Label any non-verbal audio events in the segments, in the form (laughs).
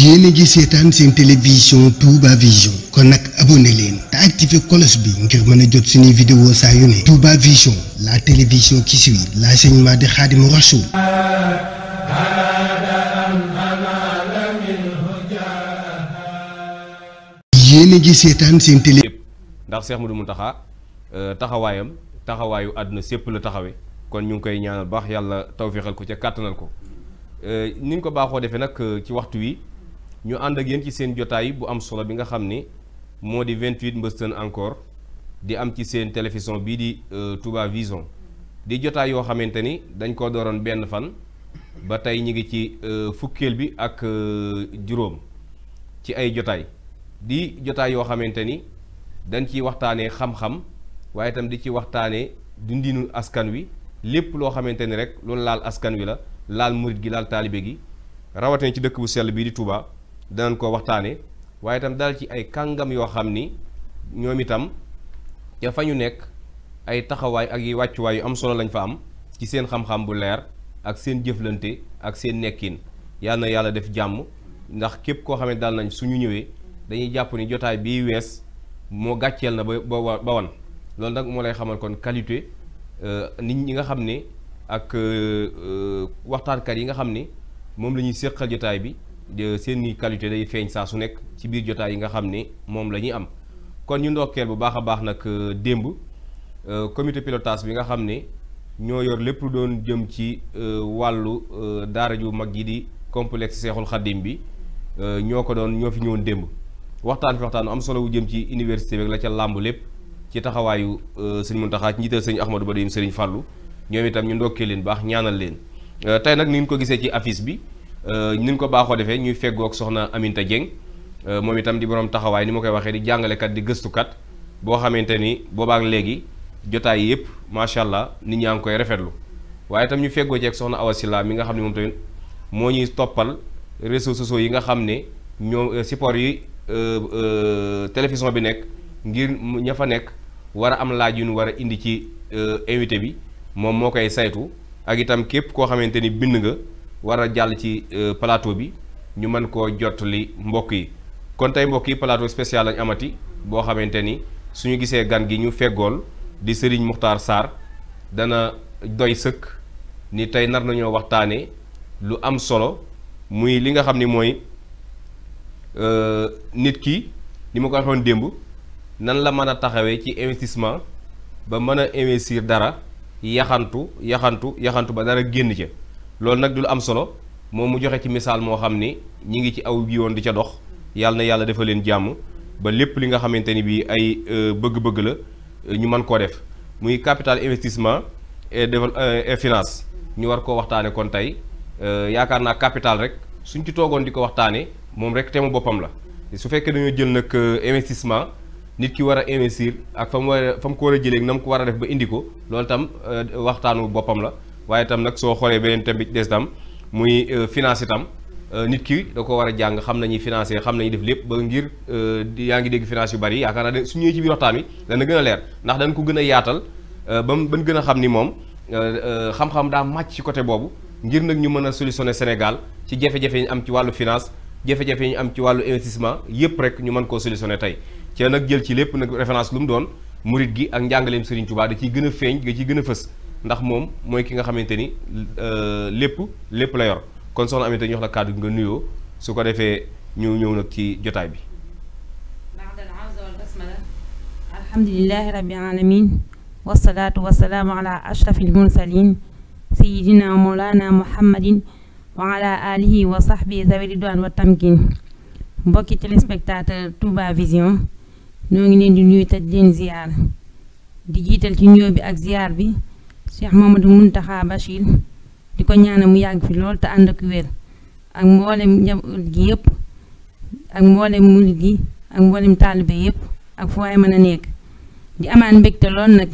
yéen a ngi seetaan seen télévision Touba Vision kon nag abonné leen te activé cloche bi ngir mën a jot suñuy video saa yu ne Touba Vision la télévision qui suit l'enseignement de Khadimou Rassoul yéen a ngi seetaan seen télé ndax Cheikh Modou Mountakha euh, taxawaayam taxawaayu àdduna sépp la taxawe kon ñu ngi koy ñaanal baax yàlla tawféexal ko ca kàttanal ko Euh, ni ñu ko baaxoo defee nag euh, ci waxtu wi ñu ànd ak yéen ci seen jotaay bu am solo bi nga xam ni moo di vingt 28 Mbëstën encore di am ci seen télévision bii di euh, Touba Vision di jotaay yoo xamante ni dañ ko dooroon benn fan ba tey ñu ngi ci fukkeel bi ak juróom ci ay jotaay di jotaay yoo xamante ni dañ ciy waxtaanee xam-xam waaye itam di ci waxtaanee dundinu askan wi lépp loo xamante ni rek loolu laal askan wi la. laal murit gi laal taalibe gi rawatina ci dëkk bu sell bii di Touba danañ ko waxtaane waaye itam daal ci ay kàngam yoo xam ni ñoom itam ca ñu nekk ay taxawaay ak yi wàccuwaay yu am solo lañ fa am ci seen xam-xam bu leer ak seen jëflante ak seen nekkin yàlla na yàlla def jàmm ndax képp koo xam ne daal nañ suñu ñëwee dañuy jàpp ni jotaay bii wees moo gàcceel na ba ba wan loolu nag moo lay xamal kon qualité euh, nit ñi nga xam ne ak euh, waxtaankat yi nga xam ni moom la ñuy séqal jotaay bi seen i qualité day feeñ saa su nekk ci biir jotaay yi nga xam ni moom la ñuy am kon ñu ndokkeel bu baax a baax nag euh, démb euh, comité pilotage bi nga xam ne ñoo yor lépp lu doon jëm ci wàllu daara ju mag yi di complexe Seexul Xaddim bi ñoo ko doon ñoo fi ñëwoon démb waxtaan fi waxtaan am solo wu jëm ci université bi la ca làmb lépp ci taxawaayu sëñ Muntaxa ci njiital sëñ Ahmadou Badou Serigne fàllu ñoom itam ñu ndokkee leen baax ñaanal leen euh, tey nag ni ñu ko gisee ci affiche bi euh, ni ñu ko baaxoo defee ñuy feggoog soxna Aminta Dieng euh, moom itam di borom taxawaay ni ma koy waxee di jàngalekat di gëstukat boo xamante ni boobaak léegi jotaay yëpp macha allah nit ñaa ngi koy rafetlu waaye itam ñu feggoo ceeg soxna Awa Sylla mi nga xam ne moom tamit moo ñuy toppal réseaux sociaux yi nga xam ne ñoom support yi télévision bi nekk ngir ña fa nekk war a am laaj yu nu war a indi ci invité bi. moom moo koy saytu ak itam képp koo xamante ni bind nga war a jàll ci euh, plateau bi ñu mën koo jottali mbokk yi kon tey mbokk yi plateau spécial lañ amati boo xamante ni su ñu gisee gan gi ñu feggool di Serigne Muxtaar Sarr dana doy sëkk ni tey nar nañoo waxtaanee lu am solo muy li nga xam ni mooy euh, nit ki ni ma ko waxoon démb nan la mën a taxawee ci investissement ba mën a investir dara yaxantu yaxantu yaxantu ba dara génn ca loolu nag du lu am solo moom mu joxe ci misaal moo xam ni ñi ngi ci aw yoon di ca dox yàlla na yàlla defa leen jàmm ba lépp li nga xamante ni bii ay euh, bëgg-bëgg la euh, ñu man koo def muy capital investissement et euh, et finance ñu war koo waxtaanee kon tey yaakaar naa capital rek suñ ci toogoon di ko waxtaanee moom rek te mu boppam la su fekkee dañoo jël nag investissement nit ki war a investir ak fa mu war a fa mu ko war a jëlee na mu ko war a def ba indi ko loolu tam euh, waxtaanu boppam la waaye tam nag soo xoolee beneen tam bi des tam muy euh, finance itam euh, nit ki da ko war a jàng xam nañu financé xam nañu def lépp ba ngir yaa ngi dégg finance yu bari yaakaar naa su ñëwee ci biir waxtaan wi dana gën a leer ndax dañ ko gën a yaatal ba mu ban gën a xam ni moom xam-xam daa màcc ci côté boobu ngir nag ñu mën a solutionné Sénégal ci jafe am ci wàllu finance jafe ñu am ci wàllu investissement yépp rek ñu mën koo solutionné tey ca nag jël ci lépp nag référence lu mu doon murit gi ak njàngaleem Serigne Touba da ciy gën a feeñ da ciy gën a fës ndax moom mooy ki nga xamante ni euh, lépp lépp la yor kon soxna Aminta ñu wax la kàddu nga nuyoo su ko defee ñëw ñëw nag ci jotaay bi. alhamdulilahi rabbil alamin wasalaatu wasalaamu ala ashraf almursalin sayidina moulana muhammadin wa ala alihi wa sahbi zawi ridwan wa vision ñoo ngi leen di nuyu te di leen ziyaar di jiital ci nuyoo bi ak ziyaar bi Cheikh mun Muntaxa Bachir di ko ñaanal mu yàgg fi lool te ànd ak wér ak mboolem njaboot gi yëpp ak mboolem murit gi ak mboolem taalibe yëpp ak fu waay mën a nekk di amaan mbégte lool nag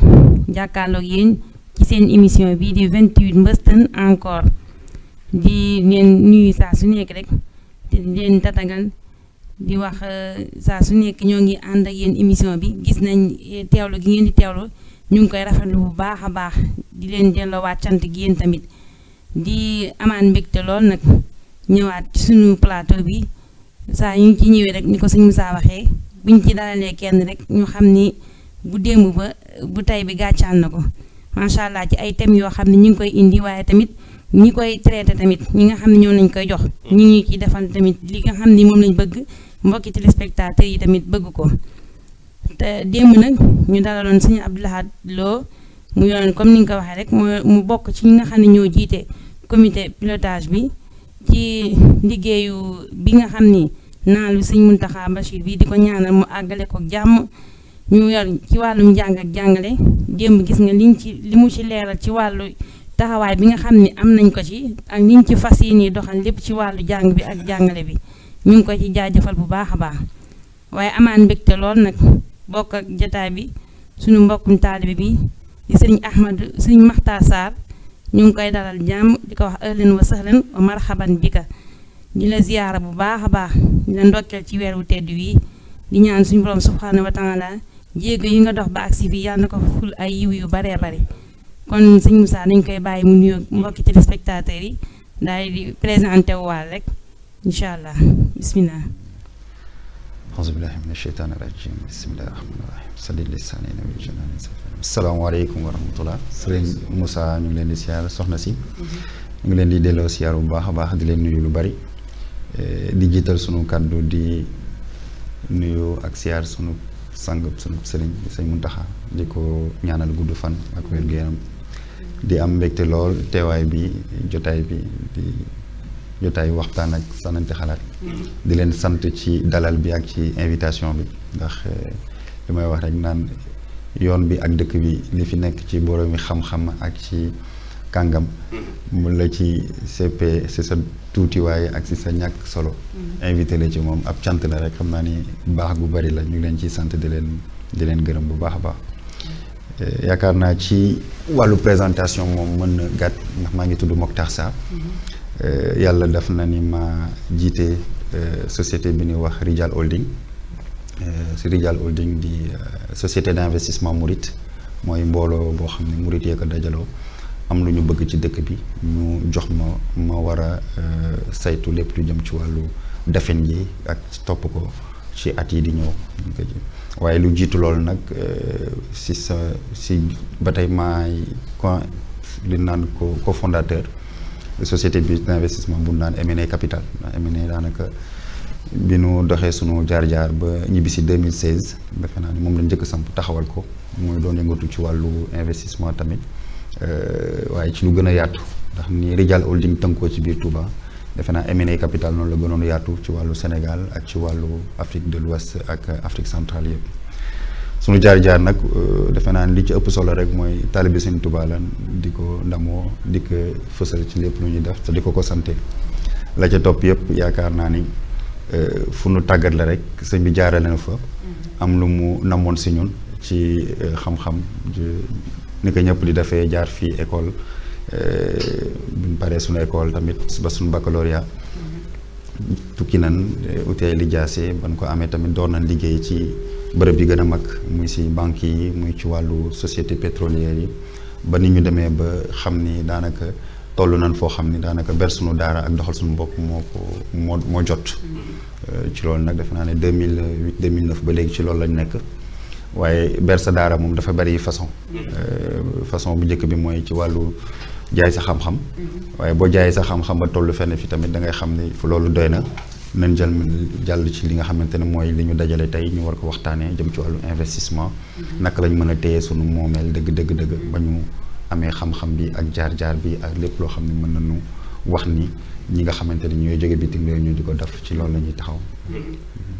jàkkaarloog yéen ci seen émission bii di vingt 28 Mbeustune encore di leen nuyu saa su nekk rek te di leen tatagal di wax euh, saa su nekk ñoo ngi ànd ak yéen émission bi gis nañ euh, teewlu gi ngeen di teewlu ñu ngi koy rafetlu bu baax a baax di leen delloowaat cant géen tamit di amaan mbégte lool nag ñëwaat suñu plateau bi saa ñu ngi ci ñëwee rek ni ko sëñ saa waxee buñ ci dalalee kenn rek ñu xam ni bu démb ba bu tey bi gàccaal na ko macha allah ci ay thèmes yoo xam ne ñu ngi koy indi waaye tamit. ñi koy traité tamit ñi nga xam ne ñoom lañ koy jox ñu ñu ci defal tamit li nga xam ni moom lañ bëgg mbokki téléspectateurs yi tamit bëgg ko te démb nag ñu dalaloon suñu ab laxaat loo mu yoroon comme ni nga ko waxee rek mu bokk ci ñi nga xam ne ñoo jiite comité pilotage bi ci liggéeyu bi nga xam ni naan lu sëñ Muntaxa Bachir bi di ko ñaanal mu àggale ko jàmm ñu yor ci wàllum jàng ak jàngale démb gis nga liñ ci li mu ci leeral ci wàllu taxawaay bi nga xam ni am nañ ko ci ak ni ñu ci fas yi nii doxal lépp ci wàllu jàng bi ak jàngale bi ñu ngi ko ci jaajëfal bu baax a baax waaye amaan mbégte lool nag bokk ak jataay bi suñu mbokkum taalibe bi di sëriñ Ahmadu sëriñ Maxtaar Sarr ñu ngi koy daral jàmm di ko wax ahlan wa sahlan wa marhaban bi ka di la ziyaara bu baax a baax di la ndokkeel ci weer wu tedd wii di ñaan suñu borom subhaanahu wa taala jéego yi nga dox ba agsi bi yàlla na ko ay yiw yu baree bare kon sëñ Moussa dañ koy bàyyi mu nuyoog mbokki téléspectateurs yi daal di présenté waal rek incha allah bisimilah. auzu billahi mina sheytaani rajim bisimilahi rahmaani rahim salli ñu ngi leen di siyaar soxna si ñu ngi leen di delloo siyaar bu baax a baax di leen nuyu lu bari eh, di jiital sunu kàddu di nuyu ak sunu sang sunu sëriñ sëñ di ko ñaanal gudd fan ak wér gu di am mbégte lool teewaay bi jotaay bi di jotaay waxtaan ak sanante xalaat. Mm-hmm. di leen sant ci dalal bi ak ci invitation bi ndax eh, li may wax rek naan yoon bi ak dëkk bi li fi nekk ci boroomi xam-xam ak ci kàngam. Mm-hmm. mu la ci CP si sa tuutiwaay ak si sa ñàkk solo. Mm-hmm. invité la ci moom ab cant la rek xam naa ni baax bu bari la ñu leen ci sant di leen di leen gërëm bu baax a baax. Eh, yaakaar naa ci wàllu présentation moom mën na gàtt ndax maa ngi tudd Mokhtar Sarr eh, yàlla def na ni ma jiite eh, société bi ñuy wax Rijal Holding si Rijal Holding di société d'investissement Mouride mooy mbooloo boo xam ne Mouride yee ko dajaloo am lu ñu bëgg ci dëkk bi mu jox ma ma war a saytu lépp lu jëm ci wàllu defin yi ak topp ko ci at yi di ñëw waaye lu jiitu loolu nag euh, si sa si ba tey maay co li naan ko cofondateur société bi d'investissement bu naan MNA Capital MNA daanaka bi nu doxee sunu jaar-jaar ba ñibbi si 2016 defe naa ni moom lañ njëkk samp taxawal ko muy doon yëngatu ci wàllu investissement tamit euh, waaye ci lu gën a yaatu ndax ni Rijal Holding tënkoo ci biir Touba defe naa M&A capital noonu la gënoon yaatu ci wàllu Sénégal ak ci wàllu Afrique de l'Ouest ak Afrique centrale yëpp sunu jaar-jaar nag euh, defe naa li ci ëpp solo rek mooy taalibe Sëñ Tuubaa lan di ko ndamoo di ko fësal ci lépp lu ñuy def te di ko ko sante la ca topp yëpp yaakaar naa ni euh, fu nu tàggatle rek sëñ bi jaarale na fa mm-hmm. am lu mu namoon si ñun ci euh, xam-xam ni ko ñëpp di defee jaar fii école bi euh, mu paree suñu école tamit ba suñu baccalauréat tukki nan uti ay lijaase ban ko amee tamit door nañ liggéey ci bërëb yi gën a mag muy si banques yi muy ci wàllu société pétrolière yi ba ni ñu demee ba xam ni daanaka toll nañ foo xam ni daanaka ber suñu daara ak doxal suñu bopp moo ko moo moo jot euh, ci loolu nag defe naa ne 2008 2009 ba léegi ci loolu lañ nekk waaye ber sa daara moom dafa bari façon euh, façon bu njëkk bi mooy ci wàllu jaay sa xam-xam. Mm-hmm. waaye boo jaayee sa xam-xam ba toll fenn fii tamit da ngay xam ni fu loolu doy na nañ jël jàll ci li nga xamante ne mooy li ñu dajale tey ñu war ko waxtaanee jëm ci wàllu investissement. Mm-hmm. naka lañ mën a téye sunu moomeel dëgg dëgg dëgg ba ñu amee xam-xam bi ak jaar-jaar bi ak lépp loo xam ne mën na nañu wax ni ñi nga xamante ne ñooy jóge bitim réew ñu di ko def ci loolu la ñuy taxaw. Mm-hmm.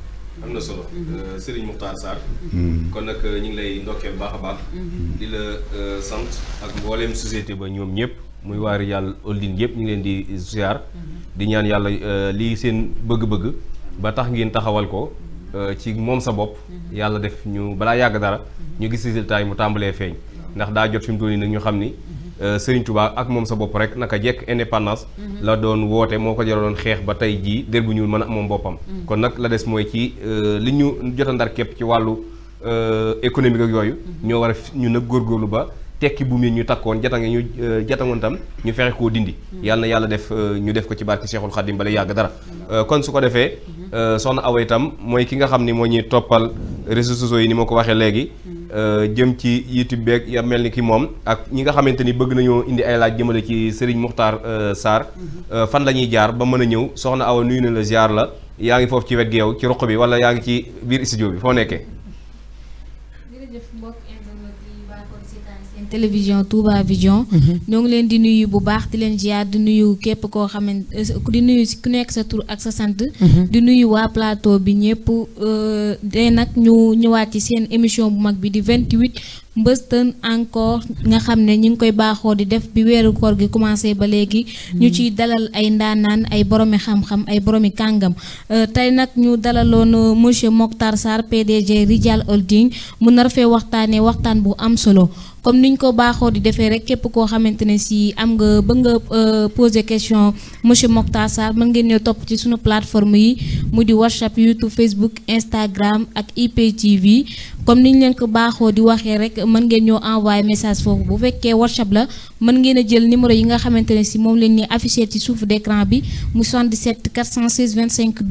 am na solo. Mm-hmm. Euh, Serigne Moukhtar Sarr. Mm-hmm. kon nag euh, ñu ngi lay ndokkeel baax a mm-hmm. di la euh, sant ak mbooleem société ba ñoom ñëpp muy waar yàlla Oldine yëpp ñu ngi leen di ziar. di ñaan yàlla li seen bëgg-bëgg. ba tax ngeen taxawal ko. ci moom sa bopp. yàlla def ñu balaa yàgg dara. ñu gis résultat yi mu tàmbalee feeñ. ndax daa jot fi mu nag ñu xam ni. Euh, Serigne Touba ak moom sa bopp rek naka jekk indépendance mhm. la doon woote moo ko jaraloon xeex ba tey jii dér bu ñuul mën a amoon boppam mhm. kon nag la des mooy ci euh, li ñu jot a ndar képp ci wàllu euh, économique ak yooyu mhm. ñoo war a ñu nag góorgóorlu ba tekki bu mi ñu takkoon jatange ñu jatangoon tam ñu fexe ko dindi yàlla yàlla def ñu def ko ci barke Cheikhul Khadim ba lay yàgg dara kon su ko defee soxna Awa itam mooy ki nga xam ni moo ñuy toppal réseaux sociaux yi ni ma ko waxee léegi Euh, jëm ci YouTube beeg ya mel ni ki moom ak ñi nga xamante ni bëgg nañoo indi ay laaj jëmale ci Serigne Muxtaar euh, Sarr mhm. euh, fan la ñuy jaar ba mën a ñëw soxna Awa nuyu na la ziar la yaa ngi foofu ci wet gi yow ci ruq bi wala yaa ngi ci biir studio bi foo nekkee télévision Touba Vision. Mhm. ñoo ngi leen di nuyu bu baax di leen ziar di nuyu képp koo xamante euh, di nuyu ku nekk sa tur ak sa sant. Mhm. di nuyu waa plateau bi ñëpp de euh, nag ñu ñëwaat ci seen émission bu mag bi di 28. mbëstën encore nga xam ne ñu ngi koy baaxoo di def bi weeru koor gi commencé ba léegi. Mhm. ñu ciy dalal ay ndaanaan ay boromi xam-xam ay boromi kàngam. Euh, tey nag ñu dalaloon monsieur Mokhtar Sarr PDG Rijal Holding mu na fee waxtaanee waxtaan bu am solo. comme niñ ko baaxoo di defee rek képp koo xamante ne si am nga bëgg nga euh, poser question monsieur Moctar Sarr mën ngeen ñoo topp ci suñu plateforme yi mu di WhatsApp YouTube Facebook Instagram ak IPTV comme niñ leen ko baaxoo di waxee rek mën ngeen ñoo envoyé message foofu bu fekkee WhatsApp la mën ngeen a jël numéro yi nga xamante ne si moom leen ñuy affiché ci suuf d'écran bi mu 77 416 25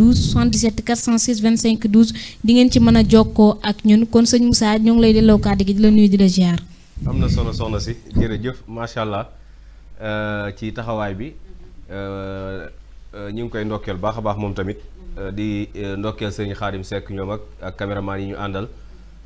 di ngeen ci mën a jokkoo ak ñun kon sëñ Moussa ñoo ngi lay delloo kàddu gi di di la ziar. am na solo soxna si jërëjëf macha allah euh, ci taxawaay bi euh, euh, ñu ngi koy ndokkeel baax a moom tamit di ndokkeel sëriñ Xaadim Seck ñoom ak ak caméraman yi ñu àndal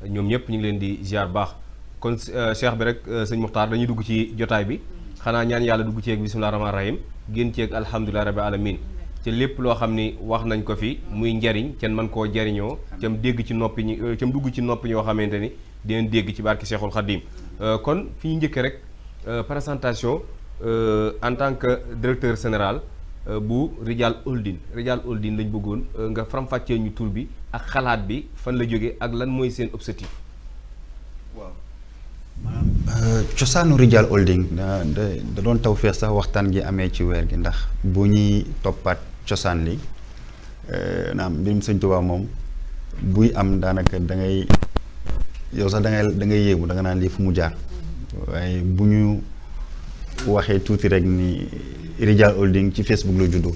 ñoom ñëpp ñu ngi leen di ziar baax kon cheikh bi rek sëñ Muxtaar dañuy dugg ci jotaay bi xanaa ñaan yàlla dugg ci ak bisimilah rahmaani rahim génn ci ak alhamdulilah rabbi alamin te lépp loo xam ni wax nañ ko fi muy njariñ kenn mën koo jariñoo cam dégg ci noppi ñi cam dugg ci noppi ñoo xamante ni dinañ dégg ci barki Cheikhul Xadim Euh, kon fi ñu njëkkee rek euh, présentation euh, en tant que directeur sénéral bu Rijal Holding Rijal Holding lañ bëggoon nga faram-fàccee ñu tur bi ak xalaat bi fan la jógee ak lan mooy seen objectif. waaw maanaam cosaanu Rijal Holding da doon taw feex sax waxtaan gi amee ci weer gi ndax bu ñuy toppaat cosaan li naam mbirum Sëñ Tuubaa moom buy am daanaka dangay yow sax da ngay da ngay yéemu da nga naan lii fu mu jaar waaye bu ñu waxee tuuti rek ni Rijal Holding ci Facebook la juddoo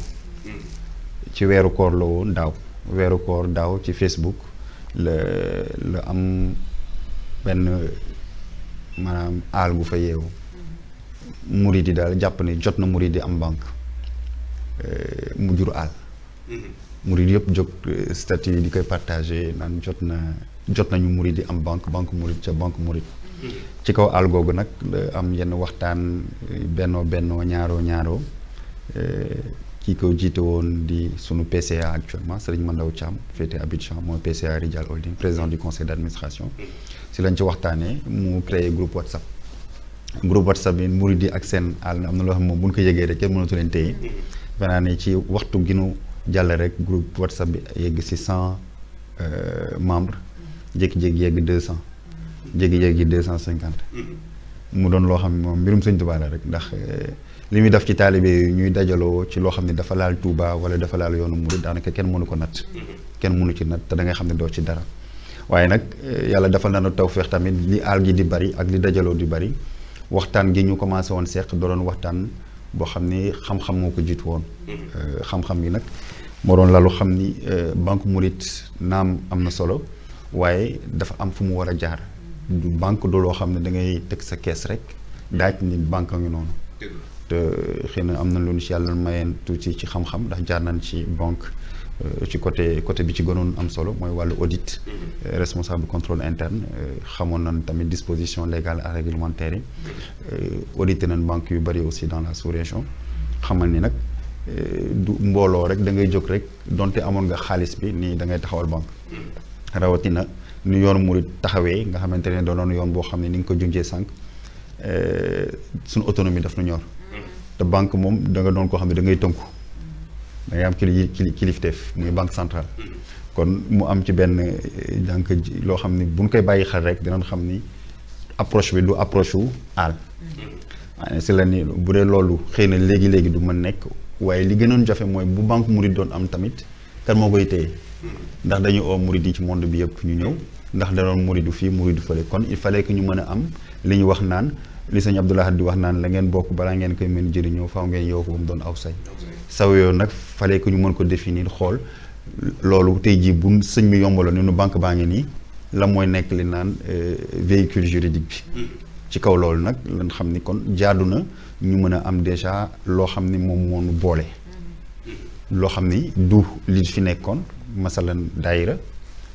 ci weeru koor la woon daaw weeru koor daaw ci Facebook la la am benn maanaam aal bu fa yeewu murid yi daal jàpp ne jot na murid yi am banque eh, mu jur aal mm-hmm. murid yëpp jóg eh, statut yi di koy partagé naan jot na jot nañu murid di am banque banque murid ca banque murid ci kaw àll googu nag am yenn waxtaan eh, bennoo bennoo ñaaroo ñaaroo eh, kii ko jiite woon di sunu PCA actuellement Serigne Mandaw Thiam féete Abidjan mooy PCA Rijal Holding président du conseil d' administration si lañ ci waxtaanee mu créé groupe WhatsApp groupe WhatsApp yi murid yi ak seen àll am na loo xam moom bu nu ko yëgee rek kenn mënatu leen téye defe ci waxtu gi nu jàll rek groupe WhatsApp bi yegg si cent euh, membres. jékki-jékki yegg deux cent jékki-jékki deux cent cinquante mu doon loo xam ne moom mbirum sëñ Tuubaa la rek ndax eh, li muy def ci taalibe yi ñuy dajaloo ci loo xam ne dafa laal Touba wala dafa laal yoonu murid daanaka kenn mënu ko natt kenn mënu ci natt te da ngay xam ne doo ci dara waaye nag eh, yàlla defal nañu tawféex tamit li aal gi di bari ak li dajaloo di bari waxtaan gi ñu commencé woon seq doo doon waxtaan boo xam ni xam-xam moo ko jiitu woon. Eh, xam-xam bi nag moo doon lalu xam ni banque murit naam am na solo. waaye dafa am fu mu war a jaar du banque du loo xam ne da ngay teg sa kees rek daaj ni banque ngi noonu te eh, xëy na am na lu ñu si yàlla mayeen tuuti ci xam-xam ndax jaar nañ ci banque eh, ci côté côté bi ci gënoon am solo mooy wàllu audit eh, responsable contrôle interne xamoon nañ tamit disposition légale ak réglementaire yi audité nañ banque yu bëri aussi dans la sous-région xamal ni nag du mbooloo rek da ngay jóg rek donte amoon nga xaalis bi nii da ngay taxawal banque rawatina nu yoon murit taxawee nga xamante ne doonoon yoon boo xam ne ni nga ko junjee sànq euh, suñu autonomie daf nu ñor te banque moom da nga doon koo xam ne da ngay tënku da ngay am kili kilifteef muy banque centrale kon mu am ci benn donc euh, loo xam ni buñ koy bàyyi xal rek dinañ xam ni approche bi du approche wu aal si la ni bu dee loolu xëy na léegi-léegi du mën nekk waaye li gënoon jofe mooy bu banque murid doon am tamit kan moo koy téye ndax dañu oo murid ci monde bi yëpp ñu ñëw ndax da doon muridu fii muridu fële kon il fallait que ñu mën a am li ñu wax naan li sëñ Abdoulaye di wax naan la ngeen bokk balaa ngeen koy mën jëriñoo faaw ngeen yow ko ba mu doon aw say saw yooyu nag fallait que ñu mën ko définir xool loolu tey jii bu sëñ bi yombaloon ni nu banque baa ngi nii la mooy nekk li naan euh, véhicule juridique bi mm. ci kaw loolu nag lan xam ni kon jaadu na ñu mën a am déjà loo xam ni moom moo nu boole mm. loo xam ni du li fi nekkoon masalan dayra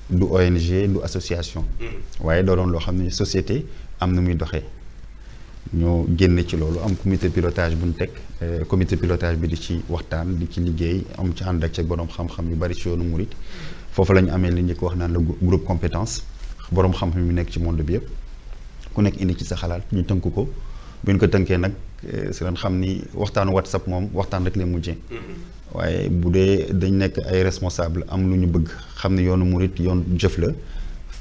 du ONG du association. Mm-hmm. waaye doo doon loo xam ne société am na muy doxee. ñoo génn ci loolu am comité pilotage bu ñu teg euh, comité pilotage bi di ci waxtaan di ci liggéey am ci ànd ak ci borom xam-xam yu bari si yoonu murit foofu la ñu amee li ñu ko wax naan la groupe compétence borom xam-xam yu nekk ci monde bi yëpp ku nekk indi ci sa xalaat ñu tënk ko bu ñu ko tënkee nag euh, si leen xam ni waxtaanu whatsapp moom waxtaan rek lay mujjee. Mm-hmm. waaye bu dee dañ nekk ay responsable am lu ñu bëgg xam ne yoonu murit yoon jëf la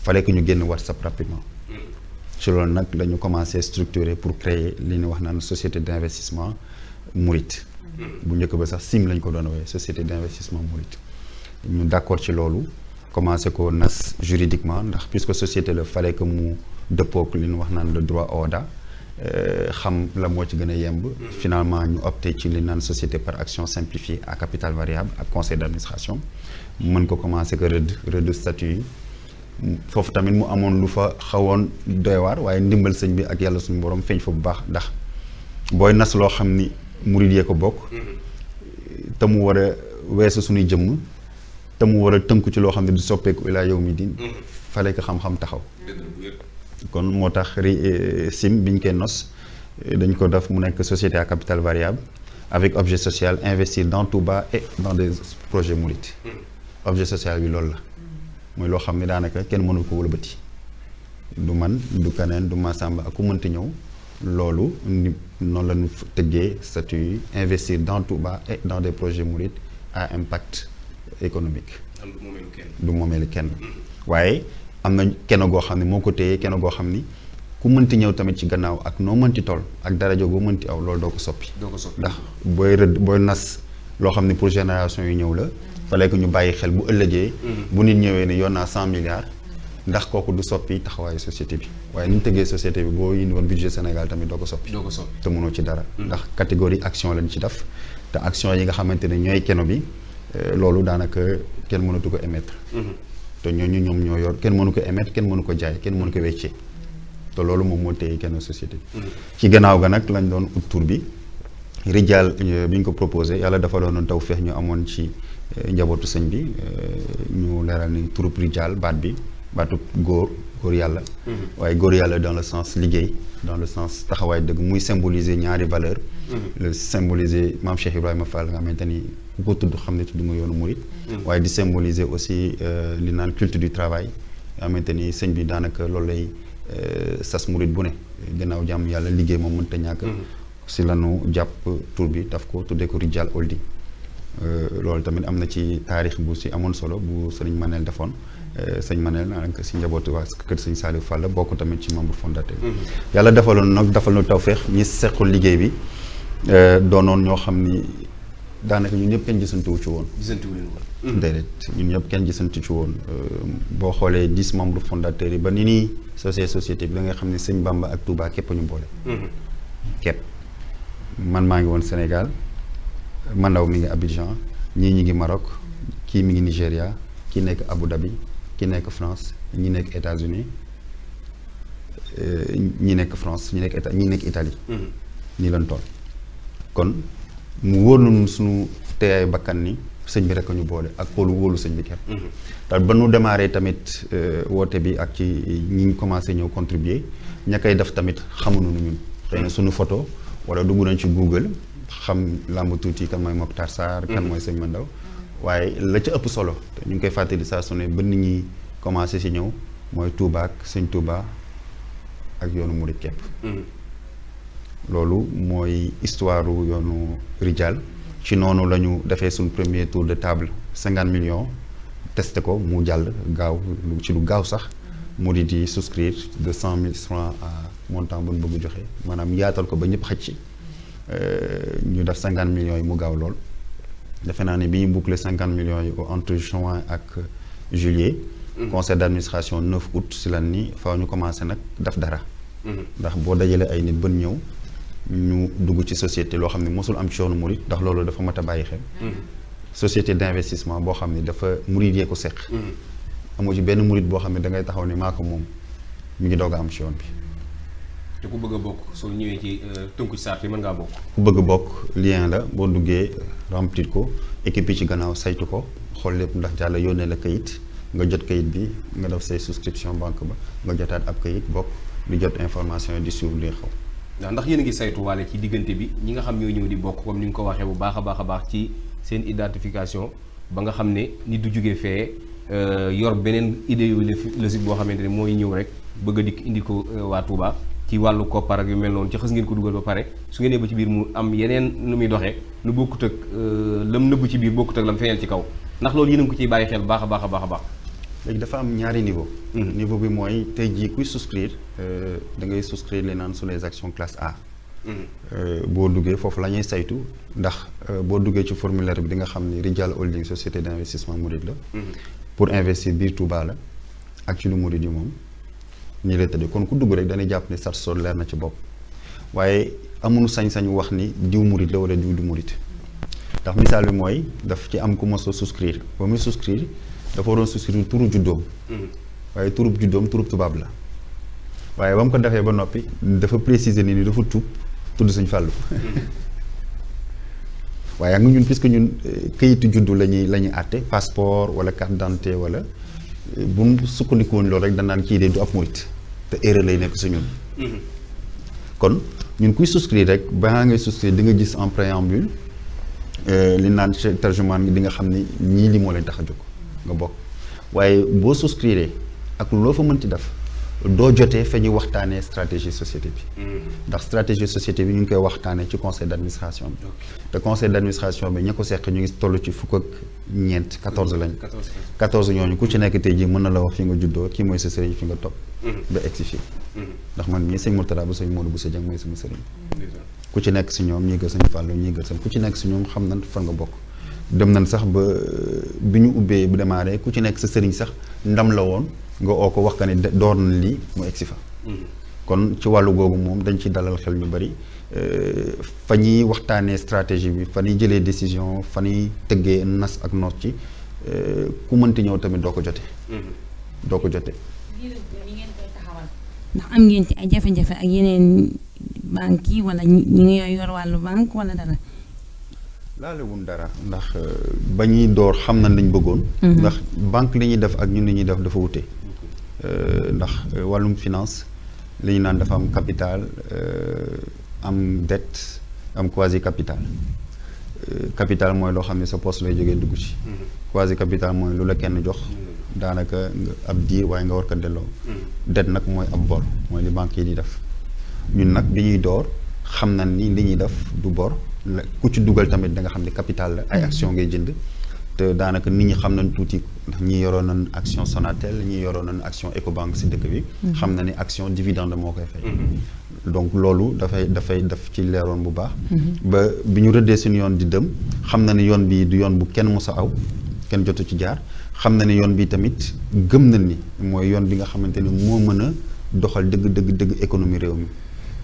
fallait que ñu génn WhatsApp rapidement mm. ci loolu nag dañu commencé structurer pour créer li ñu wax naan société d' investissement murit mm. bu njëkk ba sax sim lañ ko doon woowee société d' investissement murit ñu d' ci loolu commencé ko nas juridiquement ndax puisque société la fallait ko mu dëppook li nu wax naan le droit OHDA Euh, xam la moo ci gën a yemb. finalement ñu opté ci li naan société par action simplifiée à capital variable ak conseil d' mën ko commencé que rëdd rëdd statut yi foofu tamit mu amoon lu fa xawoon doy waaye ndimbal sëñ bi ak yàlla suñu borom feeñ fa bu baax ndax booy nas loo xam ni murid yee ko bokk. te mu war a weesu suñuy jëmm te mu war tënku ci loo xam ne du soppeeku ilaa yow mi din mm-hmm. fale ko xam-xam taxaw. Mm-hmm. kon moo tax eh, SIM bi ñu koy nos eh, dañ ko def mu nekk société à capital variable avec objet social investir dans Touba et dans des projets mourides hmm. objet social bi loolu la mooy loo xam ne daanaka kenn mënu ko wëlbati du man du kaneen du Massamba ak ku mënti ñëw loolu ni noonu la ñu tëggee statut investir dans Touba et dans des projets mourides à impact économique. du moomeelu kenn. Hmm. waaye am na kenn goo xam ne moo ko téye kenn goo xam ni ku mënti ñëw tamit ci gannaaw ak noo mënti toll ak dara joo boo mënti aw loolu doo ko soppi. doo ko soppi ndax booy rëdd booy nas loo xam ne pour génération yu ñëw la. Mm-hmm. fallait que ñu bàyyi xel bu ëllëgee. Mm-hmm. bu nit ñëwee ne yoon naa cent milliards. Mm-hmm. ndax kooku du soppi taxawaayu société bi waaye ni ñu tëggee société bi boo indi woon budget Sénégal tamit doo ko soppi. doo ko soppi te mënoo ci dara. ndax catégorie action lañ ci def te action yi nga xamante ne ñooy keno bi euh, loolu daanaka kenn mënatu ko émettre. te ñooñu ñoom ñoo yor kenn mënu ko émettre kenn mënu ko jaay kenn mënu ko weccee te loolu moom moo téye kenn société mm. ci gannaaw ga nag lañ doon ut tur bi rijaal euh, bi ñu ko proposé yàlla dafa doon taw feex ñu amoon ci euh, njabootu sëñ bi euh, ñu leeral ni turub rijaal baat bi baatub góor góor yàlla mm-hmm. waaye góor yàlla dans le sens liggéey dans le sens taxawaay dëgg muy symboliser ñaari valeur mm-hmm. le symboliser maam Cheikh Ibrahima Fall nga xamante ni ku ko tudd xam ne tudd nga yoonu murit mm-hmm. waaye di symboliser aussi euh, li naan culture du travail nga xamante ni sëñ bi daanaka loolu lay euh, sas murit bu ne gannaaw jàmm yàlla liggéey moom mënta ñàkk si lanu jàpp tur bi daf ko tuddee ko Rijal Oldi euh, loolu tamit am na ci taarix bu si amoon solo bu sëriñ Manel defoon Euh, sëñ Manel naa nag si njabootu waa kër sëñ Saliou Fall bokk tamit ci membre fondateur mhm. yàlla defaloon nag defal nu tawféex ñi sequ liggéey bi euh, doonoon ñoo xam ni daanaka ñun ñëpp kenn gisantuwu ci woon mhm. déedéet ñun ñëpp kenn gisantu ci woon euh, boo xoolee dix membres fondateurs yi ba ni nii sosee société bi da nga xam ne sëñ Bamba ak Touba képp ñu boole mhm. képp man maa ngi woon Sénégal Mandaw mi ngi Abidjan ñii ñi ngi marok kii mi ngi Nigéria kii nekk Abu Dhabi ki nekk France ñi nekk États-Unis euh, ñi nekk France ñi nekk état ñi nekk Italie. ñi mm-hmm. lan toll. kon mu wóor nu suñu teeyaay bakkan ni sëñ bi rek ñu boole ak xoolu wóolu sëñ bi kepp daal mm-hmm. ba nu démarré tamit euh, woote bi ak ci ñi ñu commencé ñëw contribuer ña koy def tamit xamuñu nu ñun. xëy na suñu photo wala dugg nañ ci Google xam làmb tuuti kan mooy Mokhtar Sarr. kan mm-hmm. mooy sëñ Mandaw waaye la ca ëpp solo te ñu ngi koy fàttali saa su ne ba nit ñi commencé si ñëw mooy Touba ak sëñ Touba ak yoonu Murid képp mm-hmm. loolu mooy histoire yoonu Rijal ci noonu la ñu defee suñ premier tour de table cinquante million testé ko mu jàll gaaw ci lu gaaw sax mu di di de cent mille francs à montant bu ñu bëgg joxe maanaam yaatal ko ba ñëpp xaj ci euh, ñu def cinquante millions yi mu gaaw lool defe naa ne bi ñu boucler cinquante millions yi entre ak juillet. Mhm. conseil d' administration 9 août si lan ni faaw ñu commencé nag def dara. Mhm. ndax boo dajalee ay nit bën ñëw ñu dugg ci société loo xam ne mosul am ci yoonu murit ndax loolu dafa mat a bàyyi xel. Mhm. société d' investissement boo xam ne dafa murit yee ko seq. amoo ci benn murit boo xam ne da ngay taxaw ne maako moom mu ngi doog am ci yoon bi. te ku bëgg a bokk soo ñëwee ci euh, tënku saat bi mën ngaa bokk. ku bëgg bokk lien la boo duggee remplir ko équipe yi ci gannaaw saytu ko xool lépp ndax jàll yónnee la kayit nga jot kayit bi nga def say souscription banque ba nga jotaat ab kayit bokk di jot information yi di suivre li xaw. ndax yéen a saytu saytuwaale ci diggante bi ñi nga xam ñoo ñëw di bokk comme ni nga ko waxee bu baax a baax a baax ci seen identification ba nga xam ne nit du jóge fee euh, yor beneen idée yu la boo xamante ne mooy ñëw rek bëgg a dikk indi ko euh, waa Touba. ci wàllu koppar ak yu mel noonu ci xës ngeen ko dugal ba pare su ngeen nee ba ci biir mu am yeneen nu muy doxee lu bokkut ak euh, lam nëbbu ci biir bokkut ak lam feeñal ci kaw ndax loolu yéen a ngi ko ciy bàyyi xel baax a baax a baax a baax léegi dafa am ñaari niveau mm-hmm. niveau bi mooy tey jii kuy souscrire euh, da ngay souscrire li naan sur les actions classe A mm-hmm. euh, boo duggee foofu la ñuy saytu ndax boo duggee ci formulaire bi di nga xam ni Rijal Holding société d' mu Mouride la mm-hmm. pour investir biir Touba la ak ci lu Mouride yi moom nii lay tëddee kon ku dugg rek dañuy jàpp ni sarso leer na ci bopp waaye amuñu sañ-sañu wax ni diw murit la wala diw du murit ndax misaal bi mooy daf ci am ku mos a souscrire ba muy souscrire dafa waroon souscrire turu juddoom waaye turub juddoom turub tubaab la waaye ba mu ko defee ba noppi dafa préciser ni ni dafa tuub tudd suñ fàllu (laughs) waaye nga ñun puisque ñun eh, kayitu juddu la ñuy la ñuy àtte passeport wala carte d'identité wala buñ sukkandiku woon loolu rek danaan kii de du ab murit te erreur lay nekk si ñun. Mhm. kon ñun kuy souscrire rek baa ngay souscrire di nga gis en préambule euh, li naan tarjumaan di nga xam ni ñii li moo leen tax a jóg nga bokk waaye boo souscrire ak loo fa mënti def doo jotee fa ñuy waxtaanee stratégie société bi. Mhm. ndax stratégie société bi ñu ngi koy waxtaanee ci conseil d' administration bi. te conseil d' bi ñu ko seq ñu ngi toll ci fukk ak. ñeent quatorze lañ quatorze ñooñu ku ci nekk tey jii mën na la wax fi nga juddoo kii mooy sa sëriñ fi nga topp mhm. ba egsi fii mhm. ndax man mii sëñ Murtada bu sëñ Modou bu sa jàng mooy sama ku ci nekk si ñoom ñi gër sëñ Fàllu ñii gër sëñ ku ci nekk si ñoom xam na fan nga bokk dem na sax ba euh, bi ñu ubbee bu démarré ku ci nekk sa sëriñ sax ndam la woon nga oo ko wax ka ne door na lii mu egsi fa mhm. kon ci wàllu googu moom dañ ci dalal xel ñu bari fa ñuy waxtaanee stratégie bi fa ñuy jëlee décision fa ñuy tëggee nas ak noot ci euh, ku mënti ñëw tamit doo ko jote mm-hmm. doo ko jote ndax am ngeen ci ay jafe-jafe ak yeneen banques yi wala ñi ngi yor wàllu banque wala dara laalewun dara ndax euh, ba ñuy door xam na lañ bëggoon mm-hmm. ndax banque li ñuy def ak ñun li ñuy def dafa wutee euh, ndax wàllum finance li ñu naan dafa am capital am dette am quasi capital euh, capital mooy loo xam ne sa poste lay jógee dugg ci mm-hmm. quasi capital mooy lu la kenn jox mm-hmm. daanaka ab diir waaye nga war ko delloo mm-hmm. dette nag mooy ab bor mooy li banque yi di def ñun nag bi ñuy door xam na ni li ñuy def du bor la ku ci dugal tamit danga xam ne capital la ay action ngay jënd te daanaka nit ñi xam nañ tuuti ndax ñi yoroon nañ action Sonatel ñi yoroon nañ action Ecobank si dëkk bi xam na ni action dividende moo koy fay donc loolu dafay dafay def ci leeroon bu baax. Mm-hmm. ba bi ñu rëddee suñu yoon di dem xam na ne yoon bii du yoon bu kenn mos a aw kenn jotu ci jaar xam na ne yoon bii tamit gëm na ni mooy yoon bi nga xamante ni moo mën a doxal dëgg dëgg dëgg économie réew mi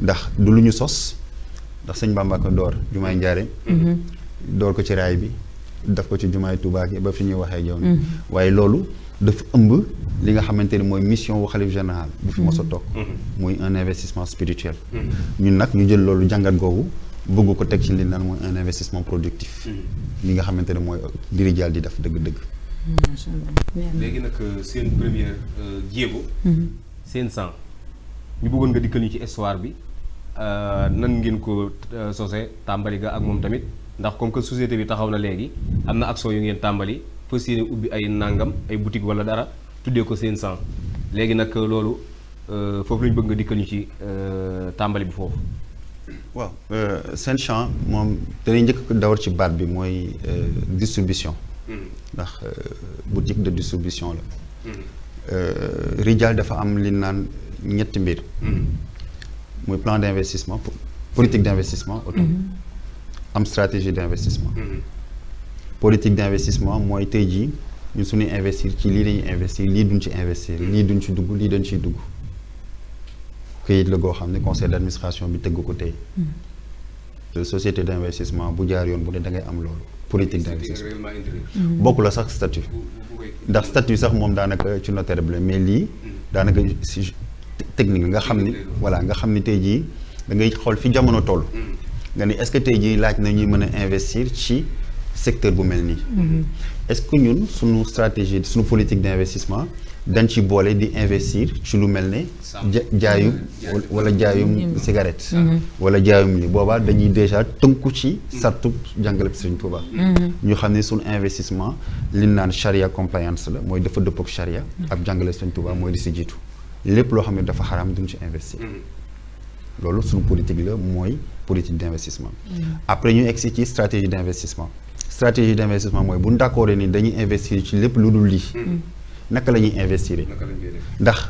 ndax du lu ñu sos ndax sañ Bamba door jumaay njaare mm-hmm. door ko ci raay bi daf ko ci jumaay Tuubaa ba fi ñuy waxee yow. Mm-hmm. waaye loolu. dafa ëmb li nga xamante ni mooy mission wu xalif général bu fi mos a mm-hmm. toog mooy mm-hmm. un investissement spirituel mm-hmm. ñun nag ñu jël loolu jàngat googu bëgg ko teg ci li naan mooy un investissement productif li nga xamante ne mooy dirijaal di def dëgg-dëgg léegi nag euh, seen première euh, jéego seen sang ñu bëggoon nga dikkal ñu ci histoire bi euh, nan ngeen ko soose tàmbali ga ak moom tamit ndax comme que société bi taxaw na léegi am na action yu ngeen tàmbali fas yéene ay nangam ay boutique wala dara tuddee ko seen sang léegi nag euh, loolu euh, foofu la ñu bëgg nga dikkal ñu ci euh, tàmbali bi foofu. waaw seen champ moom dañuy njëkk dawar ci baat bi mooy distribution. Hmm. ndax boutique de distribution la. Hmm. Rijal dafa am li naan ñetti mbir. Hmm. muy plan d' investissement politique d' investissement. auto am stratégie d' investissement. politique d'investissement mooy tey jii ñu suñuy investir ci lii dañuy investir lii duñ ci investir lii duñ ci dugg lii dañ ci dugg këyit la goo xam ne conseil d'administration bi tëgg ko tey mm-hmm. euh, société d'investissement bu jaar yoon bu ne da ngay am loolu politique d'investissement mm-hmm. bokk la sax statut ndax statut sax moom daanaka ci notaire bi la mais lii mm-hmm. daanaka si technique nga xam ni voilà nga xam ni tey jii dangay xol fi jamono toll nga ni est-ce que tey jii na ñuy mën a investir ci secteur bu mel nii. Mm-hmm. est-ce que ñun suñu stratégie suñu politique d'investissement dañ ci boole di investir ci lu mel ne. jaayum mm-hmm. wala jaayum cigarette. Mm-hmm. wala jaayum li boobaa dañuy déjà tënku ci sartu jàngaleb Sëriñ Tuubaa. ñu xam ne suñu investissement li naan charia compliance la mooy dafa dëppoo ak charia. ak jàngaleb Sëriñ Tuubaa mooy di si jiitu lépp loo xam ne dafa xaraam duñ ci investir. loolu suñu politique la mooy politique d'investissement. après ñu egsi ci stratégie d'investissement. stratégie d' investissement mooy bu ñu d' accord ni dañuy investir ci lépp lu dul lii. Mm-hmm. naka la ñuy investir. ndax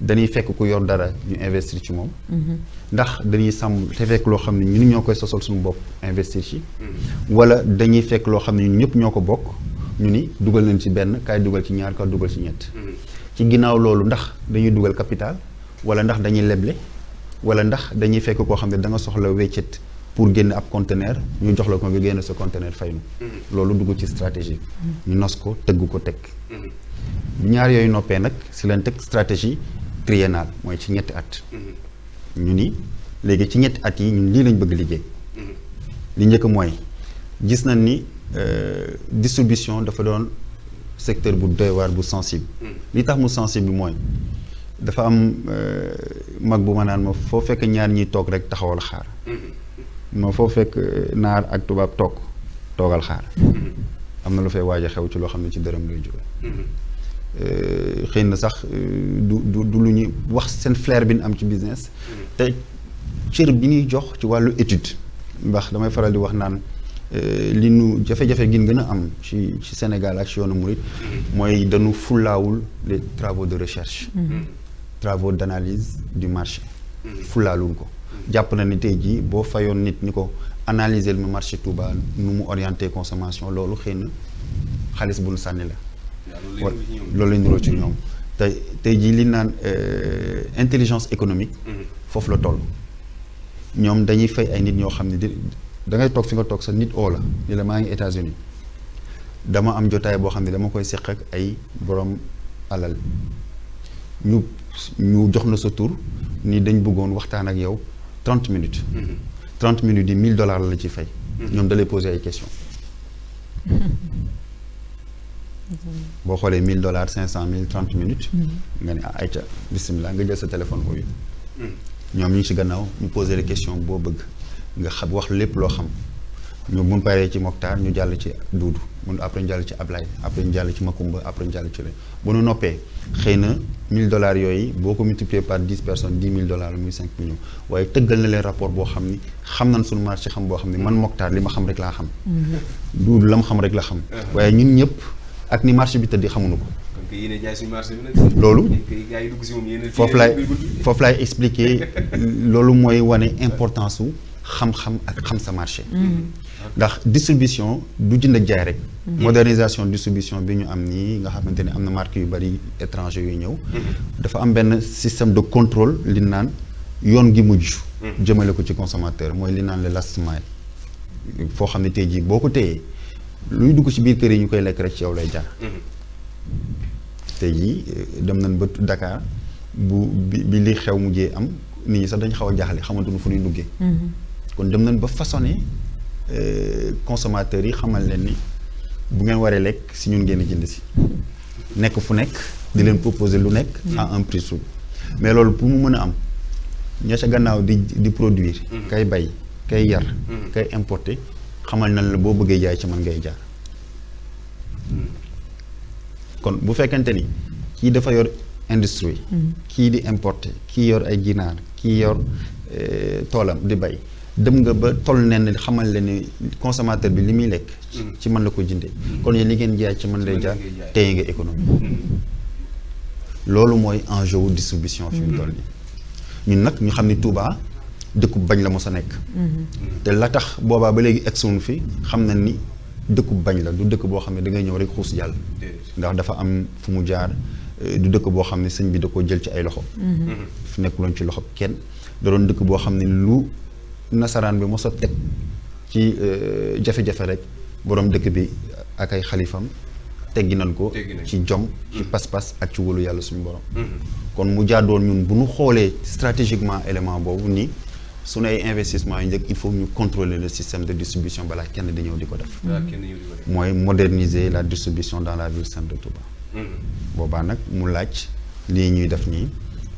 dañuy fekk ku yor dara ñu investir ci moom. Mm-hmm. ndax dañuy sàmm te fekk loo xam ne ñun ñoo koy sosal suñu bokk investir ci. Mm-hmm. wala dañuy fekk loo xam ne ñun ñëpp ñoo ko bokk ñu ni dugal nañ ci benn kaay dugal ci ñaar kaay dugal ci ñett. ci ginnaaw loolu ndax dañuy dugal capital wala ndax dañuy leble wala ndax dañuy fekk koo xam ne danga soxla weccet. pour génn ab conteneur ñu jox la ko nga génn sa conteneur fay nu mm-hmm. loolu dugg ci stratégie mm-hmm. ñu nos ko tëgg ko teg mm-hmm. ñaar yooyu noppee nag si leen teg stratégie triennale mooy ci ñetti at ñu ni léegi ci ñetti at yi ñun lii lañ bëgg liggéey li njëkk mooy gis nañ ni euh, distribution dafa doon secteur bu doy bu sensible li tax mu sensible mooy dafa am euh, mag bu ma naan ma foo fekk ñaar ñi toog rek taxawal xaar ma foo fekk eh, naar ak tubaab toog toogal xaar mm-hmm. am na lu fay waaj a xew ci loo xam ne ci dërëm lay jóge mm-hmm. eh, xëy na sax eh, du du lu ñuy wax seen flair bi ñu am ci business mm-hmm. te cër bi ñuy jox ci wàllu étude mbax damay faral di wax naan li nu jafe-jafe gin gën a am ci ci Sénégal ak ci yoonu murit mooy dañu fulaawul les travaux de recherche travaux d'analyse du marché fulaaluñ ko jàpp na ne tey jii boo fayoon nit ni ko analyser le marché Touba nu mu orienté consommation loolu xëy na xaalis bu nu sànni la. loolu la ñu ci ñoom te tey jii li naan euh, intelligence économique. Mm-hmm. foofu la toll. ñoom dañuy fay ay nit ñoo xam ne di da ngay toog fi nga toog sa nit oo la ni la maa ngi États-Unis dama am jotaay boo xam ne dama koy seq ak ay borom alal ñu ñu jox na sa tur ni dañ bëggoon waxtaan ak yow. 30 minutes. 30 minutes yi 1000 dollars la la ci fay. ñoom da lay ay questions. boo xoolee 1000 dollars 500 000 30 minutes. nga ne ah ayca bisimilah nga jël sa téléphone wuyu. ñoom ñu ngi gannaaw ñu poser les questions boo bëgg nga xam wax lépp loo xam ñu mun paree ci Moctar ñu jàll ci Doudou mun après ñu jàll ci Ablaye après ñu jàll ci Makumba après ñu jàll ci leen. bu nu noppee xëy na 1000 dollars yooyu boo ko multiplier par 10 personnes 10 000 dollars muy 5 millions waaye tëggal na leen rapport boo xam ni xam nañ suñu marché xam boo xam ni man Moctar li ma xam rek laa xam. Mm-hmm. duud la mu xam rek la xam. Uh-huh. waaye ñun ñëpp ak ni marché bi tëdd xamuñu ko. loolu foofu laay foofu laay expliquer (laughs) loolu mooy wane importance su xam-xam ak xam sa marché. Mm-hmm. ndax distribution du jënd ak jaay rek. Mhm. modernisation distribution bi ñu am nii nga xamante ne am na marque yu bari étranger yuy ñëw. Mhm. dafa am benn système de contrôle li naan yoon gi mujj. Mhm. jëmale ko ci consommateur mooy li naan le last mile foo xam ne tey jii boo ko téyee luy dugg ci biir kër yi ñu koy lekk rek ci yow lay jaar. tey jii eh, dem nañ ba dakaar bu bi bi li xew mujjee am nit ñi sax dañ xew a jaaxle xamante nu fu ñuy duggee. kon dem nañ ba façonné. Euh, consommateurs yi xamal leen ni bu ngeen waree lekk si ñun ngeen jënd si nekk fu nekk di leen proposer lu nekk à un prix souple mais loolu pour mu mën a am ñoo gannaaw di di produire kay bay kay yar kay importer xamal na la boo bëggee jaay ci man ngay jaar kon bu fekkente ni kii dafa yor industrie hmm. kii di importer kii yor ay ginaar kii yor euh, toolam di bay dem nga ba toll nen xamal la ni consommateur bi li muy lekk. Mm. ci man la ko jëndee. kon yéen li ngeen jaay ci man lay jaar tey nga économie. Mm. loolu mooy enjeu wu distribution fi mu mm. toll ñun nag ñu xam ni Touba dëkkub bañ la mos a nekk. Mm-hmm. la tax boobaa ba léegi egg fi xam na ni dëkkub bañ la du dëkk boo xam ne da ngay ñëw rek xuus jàll. ndax dafa am fu mu jaar euh, du dëkk boo xam ne sëñ bi da ko jël ci ay loxo. fi mm-hmm. mm-hmm. nekkuloon ci loxo kenn da doon dëkk boo xam ne lu. nasaraan bi mos a teg ci euh, jafe-jafe rek borom dëkk bi ak ay xalifam teggi nan ko ci jom ci mm-hmm. pas-pas ak ci wóolu yàlla suñu borom mm-hmm. kon mu jaadoon ñun bu ñu xoolee stratégiquement élément boobu nii suñu ay investissement yu njëkk il faut ñu contrôler le système de distribution balaa kenn di ñëw di ko def mooy moderniser la distribution dans la ville sainte de mm-hmm. boobaa nag mu laaj lii ñuy def nii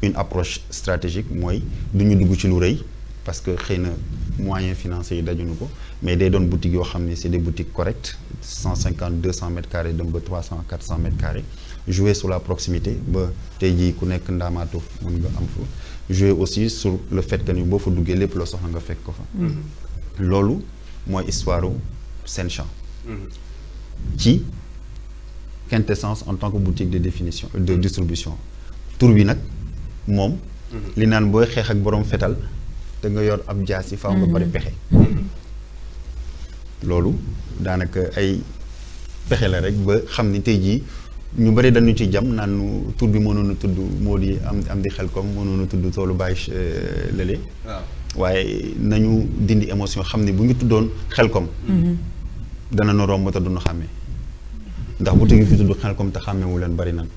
une approche stratégique mooy du ñu dugg ci lu rëy parce que xëy na moyens financiers yi dajuñu ko mais day doon boutiques yoo xam ne c'est des boutiques correctes cent cinquante deux cent mètres carrés dem ba trois cent quatre cent mètres carrés jouer sur la proximité ba tey jii ku nekk ndaamaatu mën nga am fa jouer aussi sur le fait que ni boo fa duggee lépp loo soxla nga fekk ko fa. Mm-hmm. loolu mooy histoire seen champ. Mm-hmm. ci quintessence en tant que boutique de définition de distribution tur bi nag moom. Mm-hmm. li naan booy xeex ak borom fetal. te nga yor ab jaas yi faaw nga mhm. bari pexe loolu daanaka ay pexe la rek ba xam ni tey jii ñu bëri dañu ci jam naan nu tur bi mënoon a tudd moo di am am di xel koom mënoon a tudd toolu bàyyi euh, lële waaye nañu dindi émotion xam ni bu ñu tuddoon xel koom mhm. dana na romb te duñu xàmme ndax bu te fi tudd xel kom te xàmmewu leen bari nan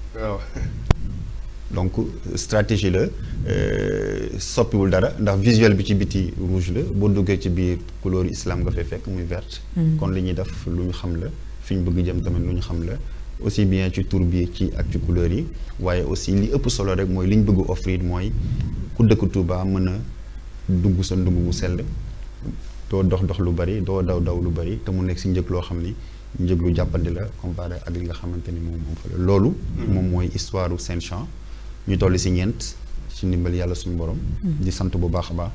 donc stratégie la euh, soppiwul dara ndax visuel bi ci biti rouge la boo duggee ci biir couleur islam nga fay fekk muy verte. Hmm. kon li ñuy def lu ñu xam la fi ñu bëgg jëm tamit lu ñu xam la. aussi bien ci tur bi ci ak couleur yi waaye aussi li ëpp solo rek mooy li ñu bëgg offrir mooy ku dëkk Touba mën a dugg sa ndugg bu sell doo dox dox lu bari doo daw daw lu bari te mu nekk si njëg loo xam ni njëg lu jàppandi la comparé ak li nga xamante ni moom moom fa loolu hmm. moom mooy histoire u Seen Champ ñu toll si ñeent ci ndimbal yàlla suñu borom. Mm-hmm. di sant bu baax a baax.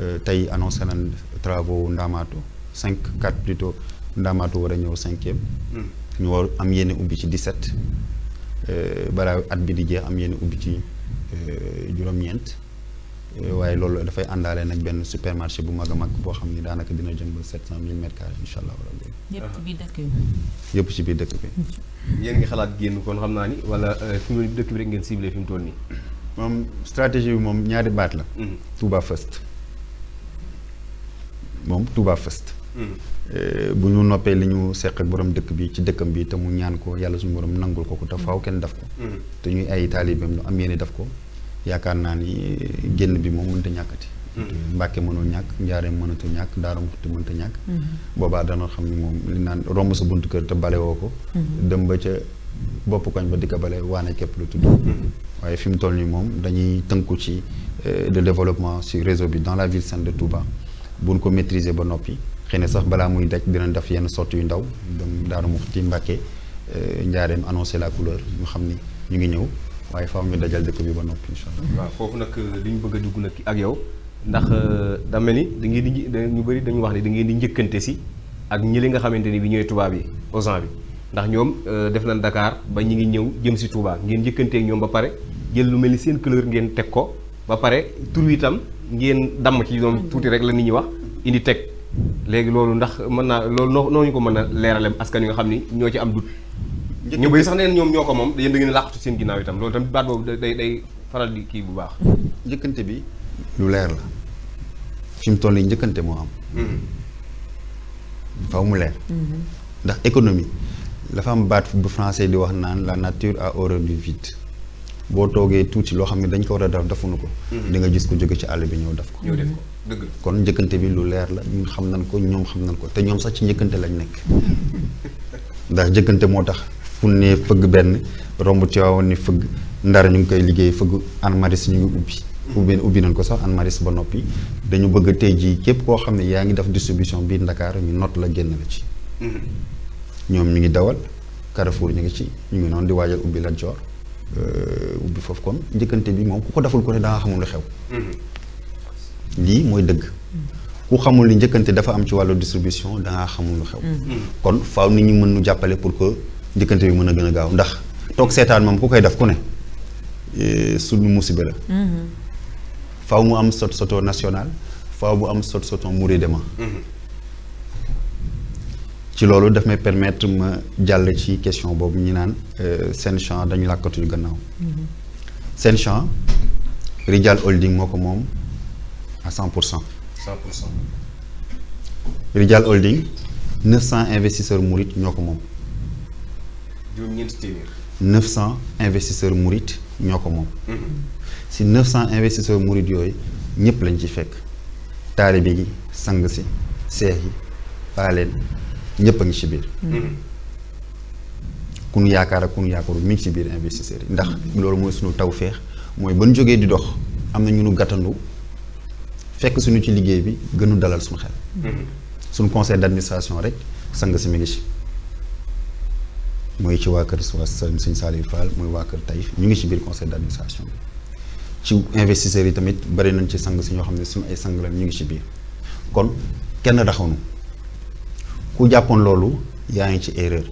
Euh, tey annoncé nañ travaux ndaamaatu cinq quatre plutôt ndaamaatu war a ñëw cinquième. Mm. ñu war am yenn ubbi ci 17. Euh, balaa at bi di jeex am yenn ubbi ci euh, juróom-ñeent. waaye loolu dafay àndaale nag benn supermarché bu mag a mag boo xam ni daanaka dina jëm ba sept cent mille mètres carrés incha allah rabbi. yëpp ci ci biir dëkk bi. yéen ngi xalaat génn kon xam naa ni wala euh, fi mu dëkk bi rek ngeen ciblé fi mu toll nii. moom stratégie bi moom ñaari baat la. Mm-hmm. Touba first moom Touba first mm-hmm. euh, bu ñu noppee li ñu seq ak borom dëkk bi ci dëkkam bi te mu ñaan ko yàlla suñu borom nangul ko ko te faw kenn def ko. Mm-hmm. te ñuy ay taalibeem lu am yéene def ko yaakaar naa ni euh, génn bi moom mënut ñàkkati. Mbàkke mënul ñàkk Njaareem mënatul ñàkk Daaru Muxti mënta ñàkk mhm. boobaa dana xam ne moom li naan romb sa buntu kër te bale woo ko mhm. dem ba ca bopp koñ ba di ko bale waane képp lu tudd mhm. waaye fi mu toll nii moom dañuy tënku ci de eh, développement sur bi dans la ville sainte de Touba buñ ko maîtriser ba noppi xëy na sax balaa muy daj dina def yenn sorti yu ndaw dem Daaru Muxti Mbàkke eh, Njaareem annoncer la couleur ñu xam ni ñu ngi ñëw waaye faaw ñu dajal dëkk bi ba noppi incha allah. waaw foofu nag li ñu bëgg a dugg nag ak yow ndax euh, da mel ni da ngeen di ñu bëri dañu wax ni da ngeen di njëkkante si ak ñi li nga xamante ni bi ñooy tubaab yi Auchan bi ndax ñoom euh, def nañ Dakar ba ñu ngi ñëw jëm si Touba ngeen njëkkanteeg ñoom ba pare jël lu mel ni seen couleur ngeen teg ko ba pare tur itam ngeen damm ci ñoom tuuti rek la nit ñi wax indi teg léegi loolu ndax mën naa loolu noo noo ñu ko mën a leeralem askan yi nga xam ni ñoo ci am dut ñu bëri sax neen ñoom ñoo ko moom yéen da ngeen làqatu seen ginnaaw itam loolu tamit baat boobu day day faral di kii bu baax njëkkante bi lu leer la fi mu toll nii njëkkante moo am. Mm-hmm. faaw mu leer. Mm-hmm. ndax économie dafa am baat bu français di wax naan la nature a horreur du vide boo toogee tuuti loo xam ne dañ ko war a def defuñu ko. Mm-hmm. di nga gis ko jóge ci àll bi ñëw def ko. ñëw def kon njëkkante bi lu leer la ñun xam na ko ñoom xam nañ ko te ñoom sax ci njëkkante lañ nekk. (laughs) ndax njëkkante moo tax fu ne fëgg benn romb Tiwaawan ni fëgg ndar ñu ngi koy liggéey fëgg an maris ñu ngi ubbi. ubbi ubbi nañ ko sax an maris ba noppi dañu bëgg tey jii képp koo xam ne yaa ngi def distribution bii Ndakaar ñu not la génn la ci mm-hmm. ñoom ñu ngi dawal Carrefour ñu ngi ci ñu ngi noonu di waajal ubbi lan joor euh, ubbi foofu kon njëkkante bi moom ku ko deful ko ne da nga xamul xew mm-hmm. lii mooy dëgg ku xamul li njëkkante dafa am ci wàllu distribution da xamul xew mm-hmm. kon faaw nit ñi mën nu jàppale pour que njëkkante bi mën a gën a gaaw ndax toog seetaan moom ku koy def ku ne euh, suñu musiba la faw mu am sot soto national faaw mu am sot soto muridema ci loolu daf may permettre ma jàll ci question boobu ñu naan euh, seen champ dañuy làkkatuñu gannaaw mm-hmm. seen champ Rijal Holding pour cent cent pour cent Rijal Holding neuf cent investisseurs murit ñoo ko moom neuf cent investisseurs murit ñoo ko moom mm-hmm. si 900 investisseurs murid yooyu ñëpp lañ ci fekk taalibe gi sang si seex yi paaleen ñëpp a ngi ci biir. Mm-hmm. ku nu yaakaar ak ku yaakaaru mi ngi ci biir investisseurs yi ndax loolu mooy suñu taw feex mooy ban jógee di dox am na ñu nu gàttandu fekk suñu ci liggéey bi gënu dalal suñu xel. Mm-hmm. suñu conseil d'administration rek sang si mi ngi ci. mooy ci waa kër Sëñ Saliou Fall mooy waa kër Taïf ñu ngi ci biir conseil d'administration bi. ci investisseurs yi tamit bari nañ ci sang si ñoo xam ne suñu ay sang la ñu ngi ci biir kon kenn daxanu ku jàppoon loolu yaa ngi ci erreur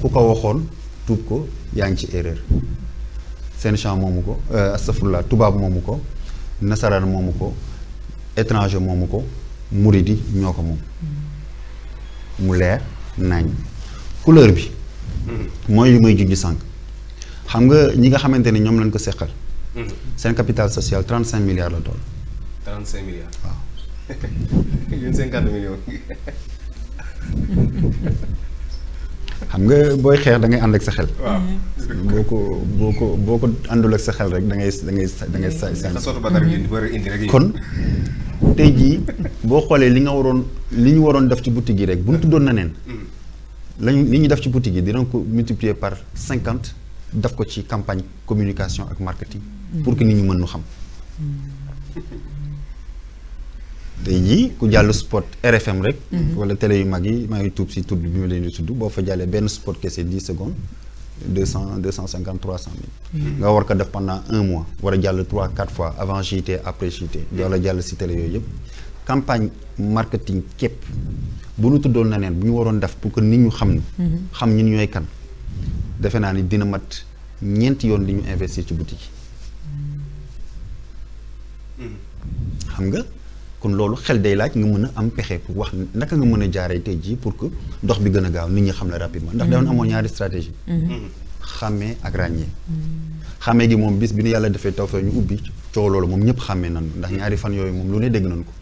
ku ko waxoon tuub ko yaa ngi ci erreur Sénégal moomu ko euh, astafurlah tubaab moomu ko nasaraan moomu ko étranger moomu ko muridi ñoo ko moom mu leer nañ couleur bi mm-hmm. mooy li may junj sànq xam nga ñi nga xamante ne ñoom lañ ko seqal Mm. seen capital social 35 milliards la toll. 35 milliards waaw. yéen 50 millions. xam nga booy xeex da ngay ànd ak sa xel. waaw boo ko boo ko boo ko àndul ak sa xel rek da ngay da ngay da ngay sa sa. kon tey ji boo xoolee li nga waroon li ñu waroon def ci boutique yi rek bu ñu tuddoon na neen. Mm. li ñu def ci boutique yi dinañ ko multiplier par cinquante. daf ko ci campagne communication ak marketing. pour que nit ñu mën nu xam. tey jii ku jàll spot RFM rek. Mhm. wala télé yu mag yi maa ngi tuub si tudd bi ma leen di tudd boo fa jàllee benn spot kese di secondes. deux cent deux cent cinquante trois cent mille. Mhm. nga war ko def pendant un mois. war a jàll trois quatre fois avant JT après JT. wala jàll si télé yooyu yëpp. campagne marketing képp bu nu tuddoon na neen bu ñu waroon def pour que nit ñu xam. Mhm. xam ñun defe naa ni dina mat ñeenti yoon li ñu investir ci boutique yi. xam nga kon loolu xel day laaj nga mën a am pexe pour wax naka nga mën a jaaree tey jii pour que dox bi gën a gaaw nit ñi xam la rapidement. ndax da amoon ñaari stratégie. xàmmee ak ràññee. xàmmee gi moom bis bi nu yàlla defee tawfeex ñu ubbi coow loolu moom ñëpp xàmmee nañu ndax ñaari fan yooyu moom lu ne dégg nañu ko.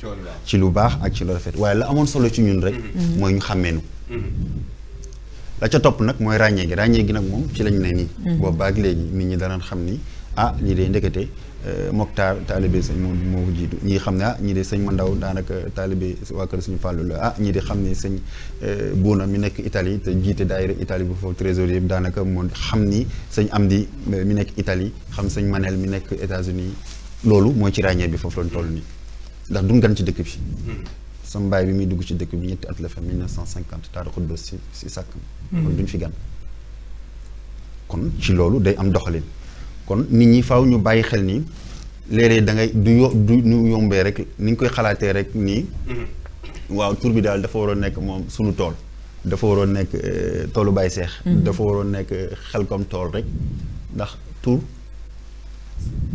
ci lu baax ak ci lu rafet waaye la amoon solo ci ñun rek. Mm-hmm. mooy ñu xàmmee la ca topp nag mooy ràññee gi ràññee gi nag moom ci lañ ne nii. Mhm. boobu baag léegi nit ñi danañ xam ni ah lii de ndekete euh, mook taa taalibe sëñ moom moo ko ñii xam ne ah ñii de sëñ Mandaw daanaka taalibe waa kër suñu fàllu la ah, ñii de xam ne sëñ euh, Buuna mi nekk Italie te jiite daayira itali bu foofu trésorier bi daanaka moo xam ni sañ sëñ Amdi euh, mi nekk itali xam sëñ Manel mi nekk États-Unis loolu mooy ci ràññee bi foofu lañ nii ndax duñ gan ci dëkk bi. Mhm. sama baay bi muy dugg ci dëkk bi ñetti at la fa 1950 Daaru Xuddoos si si sàkk. Hmm. kon duñ fi gan. kon ci loolu day am doxalin. kon nit ñi faw ñu bàyyi xel nii léeg-léeg da ngay du yo du ñu yombee rek ni ñu koy xalaatee rek nii. Hmm. waaw tur bi daal dafa waroon nekk moom suñu tool. dafa waroon nekk euh, toolu Baye Seex. Hmm. dafa waroon nekk euh, xel Xelcom tool rek ndax tur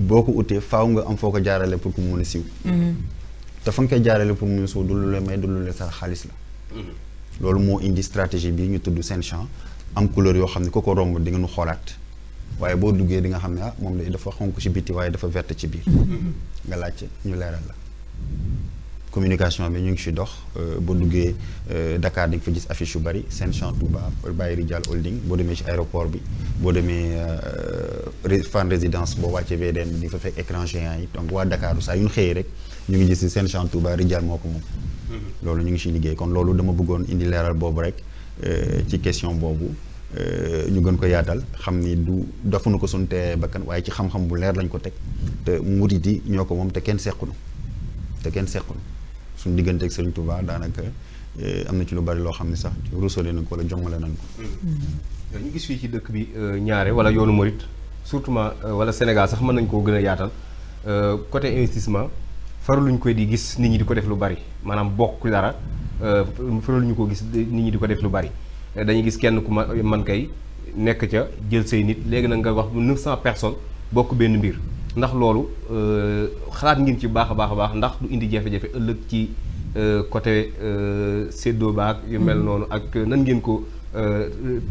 boo ko utee faw nga am foo ko jaarale pour que mu mën siiw. te nga koy jaarale pour mu soo du lu la may du lu la sa xaalis la. Mm-hmm. loolu moo indi stratégie bi ñu tudd seen champ am couleur yoo xam ne ku ko romb di nga nu xoolaat waaye boo duggee di nga xam ne ah moom day dafa xonk ci biti waaye dafa verte ci biir. Mm-hmm. nga laajte ñu leeral la. communication bi ñu ngi ci dox euh, boo duggee euh, Dakar di nga fa gis affiche yu bari seen champ Touba Bayeri Dial holding boo demee ci aéroport bi boo demee euh, fan résidence boo wàccee VDN di nga fa fekk écran yi donc waa Dakar saa ñu xëyee rek. ñu ngi gis seen champ Touba Rijal moo ko mm-hmm. loolu ñu ngi siy liggéey kon loolu dama bëggoon indi leeral boobu rek euh, ci question boobu euh, ñu gën ko yaatal xam ni du defuñu ko suñu tee bakkan waaye ci xam bu leer lañ ko teg te murid yi ñoo ko moom te kenn sequnu te kenn sequnu suñu diggante ak Serigne Touba daanaka euh, am na ci lu bari loo xam ne sax ruusale nañ ko wala jomale nañ ko. Mm-hmm. Mm-hmm. ñu gis fii ci dëkk bi ñaare wala yoonu murid surtout wala Sénégal sax mën nañ koo gën a yaatal côté investissement. faraluñ ko di gis nit ñi di ko def lu bari maanaam bokk dara euh, faraluñu ko gis nit ñi di ko def lu bari dañu gis kenn ku ma man kay nekk ca jël say nit léegi nag nga wax bu 900 personnes bokk benn mbir ndax loolu euh, xalaat ngeen ci baax a baax a baax ndax du indi jafe-jafe ëllëg ci euh, côté séddoo baak yu mm-hmm. mel noonu ak nan ngeen ko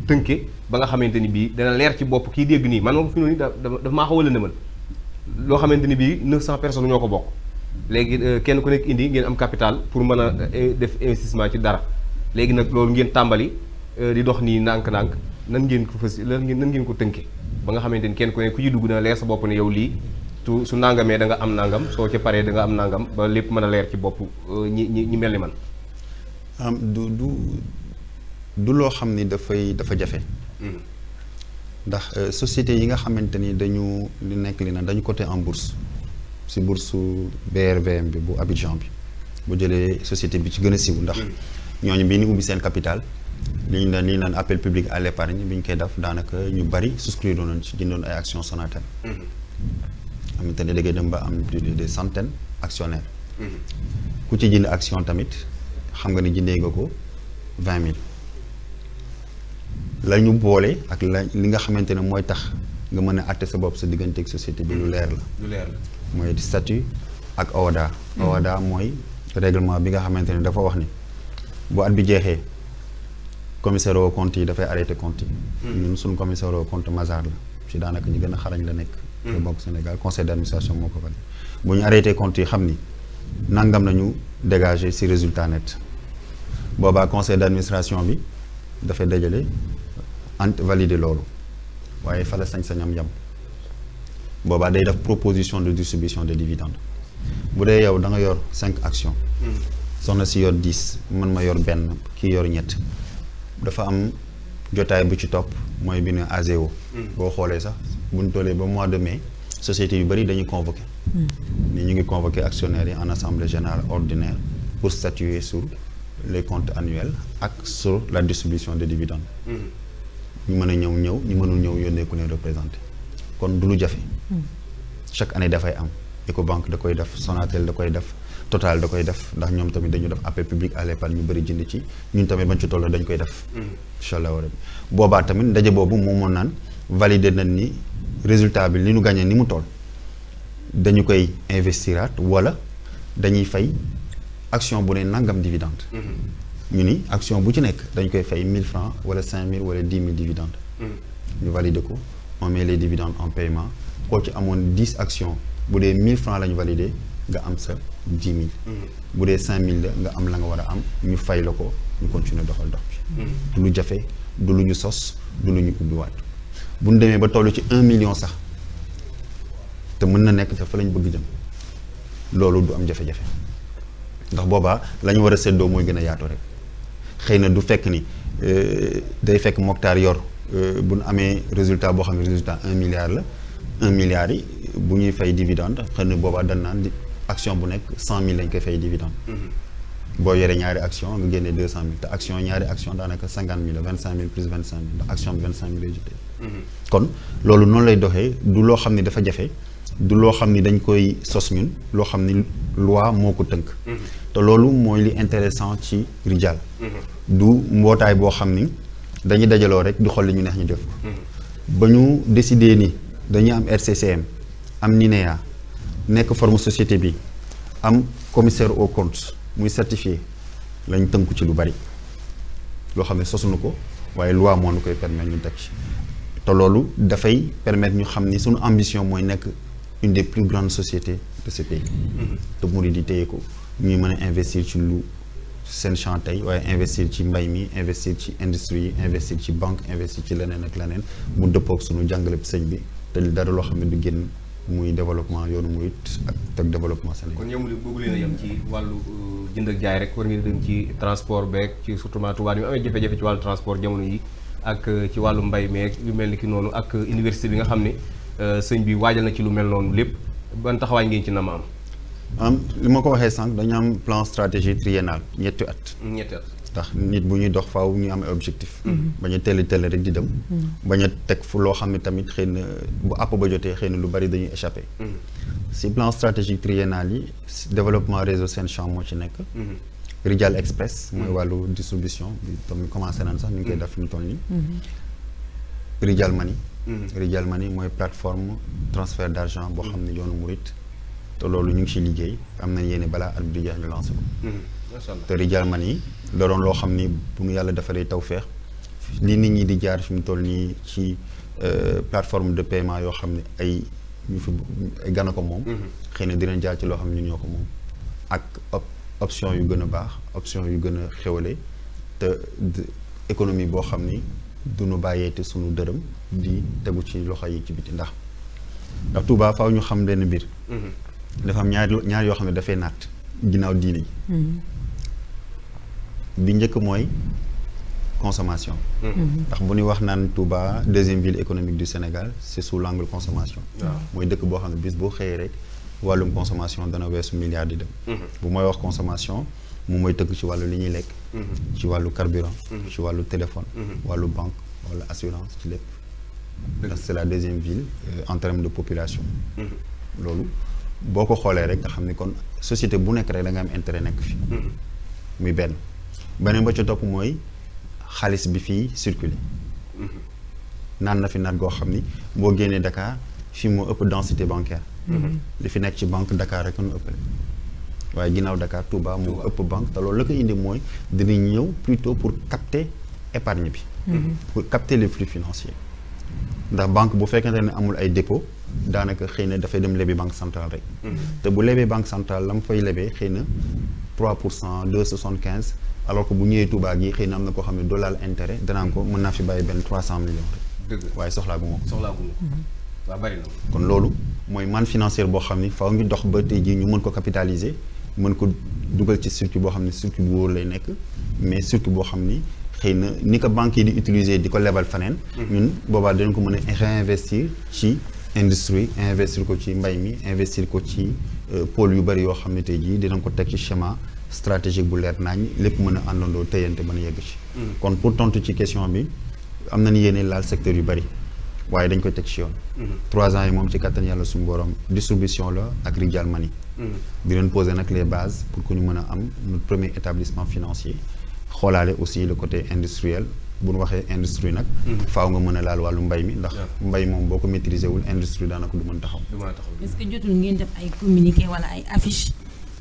tënke ba nga xamante ni bii dana leer ci bopp kii dégg nii man moom fi mu ne nii da dafa maa xaw a lëndëmal loo xamante ni bii 900 personnes ñoo ko bokk. léegi euh, kenn ku nekk indi ngeen am capital pour mën a euh, def investissement ci dara léegi nag loolu ngeen tàmbali euh, di dox nii nànk-nànk nan ngeen ko fas lan ko tënke ba nga xamante ni kenn ku nekk ku ci dugg na leer sa bopp ni yow lii su su nàngamee danga am nàngam soo ca paree danga am nàngam ba lépp mën a leer ci bopp ñi ñi ñi mel ni man. du du du loo xam ni dafay dafa jafe. Hmm. ndax société yi nga xamante ni dañu li nekk li nag dañu côté en bourse. si bourse BRVM bi bu Abidjan bi bu jëlee société bi ci gën a siiw ndax ñooñu bi ni ubbi seen capital li ñu daan li ñu appel public à l'épargne bi ñu koy def daanaka ñu bari souscrire doon ci jëndoon ay actions Sonatel xamante ne da ngay dem am des centaines actionnaires mm-hmm. ku ci jënd action tamit xam nga ne jëndee nga ko vingt mille la boole ak la li nga xamante ne mooy tax nga mën a àtte sa bopp sa diggante ak société bi lu leer la. lu leer la. mooy statut ak OHADA. OHADA hmm. mooy règlement bi nga xamante ne dafa wax ni bu at bi jeexee commissaire aux yi dafay arrêté compte yi. Hmm. ñun suñu commissaire aux comptes Mazar la ci daanaka ñi gën a xarañ la nekk. Hmm. te bokk Sénégal conseil d' administration moo ko fa bu ñu arrêté yi xam ni nangam nañu dégagé si résultat net boobaa conseil d' administration bi dafay dajale ant validé loolu waaye fa sañ-sañam yam boobaa day def proposition de distribution de dividende bu dee yow da nga yor cinq actions. Hmm. soxna si yor dix man ma yor benn kii yor ñett dafa am jotaay bu ci topp mooy bi ne AGO. Hmm. boo xoolee sax bu ñu ba mois de mai société yu bëri dañuy convoqué. Hmm. ni ñu ngi convoqué actionnaires yi en assemblée générale ordinaire pour statuer sur les comptes annuels ak sur la distribution des dividendes. ñu mën a ñëw ñëw ñu mënul ñëw yónnee ku ne représenté. kon du lu jafe. Hmm. chaque anne dafay am Ecobank da koy def Sonatel da koy def totale da koy def ndax ñoom tamit dañu def appel public à l'épargne ñu bëri jënd ci ñun tamit bañ ci toll dañ koy def. Hmm. incha allah rabbi boobaa tamit ndaje boobu moom moo naan valider nañ ni résultable ni li ñu ni mu toll dañu koy investiraat wala dañuy fay action bu ne nangam dividende. Hmm. ñu ni action bu ci nekk dañ koy fay 1000 francs wala 5000 wala 10 000 dividende. ñu valider ko. on met les dividendes en paiement koo ci amoon dix actions bu dee mille francs la ñu validé nga am sa dix mille. Mm-hmm. bu dee cinq mille la nga am la nga war a am ñu fay la ko ñu continuer doxal dox bi. Mm-hmm. du lu jafe du lu ñu sos du lu ñu ubbiwaat bu ñu demee ba toll ci un million sax te mën na nekk te fa lañ bëgg jëm loolu du am jafe-jafe ndax boobaa la ñu war a séddoo mooy gën a yaatu rek xëy na du fekk ni euh, day fekk moktaar yor. Euh, bu nu amee résultat boo xam ne résultat un milliard la un milliard yi bu ñuy fay dividende xëy na boobaa dañ naan action bu nekk cent mille lañ koy fay dividende. Mm-hmm. boo yoree ñaari action nga génnee cent mille te action ñaari action daanaka cinquante mille vingt cinq mille plus vingt cinq mille ndax mm-hmm. kon loolu noonu lay doxee du loo xam ne dafa jafe du loo xam ni dañ koy sos ñun loo xam ne loi moo ko tënk. Mm-hmm. te loolu mooy li intéressant ci Rijal. du mbootaay boo xam ni. dañuy dajaloo rek di xool li ñu neex ñu def ba ñu décidé ni dañuy am RCCM am NINEA nekk forme société bi am commissaire aux comptes muy certifié lañ tënku ci lu bari loo xam ne sosunu ko waaye loi moo nu koy permettre ñu teg ci te loolu dafay permettre ñu xam ni sunu ambition mooy nekk une des plus grandes sociétés de ce pays mm-hmm. di téye ko ñuy mën investir ci lu seen champ tey waaye investir ci mbay mi investir ci industrie yi investir ci banque investir ci leneen ak leneen mu dëppook suñu jàngale sëñ bi te dara loo xam ne du génn muy développement yoonu muy ak teg développement Sénégal. kon yemul bëggu leen a yem ci wàllu euh, jënd ak jaay rek war ngeen dem ci transport beeg ci surtout Touba bi amee jafe-jafe ci wàllu transport jamono yi ak euh, ci wàllu mbay meeg lu mel ni ki noonu ak euh, université bi nga xam ne sëñ bi waajal na ci lu mel noonu lépp ban taxawaay ngeen ci na ma am li ma ko waxee sànq dañu am plan stratégie triennal ñetti at. ñetti at ndax nit bu ñuy dox faaw ñu am objectif. Mm-hmm. bañ a teel a rek di dem. Mm-hmm. bañ a teg fu loo xam ne tamit xëy na bu àpp ba jotee xëy na lu bari dañuy échappé. Mm-hmm. si plan stratégique triennal yi développement réseau Sen Champ moo ci nekk. Rijal Express. mooy wàllu distribution bi tamit commencé naan sax ñu ngi koy def fi mu toll nii. Rijal Money. ma Money mooy plateforme transfert d' argent boo xam ne yoonu te loolu ñu ngi ciy liggéey am nañ yéene balaa at bi di jeex ñu lancé ko. Mm-hmm. macha allah te Rijal man yi da doon loo xam ni bu ñu yàlla defaree tawféex li nit ñi di jaar fi mu toll nii ci euh, plateforme de paiement yoo xam ne ay ñu fi gana ko moom. Mm-hmm. xëy na dinañ jaar ci loo xam ne ñun ñoo ko moom. ak op option yu gën a baax option yu gën a xéwale te économie boo xam ni du ñu bàyyee te suñu dërëm di tegu ci loxo yi ci biti ndax ndax Touba faaw ñu xam benn mbir. Mm-hmm. dafa am ñaar ñaar yoo xam ne dafay naat ginnaaw diine hmm. bi njëkk mooy consommation hmm. Hmm. ndax bu nuy wax naan Touba deuxième ville économique du Sénégal c'est sous l'angle consommation mooy dëkk boo xam ne bis boo xëyee rek wàllum consommation dana weesu milliard di dem bu mooy wax consommation moom mooy tëgg ci wàllu li ñuy lekk ci wàllu carburant ci wàllu téléphone wàllu banque wàllu assurance ci lépp ndax c'est la deuxième ville euh, en termes de population loolu boo ko xoolee rek nga xam ni kon société bu nekk rek da nga am intérêt nekk fi mm-hmm. muy benn beneen ba ca topp mooy xaalis bi fii circulé mm-hmm. naan na fi naat goo xam ni boo génnee Dakar fii moo ëpp densité bancaire mm-hmm. li fi nekk ci banque Dakar rek nu ëppale waaye ginnaaw Dakar Touba moo ëpp banque te loolu la ko indi mooy dinañ ñëw plutôt pour capter épargne bi pour capter les flux ndax banque bu fekkente ne amul ay dépôt daanaka xëy na dafay dem lebi banque centrale rek. Hmm. te bu lebee banque centrale la mu fay lebee xëy na 3 pour cent 2,75 alors que bu ñëwee Touba gi xëy na am na koo xam ne dollar intérêt danaa mën naa fi bàyyi benn 300 millions rek. waaye soxlaa gu ma ko. soxlaa hmm. kon loolu mooy manne financière boo xam ni faaw ñu dox ba tey jii ñu mën ko capitaliser mën ko dugal ci circuit boo xam ne circuit bu wóor lay nekk mais circuit boo xam ni. xëy na ni ko banque yi di utiliser di ko lebal feneen. Hmm. ñun industrie investir ko ci mbay mi investir ko ci euh, pôle yu bëri yoo xam ne tey jii dinañ ko teg ci schéma stratégique bu leer naañ lépp mën a àndandoo téyante mën a yegg ci. Mm. kon pour tontu ci question bi am nañu yéene laal secteur yu bëri waaye dañ koy teg ci yoon. Mm-hmm. trois ans yi moom ci kattan yàlla suñu borom distribution la ak Rijal Mani. Mm. di leen poser nag les bases pour que ñu mën a am notre premier établissement financier xoolaale aussi le côté industriel. bu ñu waxee industrie nag. Mm-hmm. faw nga mën a laal wàllu mbay mi ndax. mbay moom boo ko maîtriser wul industrie daanaka du mën taxaw. est-ce que jotul ngeen def ay communiqué wala ay affiche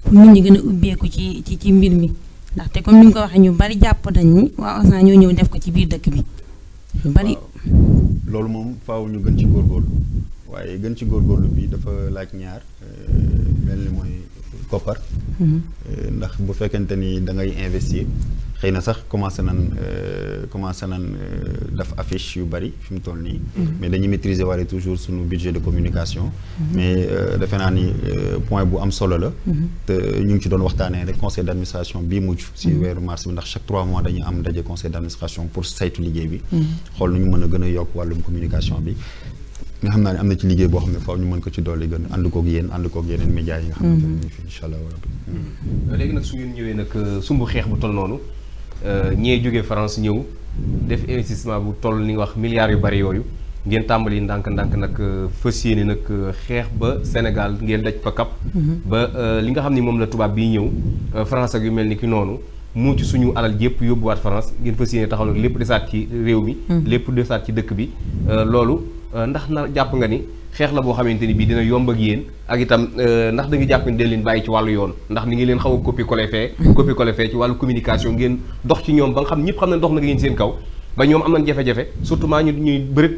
pour nit ñi gën a ubbeeku ci ci mbir mi ndaxte comme ni nga ko waxee ñu bari jàpp nañ ni waa ñoo ñëw def ko ci biir dëkk bi ñu bari. loolu moom faw ñu gën ci góorgóorlu waaye gën ci góor góorgóorlu bi dafa laaj ñaar mel euh, ni mooy koppar. Mm-hmm. Euh, ndax bu fekkente ni da ngay investir xëy na sax commencé nan euh, commencé nañ euh, def affiche yu bari fi mu toll nii. Mhm. mais dañuy maîtriser wala toujours suñu budget de communication. Mhm. mais euh, defe naa ni euh, point bu am solo la. Mhm. te ñu ngi ci doon waxtaanee rek conseil d' administration bii mujj. si weeru mars bi ndax chaque trois mois dañuy am daje conseil d' administration pour saytu liggéey bi. xool nu mën a gën a yokk wàllum communication bi. nga xam naa ne am na ci liggéey boo xam ne faaw ñu mën ko ci dolli gën ànd koog yéen ànd koog yeneen médias yi nga xamante ne ñu fi incha nag su ngeen xeex bu toll noonu. Euh, ñee jóge France ñëw def investissement bu toll ni wax milliards yu bari yooyu ngeen tàmbali ndànk-ndànk nag euh, fas yéene nag euh, xeex ba Sénégal ngeen daj fa kap mhm. ba li nga xam ni moom la tubaab bi ñëw France ak yu mel ni ki noonu mu ci suñu alal yóbbu waat France ngeen fas yéene taxaw nag lépp desaat ci réew mi mhm. lépp desaat ci dëkk bi loolu ndax na jàpp nga ni xeex la boo xamante ni bii dina yomb ak yéen ak itam euh, ndax da nga jàpp ne leen bàyyi ci wàllu yoon ndax ni ngi leen xaw a copier coller fee mm-hmm. copier coller fee ci wàllu communication ngeen dox ci ñoom ba nga xam ñëpp xam ne dox na ngeen seen kaw ba ñoom am nañ jafe-jafe surtout maa ñu ñuy bërit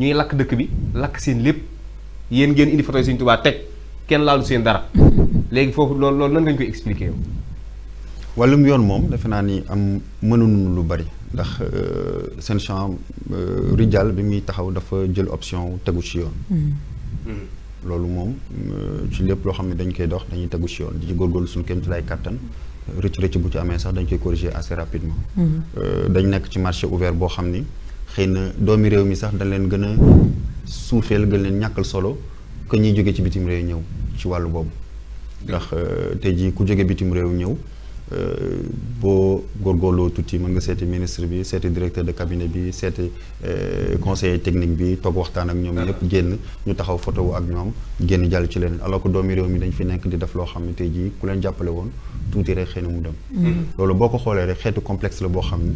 ñuy lakk dëkk bi lakk seen lépp yéen ngeen indi photo Sëriñ Tuubaa teg kenn laalu seen dara mm-hmm. léegi foofu loolu loolu nan nga ñu koy expliquer yow wàllum yoon moom defe naa ni am mënuñu lu bari ndax euh, seen champ euh, Rijal bi muy taxaw dafa jël option tegu ci yoon. Hmm. Hmm. loolu moom euh, ci lépp loo xam ne dañ koy dox dañuy tegu ci yoon di ci góorgóorlu suñu kéem ci lay kàttan rëcc rëcc bu ci amee sax dañ koy corriger assez rapidement. Hmm. dañ nekk ci marché ouvert boo xam ni xëy na doomi réew mi sax dañ leen gën a suufeel gën leen ñàkkal solo que ñuy jóge ci bitim réew ñëw ci wàllu boobu. ndax te jii ku jóge bitim réew ñëw. Euh, boo góorgóorloo tuuti mën nga seeti ministre bi seeti directeur de cabinet bi seeti euh, conseiller technique bi toog waxtaan ak ñoom ñëpp génn ñu taxaw photo ak ñoom génn jàll ci leen alors que doomi réew mi dañ fi nekk di def loo xam ne tey jii ku leen jàppale woon tuuti rek xëy na mu dem. Mm-hmm. loolu boo ko xoolee rek xeetu complexe la boo xam ne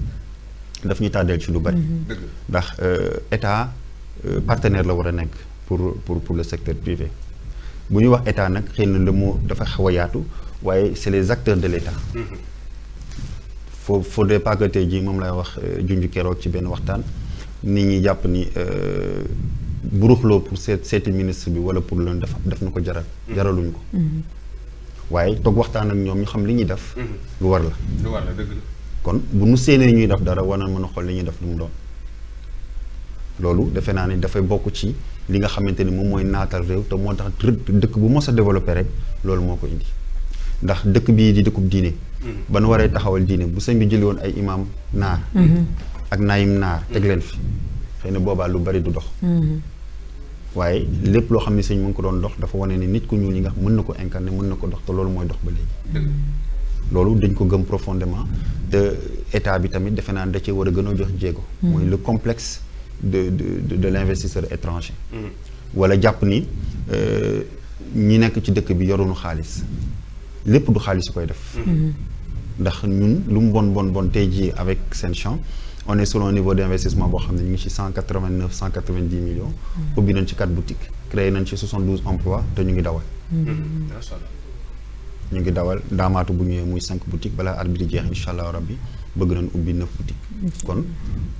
daf ñuy tàddeel ci lu bari. Mm-hmm. ndax euh, état partenaire la war a nekk pour pour pour le secteur privé bu ñuy wax état nag xëy na le mot dafa xaw yaatu. waaye c'est les acteurs de l'État mm-hmm. faut faudrait pas que tey jii moom laay wax euh, junj keroog ci benn waxtaan nit ñi jàpp ni euh, buruxloo pour seet seeti ministre bi wala pour loolu def def na ko jaral mm-hmm. jaraluñ ko mm-hmm. toog waxtaan ak ñoom xam li ñuy def lu war kon bu nu séenee ñuy def dara war na mën a xool li ñuy def lu mu doon loolu defe naa ne dafay bokk ci li nga xamante ni moom mooy naatal réew te moo tax dëkk bu mos a rek loolu moo ko indi ndax dëkk bii di dëkkub diine mm-hmm. ba nu waree taxawal diine bu sëñ bi jëli woon ay imaam naar mm-hmm. ak naayim naar teg leen fi xëy na boobaa lu bari du dox mm-hmm. waaye lépp loo xam ne sëñ mu ko doon dox dafa wane ne nit ku ñuul yi nga xam mën na ko incarné mën na ko dox te loolu mooy dox ba léegi loolu dañ ko gëm profondément te état bi tamit defe naa da cee war a gën a jox jéego mooy le complexe de de de étranger wala jàpp ni euh, ñi nekk ci dëkk bi yoruñu xaalis lépp du xaalis su koy def. ndax ñun lu mu bon bon bon tey jii avec seen champ on est sur un niveau d' investissement boo xam ne ñu ngi ci cent quatre vingt neuf cent quatre vingt dix millions. ubbi nañ ci quatre boutiques créé nañ ci soixante douze emplois te ñu ngi dawal. macha allah ñu ngi dawal ndaamaatu bu ñëwee muy cinq boutiques balaa at bi di jeex incha allah rabbi bëgg nañ ubbi neuf boutiques. kon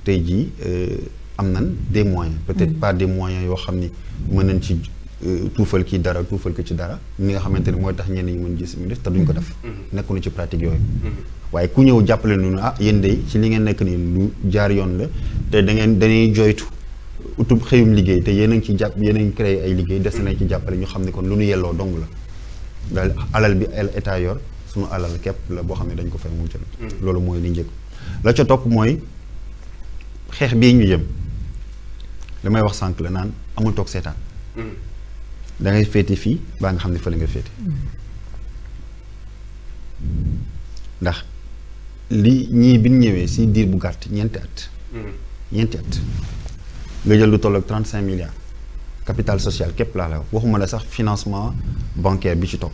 tey jii euh, am nañ des moyens. peut-être mm. pas des moyens yoo xam ni mën nañ ci. Euh, tuufal kii dara tuufal ko ci dara ni nga xamante ne mooy tax ñenn ñi mën gis ministre te duñ ko def. Mm-hmm. Mm-hmm. nekkuñu ci pratique yooyu. Mm-hmm. waaye ku ñëw jàppale nu ah yéen de ci li ngeen nekk nii lu jaar yoon la te da ngeen dañuy joytu utub xëyum liggéey te yéen a ci jàpp yéen a ngi créé ay liggéey ci jàppale ñu xam ne kon lu nu yelloo dong la daal alal bi état yor sunu alal képp la boo xam ne dañ ko fay mu jël. loolu mooy li njëkk la ca topp mooy xeex bii ñu jëm li may wax sànq la naan amul toog seetaan. da ngay féete fii baa nga xam ne fële nga féete ndax li ñii bi ñëwee si diir bu gàtt ñeenti at. ñeenti at nga jël lu toll ak trente cinq milliards capital social képp laa la wax waxuma la sax financement bancaire bi ci topp.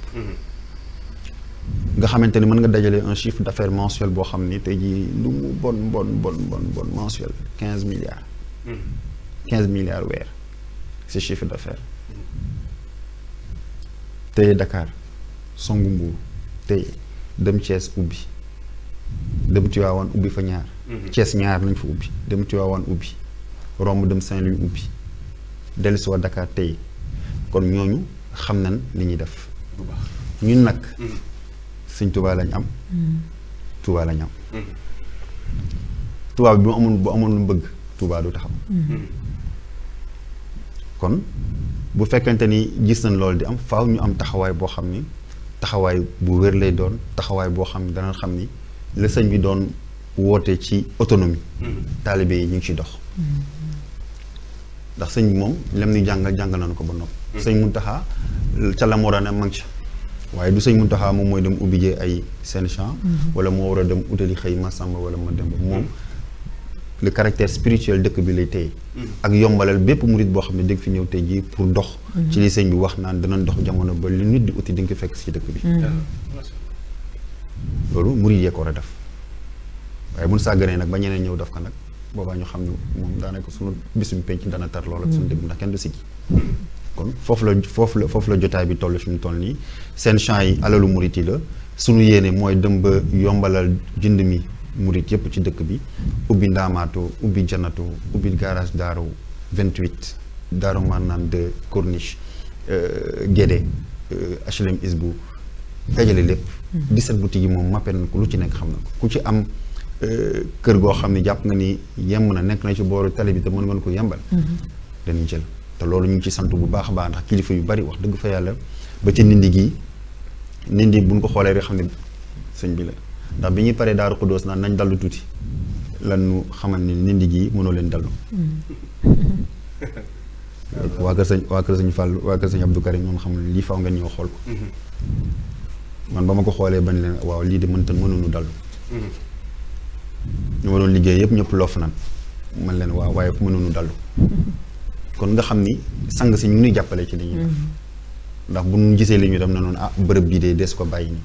nga xamante ni mën nga dajale un chiffre d'affaires mensuel boo xam ni tey jii lu mu bon bon bon bon bon quinze milliards. quinze milliards weer si chiffre d'affaires téye Dakar songu Mbuur téye dem Thiès ubbi dem Tivaouane ubbi fa ñaar. Mhm. Thiès ñaar lañ fa ubbi dem Tivaouane ubbi romb dem Saint-Louis ubbi dellusi waa Dakar téye kon ñooñu xam nañ li ñuy def. ñun nag. Mhm. sëñ Tuubaa lañ am. Mhm. Tuubaa lañ am. Tuubaa bi bu amoon bu amoon bëgg Tuubaa du taxaw. kon. bu fekkente ni gis nañ lool di am faaw ñu am taxawaay boo xam ni taxawaay bu wér lay doon taxawaay boo xam ni dana xam ni la sëñ bi doon woote ci autonomie. Mm-hmm. taalibe yi ñu ngi ciy dox. Mm-hmm. ndax sëñ bi moom lem ni jàngal jàngal nañu ko ba noppi. Mm-hmm. sëñ Muntaxa ca la moo daan a mang ca waaye du sëñ Muntaxa moom mooy dem ubbi ay seen champ. wala moo war a dem utali xëy Massamba wala ma dem moom. li caractère spirituel dëkk bi lay téye. Mm-hmm. ak yombalal bépp murit boo xam ne dëgg fi ñëw tey jii pour dox. Mm-hmm. ci li wax naan danañ dox jamono ba li ko fekk si dëkk bi. Mm-hmm. loolu murit yee ko waaye bu nu nag ba ñeneen ñëw def ko nag boobaa ñu xam dana tar lool ak sunu dëgg ndax kenn si ji. kon la foofu la foofu la jotaay bi toll fi mu toll nii seen champs yi alalu murit yi la sunu yéene mooy dem ba yombalal jënd mi. murit yépp ci dëkk bi ubbi ndaamaatu ubbi janatu ubbi garage daaru 28 daaru maanaan de corniche euh, Guédé HLM euh, Isbu dajale lépp 17 hmm. boutiques yi moom mappé nañ ko lu ci nekk xam na ko ku ci am euh, kër goo xam ne jàpp nga ni yemb na nekk nañ ci booru tali bi te mën ngeen ko yembal hmm. dañuy jël te loolu ñu ngi ci sant bu baax a baax ndax kilifa yu bari wax dëgg fa yàlla ba ci nindi gi nindi buñ ko xoolee rek xam ne sëñ bi la ndax bi ñuy paree daaru xuddoos naan nañ dallu tuuti lan nu xamal ne nindi gi mënoo leen dallu (laughs) waa kër sëñ waa kër sëñ Fall waa kër sëñ Abdou Karim ñoom xam ne lii faw ngeen ñëw xool ko mm-hmm. man ba ma ko xoolee bañ leen waaw lii de mënta mënuñu dallu mm-hmm. ñu ma doon liggéey yëpp ñëpp loof nan man leen waaw waaye mënuñu dallu mm-hmm. kon nga xam ni sang si ñu ngi jàppale ci li ñuy def ndax bu ñu gisee li ñu dem na noonu ah bërëb bii de des ko bàyyi nii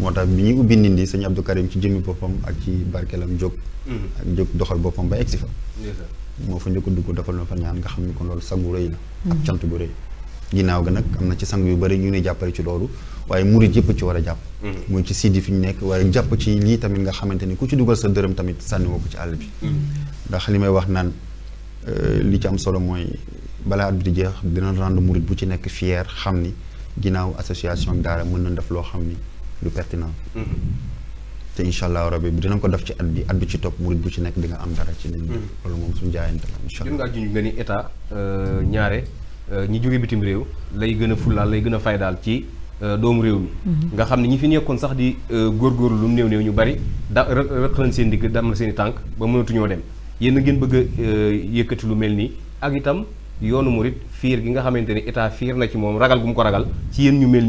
moo tax bi ñuy ubbi nit ñi sëñ Abdou Karim ci jëmmi boppam ak ci barkeelam jóg mm-hmm. ak jóg doxal boppam ba egsi fa moo fa njëkk a dugg defal na fa ñaan nga xam ni kon loolu sangu rëy la ak mm-hmm. cant bu rëy ginnaaw ga nag am na ci sang yu bëri ñu ne jàppale ci loolu waaye murit yëpp ci war a jàpp mm-hmm. muy ci siidi fi ñu nekk waaye jàpp ci lii tamit nga xamante ni ku ci dugal sa dërëm tamit sànni woo ko ci àll bi ndax li may wax naan euh, li ci am solo mooy balaa at di jeex dina rendre murit bu ci nekk fier xam ni ginnaaw association ak daara mën nañ def loo xam ni lu pertinent. Mm-hmm. te incha allah rabi bi dinañ ko def ci at bi at bi ci topp murid bu ci nekk di nga am dara ci nit ñi. Mm-hmm. loolu moom suñu jaayante la incha allah. jot ngaa nga ni état euh, ñaare euh, ñi jóge bitim réew lay gën a fullaal lay gën a faydaal ci euh, doomu réew mi. Mm-hmm. nga xam ne ñi fi nekkoon sax di góorgóorlu lu mu néew néew ñu bari da rëq nañ seen digg dam na seen tànk ba mënatuñoo dem yéen ngeen bëgg a yëkkati lu mel nii ak itam. yoonu murit fiir gi nga xamante ni état fiir na ci moom ragal gu mu ko ragal ci yéen ñu mel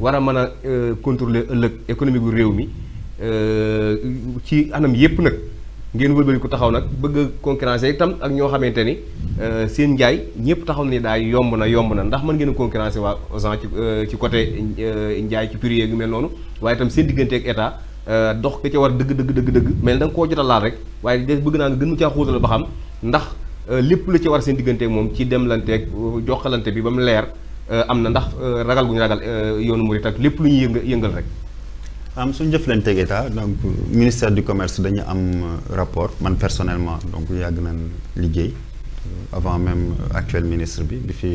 war a mën a euh, contrôler ëllëg économie gu réew mi euh, ci anam yépp nag ngeen wëlbali ko taxaw nag bëgg a concurrencer itam ak ñoo xamante ni euh, seen njaay ñëpp taxaw ni daay yomb na yomb na ndax mën ngeen a concurrencer waa Auchan ci ci njaay ci prix yu mel noonu waaye itam seen diggante ak état dox ka ca war dëgg dëgg dëgg dëgg mel da nga koo jot a laal rek waaye de bëgg naa nga gënu mu caa xóotal ba xam ndax lépp la ci war seen diggante ak moom ci demlanteeg joxalante bi ba mu leer Euh, am na ndax euh, ragal gu ñu ragal euh, yoonu murit ak lépp lu ñu yëngal yëngal rek. am suñu jëflanteeg état donc ministère du commerce dañu am rapport man personnellement donc yàgg nañ liggéey avant même actuel ministre bi bi fi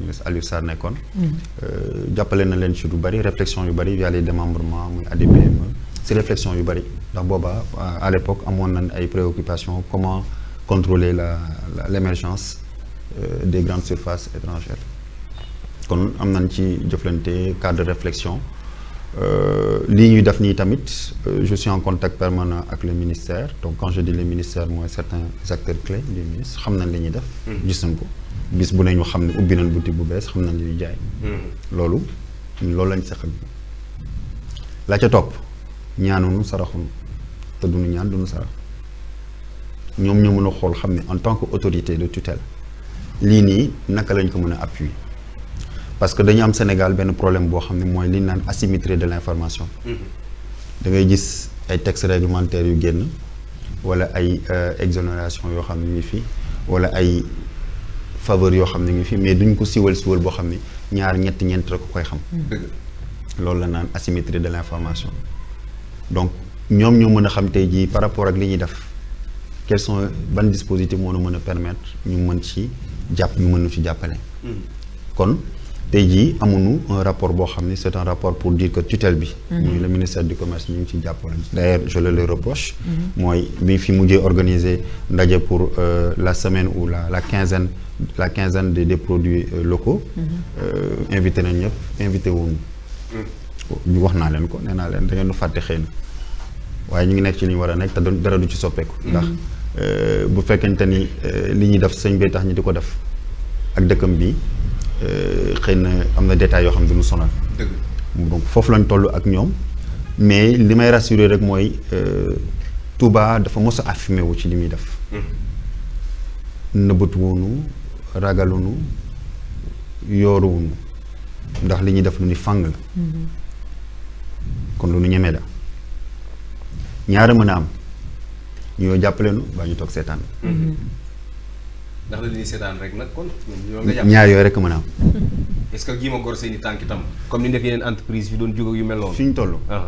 ministre Aliou nekkoon. Mm. jàppale na leen ci lu bari réflexion yu bari via les démembrements muy ADPM e. ci réflexion yu bari ndax booba à l'époque amoon nañ ay préoccupations comment contrôler la l'émergence des grandes surfaces étrangères. kon am nañ ci jëflante cadre de réflexion euh, lii ñuy def nii tamit euh, je suis en contact permanent ak le ministère donc quand je dis le ministère mooy certains acteurs clés du ministre xam nañ li def. Hmm. gis nañ ko bis bu ne ñu xam ne ubbi nañ boutique bu bees xam nañ li ñuy jaay. Hmm. loolu loolu lañ sa xam la ca topp ñaanunu saraxunu te duñu ñaan duñu sarax ñoom ñoo mën a xool xam ne en tant que autorité de tutelle lii nii naka lañ ko mën a appuyer. parce que dañu am Sénégal benn problème boo xam ne mooy li ñu naan asymétrie de l'information. da ngay gis ay textes réglementaires yu génn wala ay euh, exonération yoo xam ne ñu fii fi wala ay faveur yoo xam ne ñu ngi fi mais duñ ko siwal siwal boo xam ne ñaar ñetti ñeent rek ko koy xam. loolu la naan asymétrie de l'information donc ñoom ñoo mën a xam tey jii par rapport ak li ñuy def quels sont ban dispositif moo nu mën a permettre ñu mën ci jàpp ñu mën ci jàppale. kon. tey jii amuñu un rapport boo xam ne c'est un rapport pour dire que tutelle bi muy mhm. le ministère du commerce ñu ngi ci jàppale d'ailleurs je le leur reproche mhm. mooy bi fi mujjee organiser ndaje pour euh, la semaine ou la la quinzaine la quinzaine des des produits euh, locaux mhm. euh, invité nañ ñëpp invité wuñu ñu wax naa leen ko nee naa leen da nu fàtte xëy na waaye ñu ngi nekk ci li ñu war a nekk te dara du ci soppeeku ndax bu fekkente ni li ñuy def sëñ bi tax ñi di ko def ak dëkkam Euh, xëy na am na détails yoo xam ne du ñu sonal. foofu lañ toll ak ñoom mais li may rassurer rek mooy euh, Touba dafa mos a affirmé wu ci li muy def. Mm-hmm. nëbbatuwoonu ragalunu yooruwunu ndax li ñuy def lu ni fàng la. Mm-hmm. kon lu nu ñeme la ñaara mën a am ñoo jàppale nu baa ñu toog seetaan. Mm-hmm. ndax dañuy seetaan rek nag kon ñoom ñoo nga ñaar yooyu rek mën a am. est-ce ah.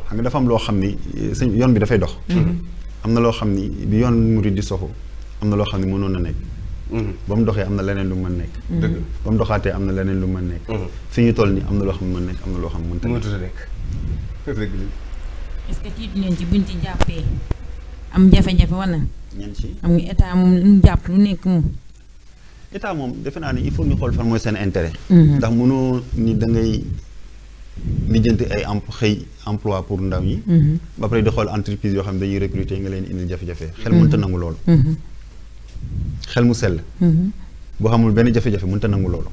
xam nga dafa am loo xam ni eh, bi mm-hmm. na loo xam ni bi yoon murid di soxu am na loo xam ni mënoon na nekk. Mm-hmm. ba mu doxee am na leneen lu mën nekk. Mm-hmm. dëgg ba mu doxaatee am na leneen lu mën nekk. fi ñu nii am na loo xam ne mën nekk am na loo xam ne mënut a nekk. (laughs) dëgg est-ce que tiitu leen ci buñ ci jàppee am jafe-jafe am nga état moom lu mu nekk moom état moom defe naa ni il faut ñu xool fan mooy seen intérêt. Mhm. ndax mënoo ni da ngay lijjanti ay em xëy emploi pour ndaw ñi. Mhm. ba pare di xool entreprise yoo xam ne dañuy recruter nga leen indil jafe-jafe. xel mhm. mënta nangu loolu. xel mu sell. boo xamul benn jafe-jafe mënta nangu loolu.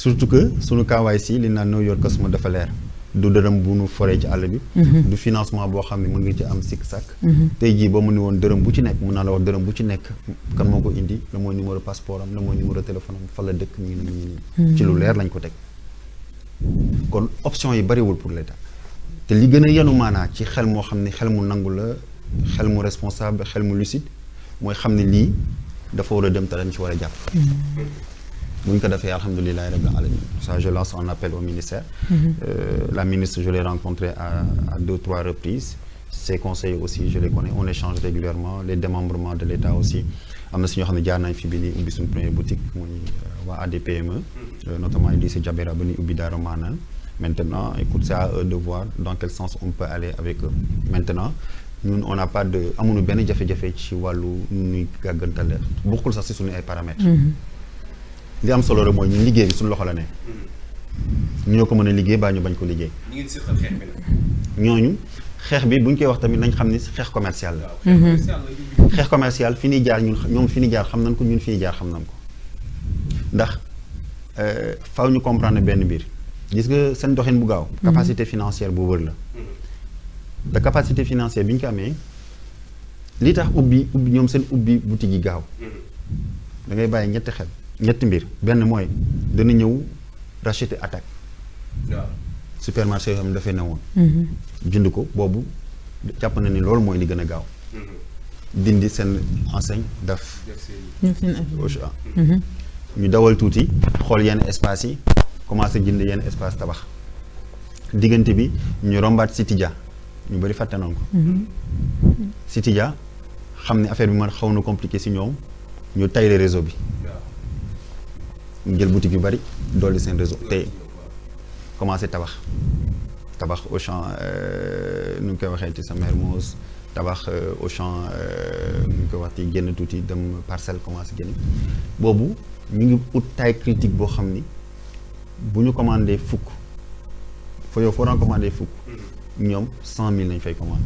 surtout que sunu kaawaay si li naan New York suma dafa leer. du dërëm bu nu foree ci àll bi. Mhm. du financement boo xam ne mën nga ci am sikk sàkk. Mhm. tey jii ba mu ne woon dërëm bu ci nekk mun naa la wax dërëm bu ci nekk. kan moo ko indi la mooy numéro passeport am la mooy numéro téléphone am fa la dëkk ñu ne ñu nii. ci lu mhm. leer lañ ko teg kon option yi bariwul pour l'état te li gën a yenu maanaa ci xel moo xam ne xel mu nangu la xel mu responsable xel mu lucide mooy xam ne lii dafa war a dem te dañ ci war a jàpp. bu ñu ko defee alhamdulilah rabbil alamin ça je lance un appel au ministère. Mhm. Euh, la ministre je l'ai rencontrée à à deux trois reprises. ses conseils aussi je les connais on échange régulièrement les démembrements de l'État aussi am na si ñoo xam ne jaar nañ fi bi ni ubbi suñu première boutique muy euh, waa ADPME. Euh, notamment lycée Diabéra ba ni ubbi Darou Manane maintenant écoute c'est à eux de voir dans quel sens on peut aller avec eux maintenant ñun on n'a pas de amuñu benn jafe-jafe ci wàllu nu ñuy gàggantalee bokkul suñu ay paramètres. Mhm. li am solo rek mooy ñun liggéey bi suñu loxo la ne. Hmm. ñoo ko mën a liggéey baa ñu bañ ko liggéey. ñooñu xeex bi buñ koy wax tamit nañ xam ne xeex commercial la. Hmm. xeex commercial fi ñuy jaar ñun ñoom fi ñuy jaar xam nañ ko ñun fi ñuy jaar xam nañ ko ndax euh, faw ñu comprendre benn mbir gis nga seen doxin bu gaaw. Hmm. capacité financière bu wër la. da capacité financière bi ñu ko amee li tax ubbi ubbi ñoom seen ubbi boutique yi gaaw dangay ngay bàyyi ñetti xel. ñetti mbir benn mooy dana ñëw racheter attaque. waaw supermarché yoo xam ne dafay newoon. Mhm. jënd ko boobu jàpp na ni loolu mooy ni gën a gaaw. Mhm. dindi seen enseigne daf. Mhm. ñu dawal tuuti xool yenn espace yi commencé jënd yenn espace tabax diggante bi ñu rombaat Sitidia ñu bëri fàtte nañ ko. Sitidia xam ne affaire bi ma xaw na compliqué si ñoom ñu tayle réseau bi. jël boutique yu bari dolli seen réseau te commencé tabax tabax Auchan euh, nu ñu koy waxee ci sa Mermoz tabax euh, Auchan euh, nu ñu koy wax ci génn tuuti dem parcelle commencé génn boobu ñu ngi ut taille critique boo xam ni bu ñu commandé fukk fa yow foo daan commandé fukk ñoom cent mille lañ fay commandé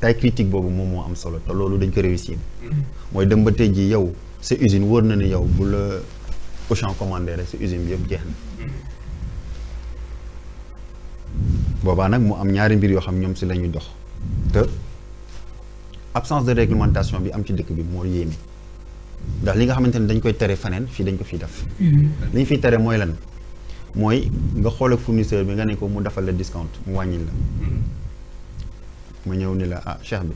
taille critique boobu moom moo am solo te loolu dañ ko réussir mm-hmm. mooy dem ba tey ji yow sa usine wóor na ni yow bu la Auchan commandé rek sa usine bi yëpp jeex na boobaa nag mu am ñaari mbir yoo xam ñoom si lañuy dox te absence de réglementation bi am ci dëkk bi moo yéeme ndax li nga xamante ne dañ koy tere faneen fii dañ ko fiy def mm-hmm. li ñu fiy tere mooy lan mooy nga xool ak fournisseur bi nga ne ko mu defal la discount mu wàññil la ma mm-hmm. ñëw ni la ah cheikh bi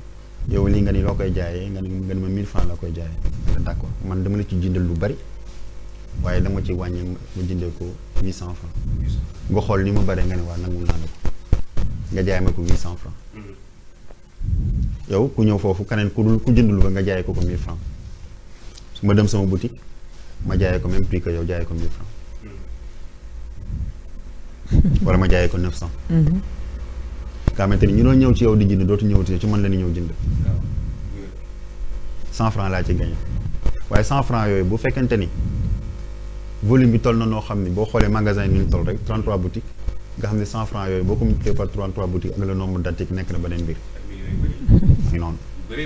yow lii nga ni loo koy jaayee nga ni nga ni ma 1000 francs la koy jaayee nga d'accord man dama la ci jëndal lu bari waaye dama ci wàññi ma jëndee ko 800 francs nga xool ni mu baree nga ne waa nangul naa ko nga jaay ma ko 800 francs mm-hmm. yow ku ñëw foofu keneen ku dul ku jëndul nga jaayee ko ko 1000 francs su ma dem sama buti ma jaayee ko même prix que yow jaayee ko 1000 francs mm-hmm. wala ma jaayee ko 900. nga xamante ni ñu doon ñëw ci yow di jënd la ci gagné waaye cent franc yooyu bu fekkente ni volume bi toll na noo xam ni boo xoolee magasin ñu toll rek 33 boutiques nga xam ne cent franc yooyu boo ko multiplié par 33 boutiques ak le nombre d'articles nekk na beneen mbir ngi noonu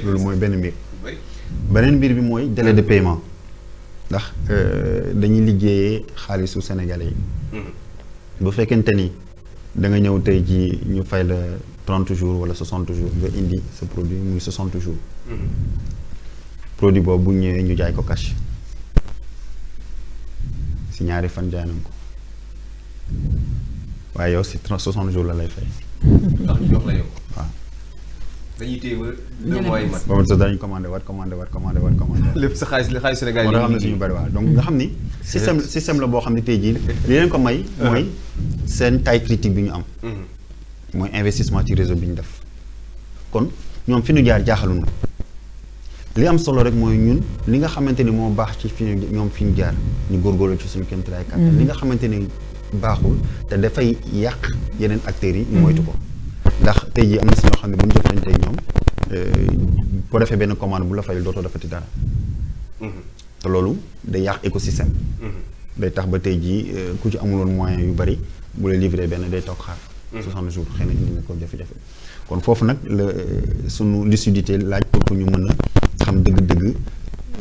loolu mooy benn beneen mbir bi mooy délai de paiement ndax euh, dañuy liggéeyee xaalisu Sénégalais yi mm-hmm. bu fekkente ni da nga ñëw tey jii ñu fay la trente jours wala soixante jours nga indi sa produit muy soixante jours. Mm-hmm. produit boobu bu ñëwee ñu jaay ko cash si ñaari fan jaay nañ ko waaye yow si soixante jours la lay fay. ndax jox la yow. waaw. dañuy téye ba deux mois yi mat. boobu sax dañuy commandé waat commandé waat commandé waat commandé. lépp sa xaalis donc nga xam ni. système système la boo xam ne tey jii (laughs) li leen ko may. mooy. seen taille critique bi ñu am. Mm-hmm. mooy investissement ci réseau bi ñu def. kon ñoom fi ñu jaar jaaxaluñu li am solo rek mooy ñun li nga xamante ni moo baax ci fi ñu ñoom fi ñu jaar ñu góorgóorlu ci suñu kéemtalaay kàttan. Mm-hmm. li nga xamante ni baaxul te dafay yàq yeneen acteurs yi. moytu ko mm-hmm. ndax tey jii am na si ñoo xam ne bu ñu jëfandikoo ñoom euh, boo defee benn commande bu la fayal dootoo defati dara. te loolu day yàq écosystème. day tax ba tey jii euh, ku ci amuloon moyen yu bari bu la livré benn day toog xaar. 60 mhm. jours xëy na indi na ko jafe-jafe. kon foofu nag la euh, sunu lucidité laaj pour ñu mën a xam dëgg-dëgg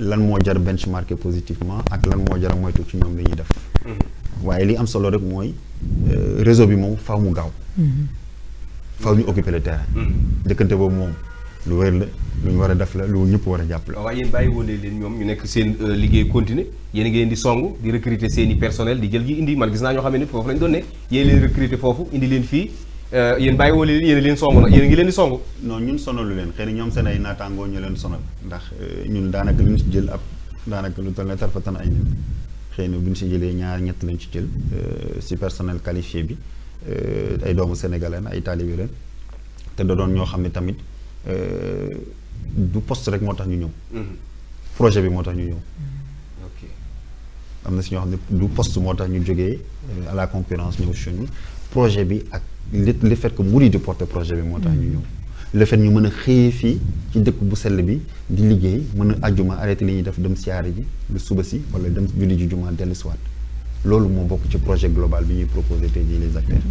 lan moo jar benchmarké positivement ak lan moo jar moytu ci ñoom li ñuy def. Mhm. waaye li am solo rek mooy euh, réseau bi moom faaw mu gaaw. Mhm. faaw ñu occuper le terrain. dëkkante boobu moom. lu wér la lu ñu war a def la lu ñëpp war a jàpp la. waaw yéen bàyyi woon leen ñoom ñu nekk seen euh, liggéey continuer yéen a ngi leen di song di recruter seen personnel di jël ji indi man gis naa ñoo xam ne foofu lañ doon ne yéen leen recruter foofu indi leen fii euh, yéen bàyyi woon leen yéen a leen song nag yéen ngi leen di song. non ñun sonalu leen xëy na ñoom seen ay naataangoo ñu leen sonal ndax euh, ñun daanaka lu ñu si jël ab daanaka lu toll ne tarfatan xëy na bu ñu si ñaar ñett lañ ci jël si personnel qualifié bi ay doomu sénégalais ay taalibe leen te da doon ñoo xam ne tamit Euh, du post rek moo tax ñu ñëw. Mm-hmm. projet bi moo tax ñu ñëw. Mm-hmm. am na si ñoo xam ne du poste moo tax ñu jógee euh, à la concurrence ñëw si projet bi ak li le fait que murid di porter projet bi moo tax ñu mm-hmm. ñëw. le fait ñu mën a xëyee fii ci dëkk bu sell bi di liggéey mën a ajjuma arrêté li ñuy def dem siyaare ji lu suba si wala dem julli ji jumaa dellu siwaat loolu moo bokk ci projet global bi ñuy proposé tey jii les acteurs.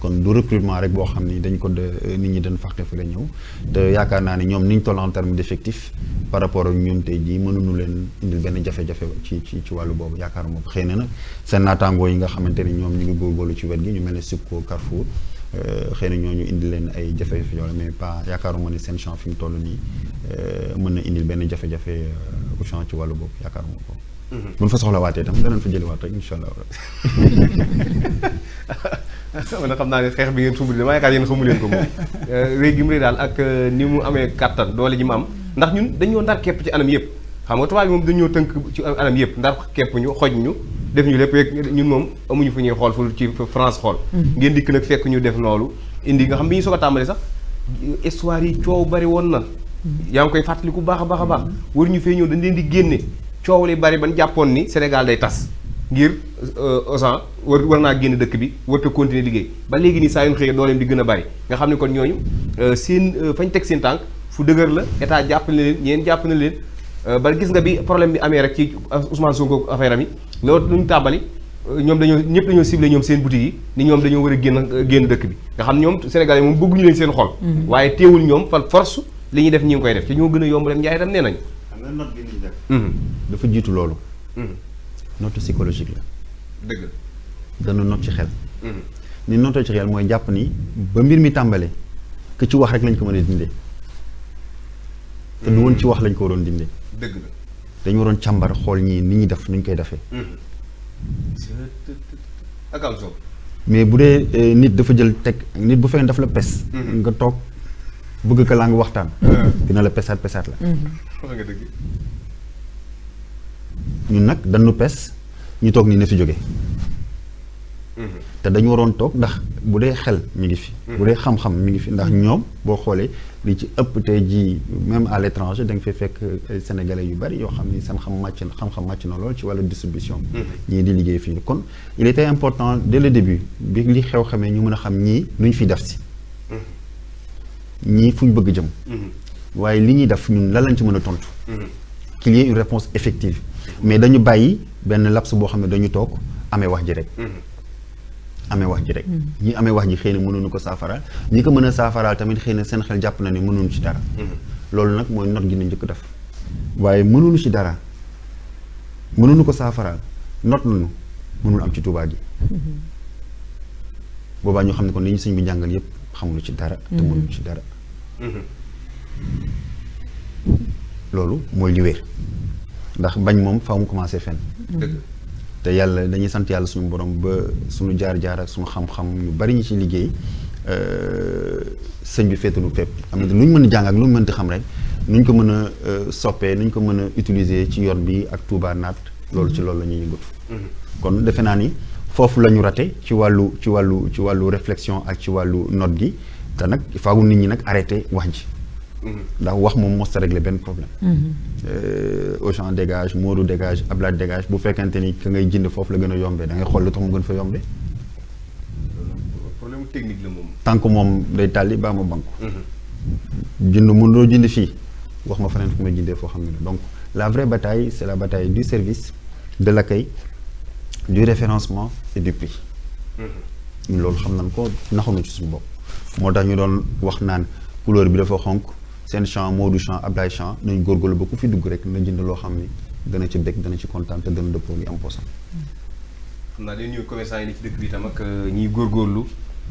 kon du recrutement rek boo xam ni dañ ko de euh, nit ñi dañ fàqe fu la ñëw te yaakaar naa ne ñoom niñ toll en terme d' effectif par rapport ak ñun tey jii mënuñu leen indil benn jafe ci ci ci wàllu boobu yaakaar moom xëy na nag seen naataangoo yi nga xamante ni ñoom ñu ngi góorgóorlu ci wet gi ñu mel ne Sibco Carrefour euh, xëy na ñooñu indi leen ay jafe-jafe yoo mais pas yaakaaruma ni seen champ fi mu toll nii euh, mën na indil benn jafe-jafe Auchan ci wàllu boobu yaakaaruma ko buñ fa soxlawaatee itam danañ fa jëliwaat rek incha allah. (laughs) na xam naa ne xeex bi ngeen sumbali damaa yaakaar yéen xamu leen ko moom. réew euh, gi daal ak euh, ni mu amee kattan doole ji mu am ndax ñun dañoo ndar képp ci anam yëpp xam nga tubaab bi moom dañoo tënk ci anam yëpp ndar képp ñu xoj ñu def ñu lépp rek ñun moom amuñu fu ñuy xool fu ci France xool. Mm-hmm. ngeen dikk nag fekk ñu def loolu. indi nga xam bi ñu soog a tàmbali sax histoire yi coow bari woon na. Mm-hmm. yaa ngi koy fàttali ku baax a baax a baax. Mm-hmm. waruñu fee ñëw dañ leen di génne coow li bari ban jàppoon ni Sénégal day tas ngir euh, Auchan war war naa génn dëkk bi warta continuer liggéey ba léegi nii saa yu xëyee dooleem di gën a bari nga xam ne kon ñooñu euh, seen euh, fañ teg seen tànk fu dëgër la état jàpp na leen ñeen jàpp na leen ba gis nga bi problème bi amee rek ci Ousmane Sonko affaire am yi loolu lu ñu tàmbali ñoom dañoo ñëpp dañoo ciblé ñoom seen boutique yi ni ñoom dañoo war a génn dëkk bi nga xam ñoom sénégalais moom bëgguñu leen seen xol mm-hmm. waaye teewul ñoom par force li ñuy def ñi ngi koy def te ñoo gën yomb dem njaay tam nee nañ ba note bi ñuy def. Hmm. dafa jiitu loolu. Hmm. note psychologique la. dëgg la. dana not ci xel. Hmm. ni notoo ci xel mooy jàpp ni ba mbir mi tàmbalee que ci wax rek lañ ko mën a dindee. te du woon ci wax lañ ko waroon dindee. dëgg la waroon càmbar xool ñi ni ñuy def nu ñu koy defee. mais bu dee eh, nit dafa jël teg nit bu fekkee daf la pes. nga toog bëgg ko laa ngi waxtaan. Mm. dina la pesaat pesaat la. Mm-hmm. ñu nag dañu pes ñu toog nii na fi jóge mm-hmm. te dañu waroon toog ndax bu dee xel mu ngi fi. Mm-hmm. bu dee xam-xam mi ngi fi ndax ñoom boo xoolee li ci ëpp tey jii même à l'étranger da nga fay fekk euh, sénégalais yu bari yoo xam ni seen xam màcc na xam-xam màcc na lool ci wàllu distribution. ñii di liggéey fii kon il était important dès le début bi li xew xamee ñu mën a xam ñii nu ñu fi def si. ñii fu ñu bëgg jëm. Mhm. waaye li ñuy def ñun lan lañ ci mën a tontu. Mhm. qu'il y une réponse effective. mais dañu bàyyi benn laps boo xam ne dañu toog amee wax ji rek. Mhm. amee wax ji rek. ñi amee wax ji xëy na mënuñu ko saafaraal ñi ko mën a saafaraal tamit xëy na seen xel jàpp na ne mënuñu ci dara. loolu nag mooy not gi na njëkk def. waaye mënuñu ci dara mënuñu ko saafaraal not nañu mënul am ci tubaab gi. boobaa ñoo xam ne ko li ñu sëñ bi njàngal yépp xamuñu ci dara. te mënuñu mm-hmm. ci dara. Mm-hmm. loolu mooy li wér ndax bañ moom faaw mu commencé fenn. Mm-hmm. te yàlla dañuy sant yàlla suñu borom ba suñu jaar-jaar ak suñu xam-xam ñu bari ñu ci liggéey euh, sëñ bi féetalu fépp am na lu ñu mën a jàng ak lu ñu mënti xam rek nu ñu ko mën a euh, soppee nu ñu ko mën a utiliser ci yoon bi ak Touba naat loolu ci loolu la ñuy kon defe naa ni. foofu la ñu ci wàllu ci wàllu ci wàllu réflexion ak ci wàllu note gi te nag faaw nit ñi nag arrêté wax ji. Mm-hmm. ndax wax moom mos a régler benn problème. Mm-hmm. Euh, Auchan dégage Modou dégage Ablad dégage bu fekkente ni ka ngay jënd foofu la gën a yombee da ngay xool lu tax mu gën fa yombee. problème technique la moom. tant que moom day tàlli baa ma banku. Mm-hmm. jënd mënuloo jënd fii wax ma feneen fu may jëndee foo xam ne donc la vraie bataille c'est la bataille du service de l'accueil du référencement et du prix. Mm-hmm. loolu xam nañ ko naxuñu ci suñu bopp. moo tax ñu doon wax naan couleur bi dafa xonk seen champ Modou champ Ablaye champ nañ góorgóorlu ba ku fi dugg rek na jënd loo xam ni dana ci bëgg dana ci kontaan te dana dëppoo li am posam. xam naa dañuy nuyu commerçant yi ci dëkk bi itam ak euh, ñiy góorgóorlu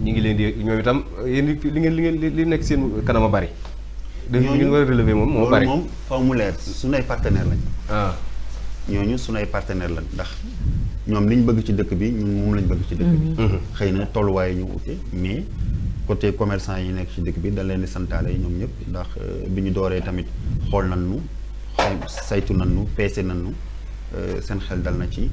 ñu ngi leen di ñoom itam li ngeen li ngeen li nekk seen kanam a bari. ñooñu li ngeen war a relever moom moom faw mu leer suñu ay partenaires lañ. Ah. ñooñu suñu ay lañ ndax. ñoom li ñu bëgg ci dëkk bi ñun moom lañ bëgg ci dëkk bi mhm. Mhm. xëy na tolluwaay ñu ute mais côté commerçant yi nekk ci dëkk bi da leen di santaale ñoom ñëpp ndax euh, bi ñu dooree tamit xool nan nu saytu nan nu peese nan nu euh, seen xel dal na ci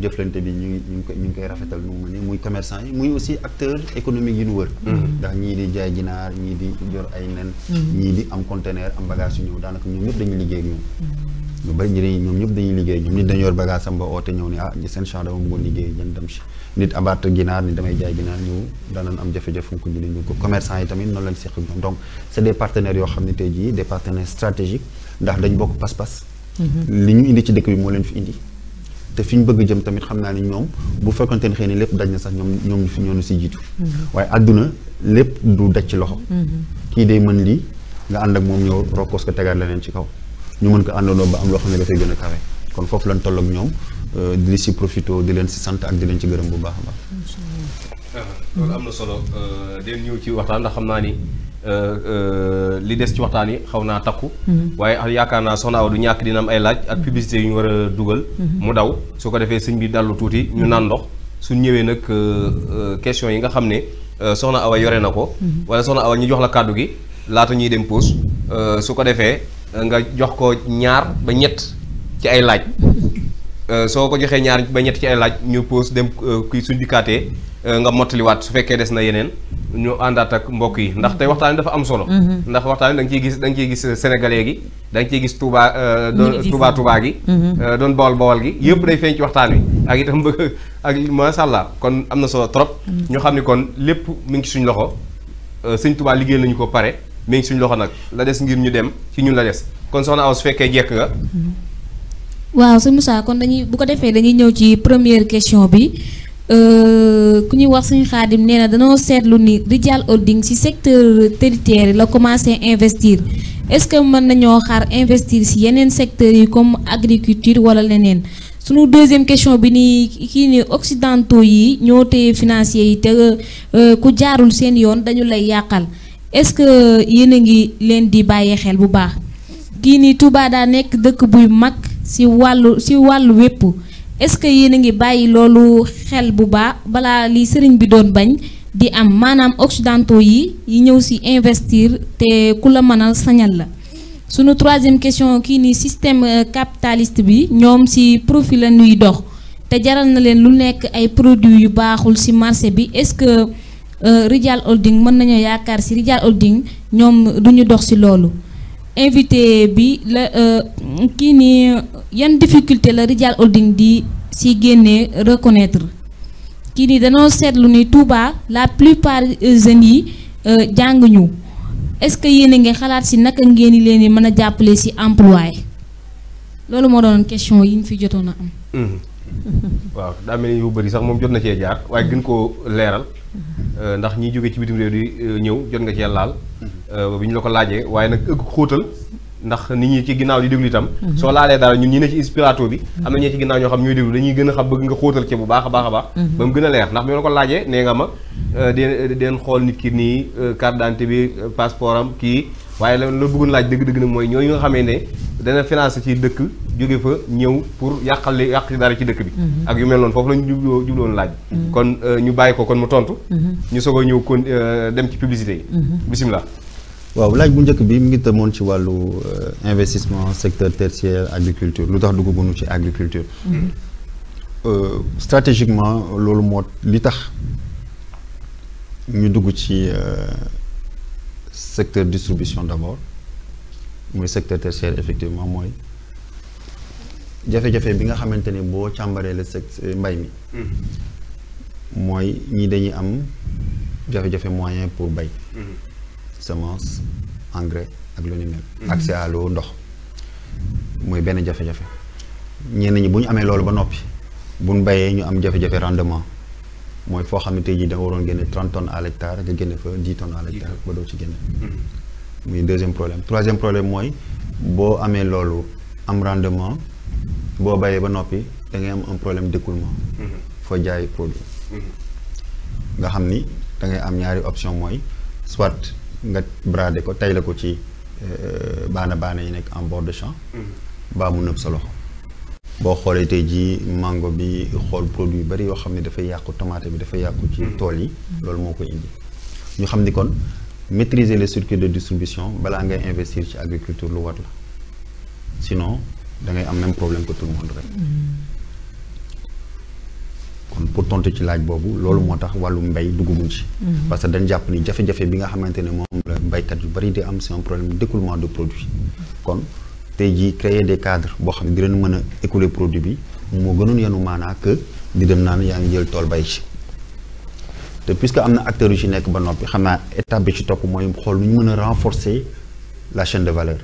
jëflante bi ñu ngi ñu ngi koy ñu ngi koy rafetal nu mu muy commerçant yi muy aussi acteur économique yi ñu wër. Mhm. ndax ñii di jaay ginaar ñii di jor ay nen. ñii di am conteneur am bagage yu ñëw daanaka ñoom ñëpp dañuy liggéey ak ñu bëri ñu ne ñoom ñëpp dañuy liggéey ñoom nit dañu yor bagage sam ba oote ñëw ni ah seen champ dama bëggoon liggéey ñan dem si nit abaat ginaar ni damay jaay ginaar ñu daanan am jafe-jafe fu ko jëlee ñu ko commerçant yi tamit noonu lañ seq ñoom donc c' est des yoo xam ne tey jii des ndax dañ bokk pas-pas mm-hmm. li ñu indi ci dëkk bi moo leen fi indi te fi ñu bëgg jëm tamit xam naa ni ñoom bu fekkonte ne lépp daj na sax ñoom ñoom ñu fi ñu mën ko àndandoo ba am loo xam ne dafay gën a kawe kon foofu lañ toll ak ñoom euh, di si profité di leen si sant ak di leen ci gërëm bu baax a baax. Euh, am na solo euh, den ñëw ci waxtaan ndax xam naa ni li des ci waxtaan yi xaw naa takku. Mm-hmm. waaye yaakaar naa soxna Awa du ñàkk dina am ay laaj ak publicité yu ñu war a dugal. Mm-hmm. mu daw su ko defee suñ bi dallu tuuti ñu naan ndox su ñëwee nag question yi nga xam ne soxna Awa yore na ko. Mm-hmm. wala soxna Awa ñu jox la kàddu gi laata ñuy dem pause su ko defee. nga jox ko ñaar ba ñett ci ay laaj euh, soo ko joxee ñaar ba ñett ci ay laaj ñu pause dem euh, kii suñ dikkaatee euh, nga mottaliwaat su fekkee des na yeneen ñu àndaat ak mbokk yi ndax te waxtaan dafa am solo. Mm-hmm. ndax waxtaan da nga ciy gis da nga gis sénégalais gi da nga gis Touba Touba Touba gi. Mm-hmm. doon bawal bawal gi yëpp day feeñ ci waxtaan wi ak itam bëgg (laughs) ak macha kon am na solo trop. Mm-hmm. ñu xam ni kon lépp mu ngi suñ loxo sëñ Touba liggéey nañu ko pare. mi suñ suñu loxo nag la des ngir ñu dem ci ñu la des kon soxna Awa su fekkee jekk nga. waaw su Moussa kon dañuy bu ko defee dañuy ñëw ci première question bi euh, ku ñuy wax sëñ Xaadim nee na danoo seetlu ni Rijal Holding ci secteur tertiaire la commencé investir est-ce que mën nañoo xaar investir ci yeneen secteurs yi comme agriculture walla leneen sunu deuxième question bi nii kii ni occidentaux yi ñoo téye financier yi te euh, ku jaarul seen yoon dañu lay yàqal. est-ce que yéen a ngi leen di bàyyi xel bu baax kii nii Touba daa nekk dëkk buy mag ci wàllu ci wàllu wépp est-ce que yéen a ngi bàyyi loolu xel bu baax balaa li sëriñ bi doon bañ di am maanaam occidentaux yi yi ñëw ci investir te ku la mën a sañal la sunu troisième question kii nii système euh, capitaliste bi ñoom ci profit la ñuy dox te jaral na leen lu nekk ay produits yu baaxul ci marché bi est-ce que Euh, Rijal Holding mën nañoo yaakaar si Rijal Holding ñoom duñu dox si loolu invité bi la euh, kii nii yan difficulté la Rijal Holding di si génne reconnaître kii nii danoo seetlu ni Touba la plus plupart jeunes yi euh, jànguñu est-ce que yéen a ngi xalaat si naka ngeen di leen mën a jàppale si emploi loolu moo doon question yi ñu fi jotoon na am. Mm-hmm. waaw daa mel ni yu bëri sax moom jot na cee jaar waaye gën koo leeral mm-hmm. ndax ñiy jóge ci bitim réew di eh, ñëw jot nga cee laal mm-hmm. eh, bi ñu la ko laajee waaye nag ëgg xóotal ndax nit ñi ci ginnaaw di déglu itam mm-hmm. soo laalee dara ñun ñi ne ci inspirato bi am na ñee ci ginnaaw ñoo xam ñooy déglu dañuy gën a xam bëgg nga xóotal ci bu baax a baax a baax ba mu gën a leer ndax bi ma la ko laajee nee nga ma eh, den den xool nit ki nii carte d'identité bi passeport kii waaye la la bëggoon laaj dëgg-dëgg nag mooy ñooñu nga xamee ne dana financé ci dëkk jóge fa ñëw pour yàqale li yàq dara ci dëkk bi mhm. ak yu mel noonu foofu la ñu jubloo jubloon laaj mhm. kon euh, ñu bàyyi ko kon mu tontu mhm. ñu soo a ñëw kon euh, dem ci publicité yi bisimilah waaw laaj bu njëkk bi mu ngi tëmoon ci wàllu euh, investissement secteur tertiaire agriculture lu tax duggagunu ci agriculture stratégiquement loolu moo li tax ñu dugg ci secteur distribution d'abord muy secteur tertiaire effectivement mooy jafe-jafe bi nga xamante ni boo càmbaree la sect euh, mbay mi mm-hmm. mooy ñi dañuy am jafe-jafe moyen pour bay mm-hmm. semence engrais ak lu ni mel mm-hmm. accès à l'eau ndox mooy benn jafe-jafe ñenn ñi bu ñu amee loolu ba noppi buñ bayee ñu am jafe-jafe rendement mooy foo xam ne tey jii da nga waroon génne 30 tonnes à l'hectare nga génne fa 10 tonnes à l'hectare ba doo ci génne. Mm-hmm. muy deuxième problème troisième problème mooy boo amee loolu am rendement boo bayee ba noppi da ngay am un problème d'écoulement. Mm-hmm. foo jaay produit. Mm-hmm. nga xam ni da ngay am ñaari option mooy soit nga brader ko tay la ko ci euh, baana baana yi nekk en bord de champ. baa mu nëb sa loxo. boo xoolee tey jii mango bi xool produit yu bari yoo xam ne dafay yàqu tomate bi dafay yàqu ci hmm. tool yi loolu moo ko indi ñu xam ni kon maîtriser les circuits de distribution balaa ngay investir ci agriculture lu war la sinon da ngay am même problème que tout le monde rek kon pour tontu ci laaj boobu loolu moo tax wàllu mbay dugguguñ ci hmm. parce que dañ jàpp ni jafe-jafe bi nga xamante ne moom la mbaykat yu bari di am c'est un problème d'écoulement de produit kon tey jii créer des cadre boo xam ne di leen mën a écouler produit bi moo gënoon yenu maanaa que di dem naan yaa ngi jël tool bay ci te puisque am na acteurs yu ci nekk ba noppi xam naa étape bi ci topp mooy xool nu ñu mën a renforcer la chaîne de valeur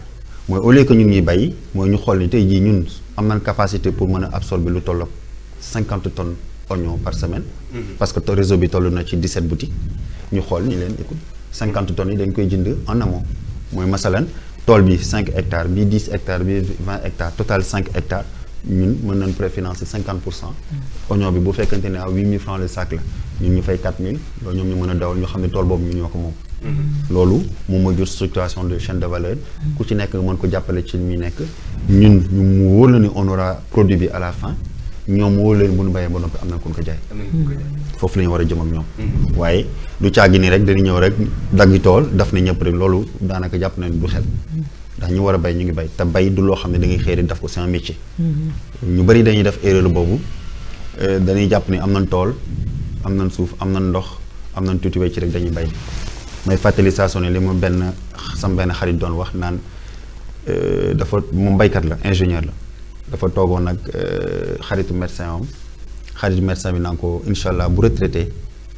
mooy au lieu que ñun ñuy bay mooy ñu xool ni tey jii ñun am nañ capacité pour mën a absorber lu toll ak cinquante tonnes oignon par semaine. Mhm. parce que réseau bi toll na ci dix sept boutiques. ñu xool ñu leen écoute cinquante tonnes yi dañ koy jënd en amont mooy masalan. tool bi 5 hectares bi 10 hectares bi 20 hectares total 5 hectares ñun mën nañ préfinancer 50 pour cent. oignon bi bu fekkante ne à 8000 francs le sac la ñun ñu fay 4000 loolu ñoom ñu mën a dawal ñu xam ne tool boobu ñun ñoo ko moom. Mm-hmm. loolu moom mooy jur structuration de chaîne de valeur. ku ci nekk nga mën ko jàppale ci li nekk. ñun ñu mu wóor la ne on aura bi à la fin. ñoom woo leen bu ñu bàyyee ba noppi am na ku ñu ko jaay. foofu la war a jëm ñoom. Mm-hmm. waaye du caagi nii rek dañu ñëw rek dagg tool daf na ñëpp rek loolu daanaka jàpp nañu du xel. Mm-hmm. ndax ñu war a bay ñu ngi bay te bay du loo xam ne da ngay xëy rek daf ko c'est mm-hmm. ñu bari dañuy def erreur boobu euh, dañuy jàpp ni am nañ tool am nañ suuf am nañ ndox am nañ tuuti wecc rek dañuy bay may fàttali saa su ne li benn sam benn xarit doon wax naan euh, dafa moom baykat la ingénieur la. dafa toogoon ak euh, xaritu médecin am xaritu médecin bi naan ko incha bu retraité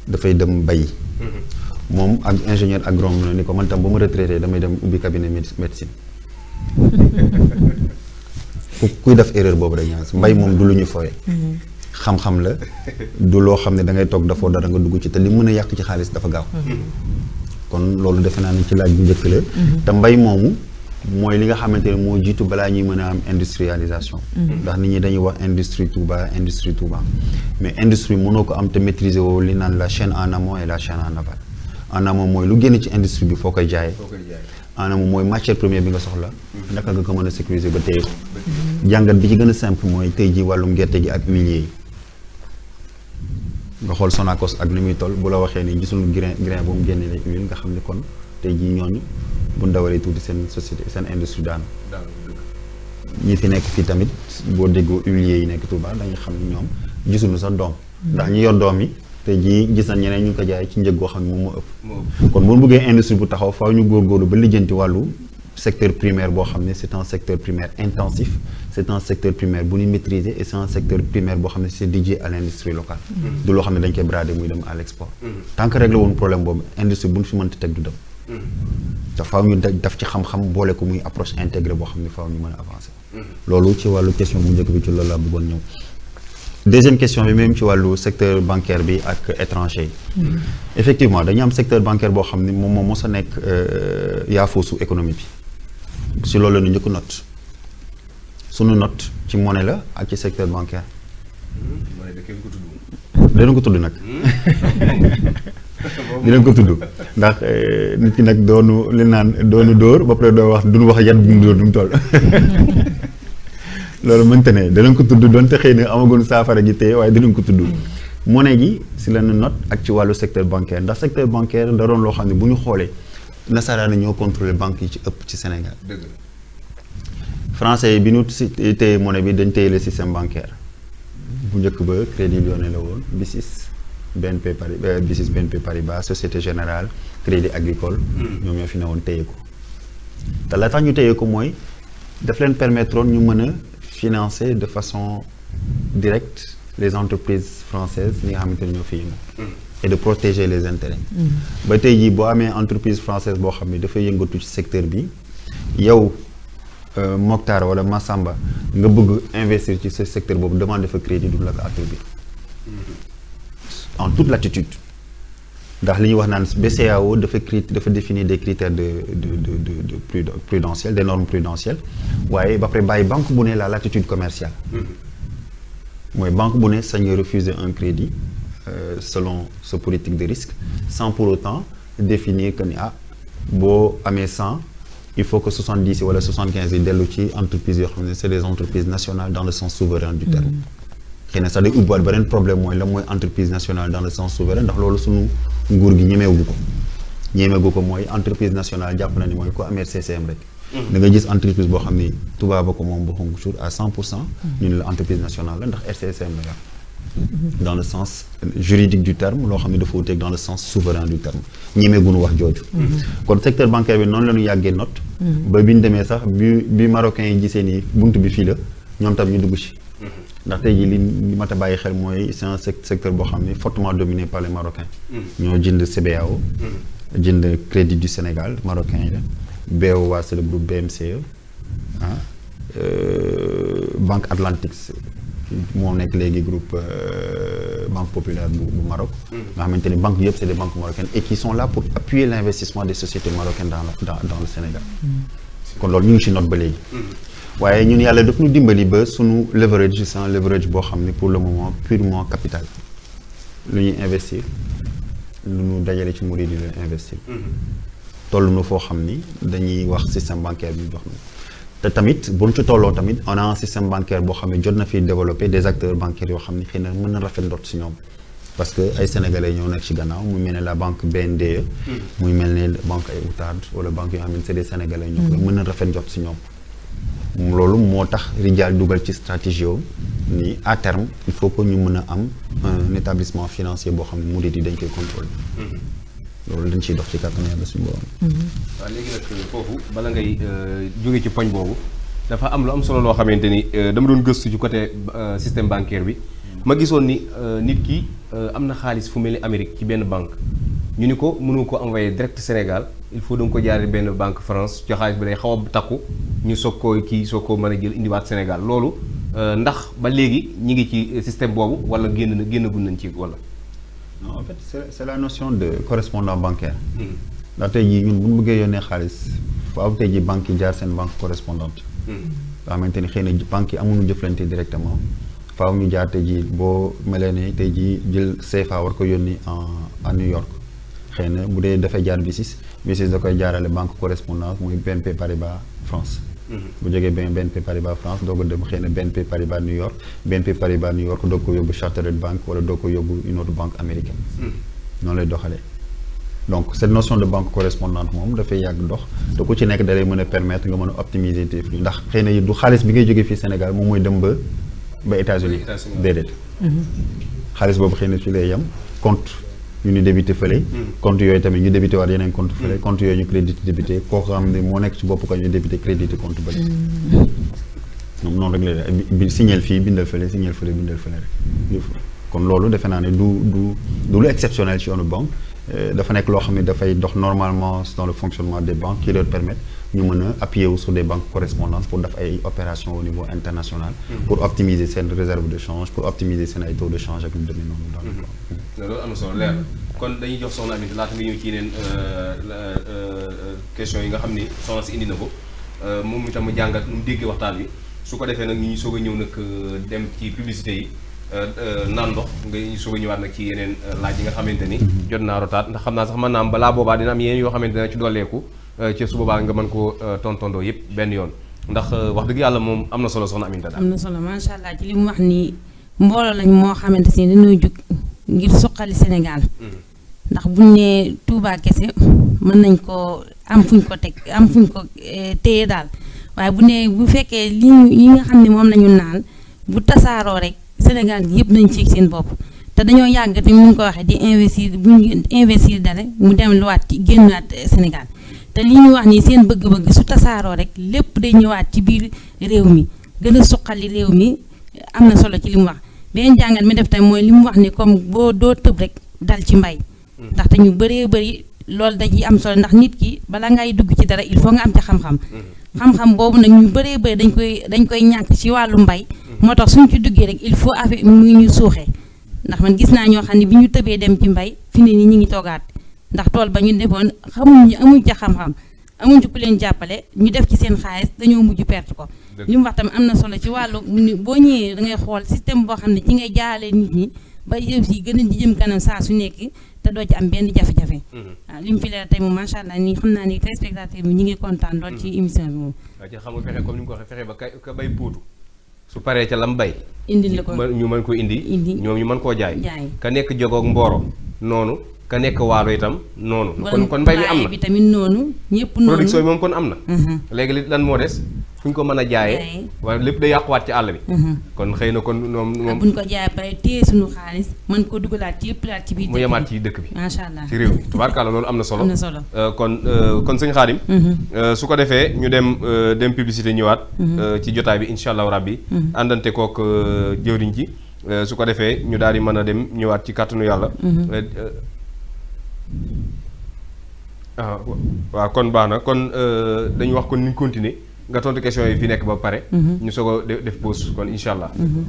dafay dem bay mm-hmm. moom ak ingénieur agronome la ni ko man tam ba ma retraité damay dem ubbi cabinet médecine. (laughs) ku kuy def erreur boobu rek ñaas mbay moom du lu ñu fooye mm-hmm. xam-xam la du loo xam ne dangay ngay toog dafoo dara nga dugg ci te li mën a yàq ci xaalis dafa gaaw. Mm-hmm. kon loolu defe naa ne ci laaj bu njëkk la. te mbay moomu. mooy li nga xamante ne moo jiitu balaa ñuy mën a am industrialisation. Mhm. ndax nit ñi dañuy wax industrie Touba industrie Touba mais industrie mënoo ko am te maîtriser woo li naan la chaîne en amont la chaîne en aval en amont mooy lu génne ci industrie bi foo koy jaayee. en amont mooy matière première bi nga soxla. Mhm. naka nga ko mën a sécuriser ba téye mhm. jàngat bi ci gën a simple mooy tey ji wàllum gerte gi ak huilier yi. nga xool Sonacos ak ni muy toll bu la waxee ni gisul grain grain bu mu génnee huile nga xam ne kon tey jii ñooñu. bu dawalee tuuti seen société seen industrie daanu ñi fi nekk fii tamit boo déggoo huiliers yi nekk Touba dañuy xam ne ñoom gisuñu sax doom ndax ñi yor doom yi te ji gis nañ ñeneen ñu ngi ko jaay ci njëg goo xam ne moom moo ëpp kon bu ñu bëggee industrie bu taxaw faaw ñu góorgóorlu ba lijjanti wàllu secteur primaire boo xam ne c'est un secteur primaire intensif c'est un secteur primaire bu ñu maîtriser et c'est un secteur primaire boo xam ne c'est dédié à l'industrie locale mm-hmm. loo xam ne dañ koy brader muy dem à l'export mm-hmm. tant que réglé woon problème boobu industrie bu ñu fi teg du dem te faaw ñu daf ci xam-xam boole ko muy approche intégrée boo xam ne faaw ñu mën avancé mm-hmm. loolu ci wàllu question bu njëkk bi ci loolu laa bëggoon ñëw. deuxième question bi même ci wàllu secteur bancaire bi ak étranger mm-hmm. effectivement dañu am secteur bancaire boo xam ne moom moo mos a nekk euh, yaafoosu économie bi. si loolu la ñu njëkk note sunu not ci monnaie la ak ci secteur bancaire. Mm-hmm. monnaie da ngeen ko tudd. ko tudd nag. (laughs) (laughs) dina ko tudd ndax eh, nit ki nag doonu li naan doonu dóor ba pare doo wax dunu wax yan bu mu dóor du toll (laughs) loolu mënta ne danañ ko tudd doon te xëy ni amagoon saafara ji tey waaye dinañ ko tudd monnaie gi si la ñu ak ci wàllu secteur bancaire ndax secteur bancaire da doon loo xam ne bu ñu xoolee nasaraan na ñoo contrôler banque yi ci ëpp ci Sénégal français bi nu si téye monnaie bi dañ téye le système bancaire bu njëkk ba crédit bi la woon BICIS BNP Pari BICIS BNP ba Société Générale Crédit Agricole. Hmm. ñoom ñoo fi woon téye ko. te la tax ñu téye ko mooy daf leen permettre ñu mën a financer de façon directe les entreprises françaises ñi nga xamante ne ñoo fi yëngu. Hmm. et de protéger les intérêts. Hmm. ba tey jii boo amee entreprise française boo xam ne dafay yëngatu ci secteur bi yow. Euh, Mokhtar wala Massamba nga bëgg investir ci ce secteur boobu demande fa crédit du la ko en toute latitude ndax li ñu wax naan BCEAO dafa crit dafa définir des critères de de de de prudentiel des normes prudentielles waaye ba pare bàyyi banque bu nee la latitude commerciale. Mm-hmm. mooy banque bu ne sañuy refuser un crédit euh, selon sa politique de risque sans pour autant définir que ni ah boo amee 100 il faut que 70 wala 75 yi dellu ci entreprise yoo xam ne c'est des entreprises nationales dans le sens souverain du terme. Mm-hmm. xëy sax day ubbaat beneen problème mooy la mooy entreprise nationale dans le sens souverain ndax loolu sunu nguur gi ñemeewu ko ñemeegu ko mooy entreprise nationale jàpp na ni mooy ko amee CCM rek. Mm-hmm. da nga gis entreprise boo xam ni tubaab ko moom bu Bonjour à 100 pour cent. Mm-hmm. ñu ne la entreprise nationale la ndax RCCM la yor. Mm-hmm. dans le sens juridique jooju. kon secteur bancaire bi noonu la yàggee note. ba bi ñu sax bi bi marocain gisee ni bunt bi fii la ñoom tam ñu dugg ci. ndax tey li li mat a bàyyi xel mooy c'est un secteur boo xam ne fortement dominé par les Marocains. Mm. ñoo jënd CBAO. Mm. jënd Crédit du Sénégal marocain yi la. BOA c'est le groupe BMCE ah euh, Banque Atlantique moo nekk léegi groupe euh, Banque Populaire bu bu Maroc. Mm. nga xamante ni banques yëpp c'est des banques marocaines et qui sont là pour appuyer l'investissement des sociétés marocaines dans dans dans le Sénégal. kon loolu ñu ngi ci note ba léegi. waaye ñun yàlla def ñu dimbali ba suñu leverage c'est un leverage boo xam ne pour le moment purement capital lu ñuy investir lu ñu dajale ci murid yi leen investir mm-hmm. toll na foo xam ni dañuy wax système bancaire bi jox na te tamit bu ci tolloo tamit on a un système bancaire boo xam ne jot na fi développer des acteurs bancaires yoo xam ni xëy na mën na rafet ndort si ñoom parce que ay sénégalais ñoo nekk ci gannaaw mu mel ne la banque BNDE mm-hmm. muy mel ne banque ay outarde wala banque yoo xam mm-hmm. mën na rafet njort si ñoom loolu moo tax Rijal dugal ci stratégie ni à terme il faut que ñu mën a am un financier boo xam ne murid yi dañ koy contrôler mhm. loolu dañ ciy dox ci kàttan yàlla suñu borom. Mhm. Euh, euh, ci poñ boobu dafa am lu am solo loo xamante ni euh, dama doon gëstu ci côté système bancaire bi. ma gisoon ni nit ki am na xaalis fu mel ni Amérique ci benn banque ñu ni ko mënu ko envoyé direct Sénégal. il faut danga ko jaaree benn banque France joxaay bi day xaw a takku ñu soo koo kii soog koo mën a jël indiwaat Sénégal loolu euh, ndax ba léegi ñu ngi ci système boobu wala génn na génn nañ ci wala. non de correspondant bancaire. Hmm. ndax te jii ñun bu ñu bëggee yónnee xaalis faaw te ji banque yi jaar seen banque correspondante. Hmm. nga xamante ni xëy na banque yi amuñu jëflante directement faaw ñu jaar tey jii boo melee ne tey jii jël CFA war ko yónni en en New York xëy na bu dee dafay jaar bi BICIS da koy jaarale banque correspondance muy BNP Paribas France. Mhm. bu jógee BNP Paribas France doo ko dem xëy na BNP Paribas New York BNP Paribas New York doo ko yóbbu Chartered Bank wala doo ko yóbbu une autre banque américaine. Mhm. noonu lay doxalee. donc cette notion de banque correspondante moom dafay yàgg dox te ku ci nekk dalay mën a permettre nga mën a optimiser tes ndax xëy na du xaalis bi ngay jógee fii Sénégal moom mooy dem ba ba États-Unis déedéet. Mhm. xaalis boobu xëy na fii lay yem ñu ni débité fële. Mm. compte yooyu tamit ñu débité waat yeneen compte fële mm. compte yooyu ñu crédit débité mm. kooku xam ne moo nekk ci bopp ko ñu débité crédit compte bële. ñoom signal fii bindal fële signal fële bindal fële rek. kon loolu defe naa ne du du du lu exceptionnel ci yoonu banque euh, dafa nekk loo xam ne dafay dox normalement dans le fonctionnement des banques qui leur permettent. ñu mën a appuyer wu sur des banques correspondantes pour def ay opération au niveau international. Mm-hmm. pour optimiser seen réserve de change pour optimiser seen ay de change ak mm-hmm. Mm-hmm. kon dañuy jox soxna Amady laata ñëw ci yeneen euh, euh, euh, question yi nga xam ni soxna indi na ko moom itam mu jàngat mu déggee waxtaan wi su ko defee nag ñu soog a ñëw nag dem ci publicité yi. naan ndox nga soog a ñëwaat nag ci yeneen laaj yi nga xamante ni. jot naa rotaat ndax xam naa sax mën naa am balaa boobaa dina am yeneen yoo xamante ne ci dooleeku. Euh, ci su boobaa nga mën ko euh, tontondoo yëpp benn yoon ndax euh, wax dëgg yàlla moom am na solo soxna Aminta daal. am na solo macha allah ci li wax nii mbooloo lañ moo xamante si ne dañoo jóg ngir suqali Sénégal. Mm-hmm. ndax buñ ne Touba kese mën nañ ko am fuñ ko teg am fuñ ko téye daal waaye bu ne bu fekkee li yi nga xam ne moom lañu naan bu tasaaroo rek Sénégal yëpp nañ ci seen bopp te dañoo yàgg te ñu ko waxee di investir buñ investir dale mu dem luwaat ci génnaat Sénégal. te li ñu wax ni seen bëgg-bëgg su tasaaroo rek lépp day ñëwaat ci biir réew mi gën a suqali réew mi am na solo ci li mu wax beneen jàngat mi def tamit mooy li mu wax ni comme boo doo tëb rek dal ci mbay hmm. ndaxte ñu bëree bëri loolu dañuy am solo ndax nit ki bala ngay dugg ci dara il faut nga am ca xam-xam hmm. boobu nag ñu bëree bëri dañ koy dañ koy ñàkk ci wàllu mbay hmm. moo tax suñ ci duggee rek il faut affaire mu ñu suuxee ndax man gis naa ñoo xam ne bi ñu tëbee dem ci mbay fi ne nii ñu ngi toogaat ndax tool ba ñu defoon xamuñu amuñ ca xam-xam amuñ ci ku leen jàppale ñu def ci seen xaalis dañoo mujj perte ko li mu wax tamit am na solo ci wàllu boo ñëwee da ngay xool système boo xam ne ci ngay jaale nit ñi ba yëf yi gën a di jëm kanam saa su nekk te doo ci am benn jafe-jafe mm-hmm. li mu fi leer tey moom macha allah ni xam naa ni téléspectateur bi ñu ngi kontaan lool ci mm-hmm. émission xam nga fexe comme ni mu ko waxee fexe ba ka bay puutu su paree ca lam bay indi la ko ñu mën ko indi indi ñoom ñu mën koo jaay ka nekk jogoog mbooro noonu ka nekk waalo itam noonu. kon kon mbay mi am na bi tamit noonu. ñëpp noonu production bi moom kon am na. Mhm. léegi li lan moo des fu ñu ko mën a jaayee. waaye lépp day yàquwaat ci àll bi. Mhm. kon xëy na kon moom moom. bu ñu ko jaayee pare téye suñu xaalis mën ko dugalaat ci yëpp laat ci biir. mu yemaat ci dëkk bi macha allah ci réew mi tubaarkaala loolu am na solo. (laughs) Euh, kon euh, kon Xaadim. Mhm. Euh, su ko defee ñu dem dem publicité ñëwaat. ci jotaay bi incha allahu rabbi. àndante kook jëwriñ ji su ko defee ñu daal di a dem ñëwaat ci kàttanu yàlla. ah waaw kon baax na kon euh, dañu wax kon ni ñu nga tontu question yi fi nekk ba pare. Mhm. ñu soog a def pause kon incha mhm.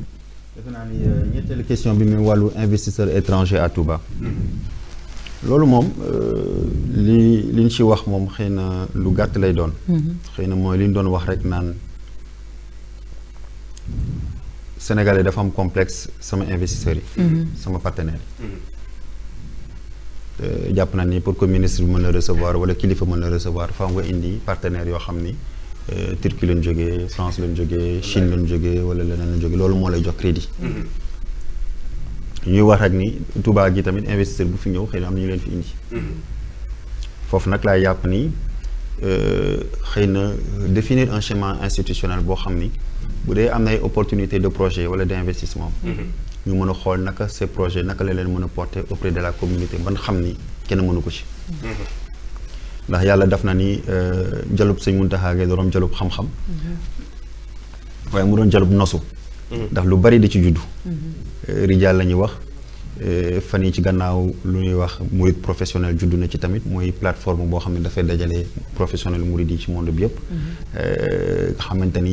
naa ni euh, ñetteelu question bi muy wàllu investisseur étranger à Touba. Mhm. loolu moom euh, li li ñu ci wax moom xëy na lu gàtt lay doon. xëy na mooy li ñu doon wax rek naan sénégalais dafa am complexe sama investisseurs yi. sama partenaire Euh, jàpp na ni pour que ministre bi mën a recevoir wala kilifa mën a recevoir faaw nga indi partenaires yoo xam ni euh, Turquie lañ jógee France lañu jóge Chine lañ jógee wala leneen lañ jógee loolu moo lay jox crédit. Mm-hmm. ñuy wax ak ni Touba gi tamit investisseur bu fi ñëw xëy na am na ñu leen fi indi. Mm-hmm. foofu nag laay yàpp ni euh, xëy na définir un schéma institutionnel boo xam ni bu dee am na ay opportunité de projet wala d' investissement. Mm-hmm. ñu mën a xool naka ces projets naka la leen mën a porter auprès de la communauté ban xam ni kenn mënu ko ci. ndax yàlla def na ni euh, jalub sëñ Muntaxa Gaye doon jalub xam-xam. waaye mu doon jalub nosu. ndax lu bari di ci juddu. Euh, rijaal la ñuy wax euh, fan yi ci gannaaw lu ñuy wax murid professionnel juddu na ci tamit mooy plateforme boo xam ne dafay dajale professionnel murid yi ci monde bi yëpp. Mm-hmm.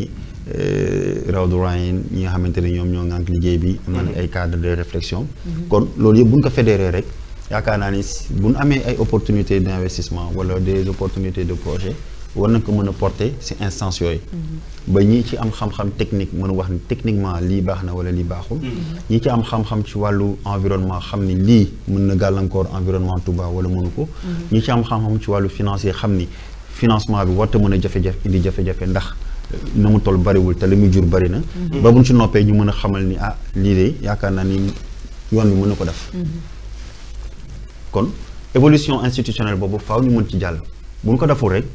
Euh, raw du rayin ñi nga xamante ne ñoom ñoo ngànk liggéey bi am mhm. ay cadre de réflexion mhm. kon loolu yëpp buñ ko fédéré rek yaakaar naa ni bu nu amee ay opportunité d' investissement wala des opportunités de projet war na ko mën a porté si instance yooyu mhm. ba ñi ci am xam-xam technique mën wax ni techniquement lii baax na wala lii baaxul ñi ci am xam-xam ci wàllu environnement xam ni lii mën na gàllankoor environnement Touba wala mënu ko ñi ci am xam-xam ci wàllu financier xam ni financement bi warta mën a jafe-jafe indi ndax na mu toll bariwul te li mu jur bari na. Mhm. ba buñ ci noppee ñu mën a xamal ni ah lii de yaakaar naa ni yoon bi mën na ko def. Mhm. kon évolution institutionnelle boobu faaw ñu mën ci jàll bu ñu ko deful rek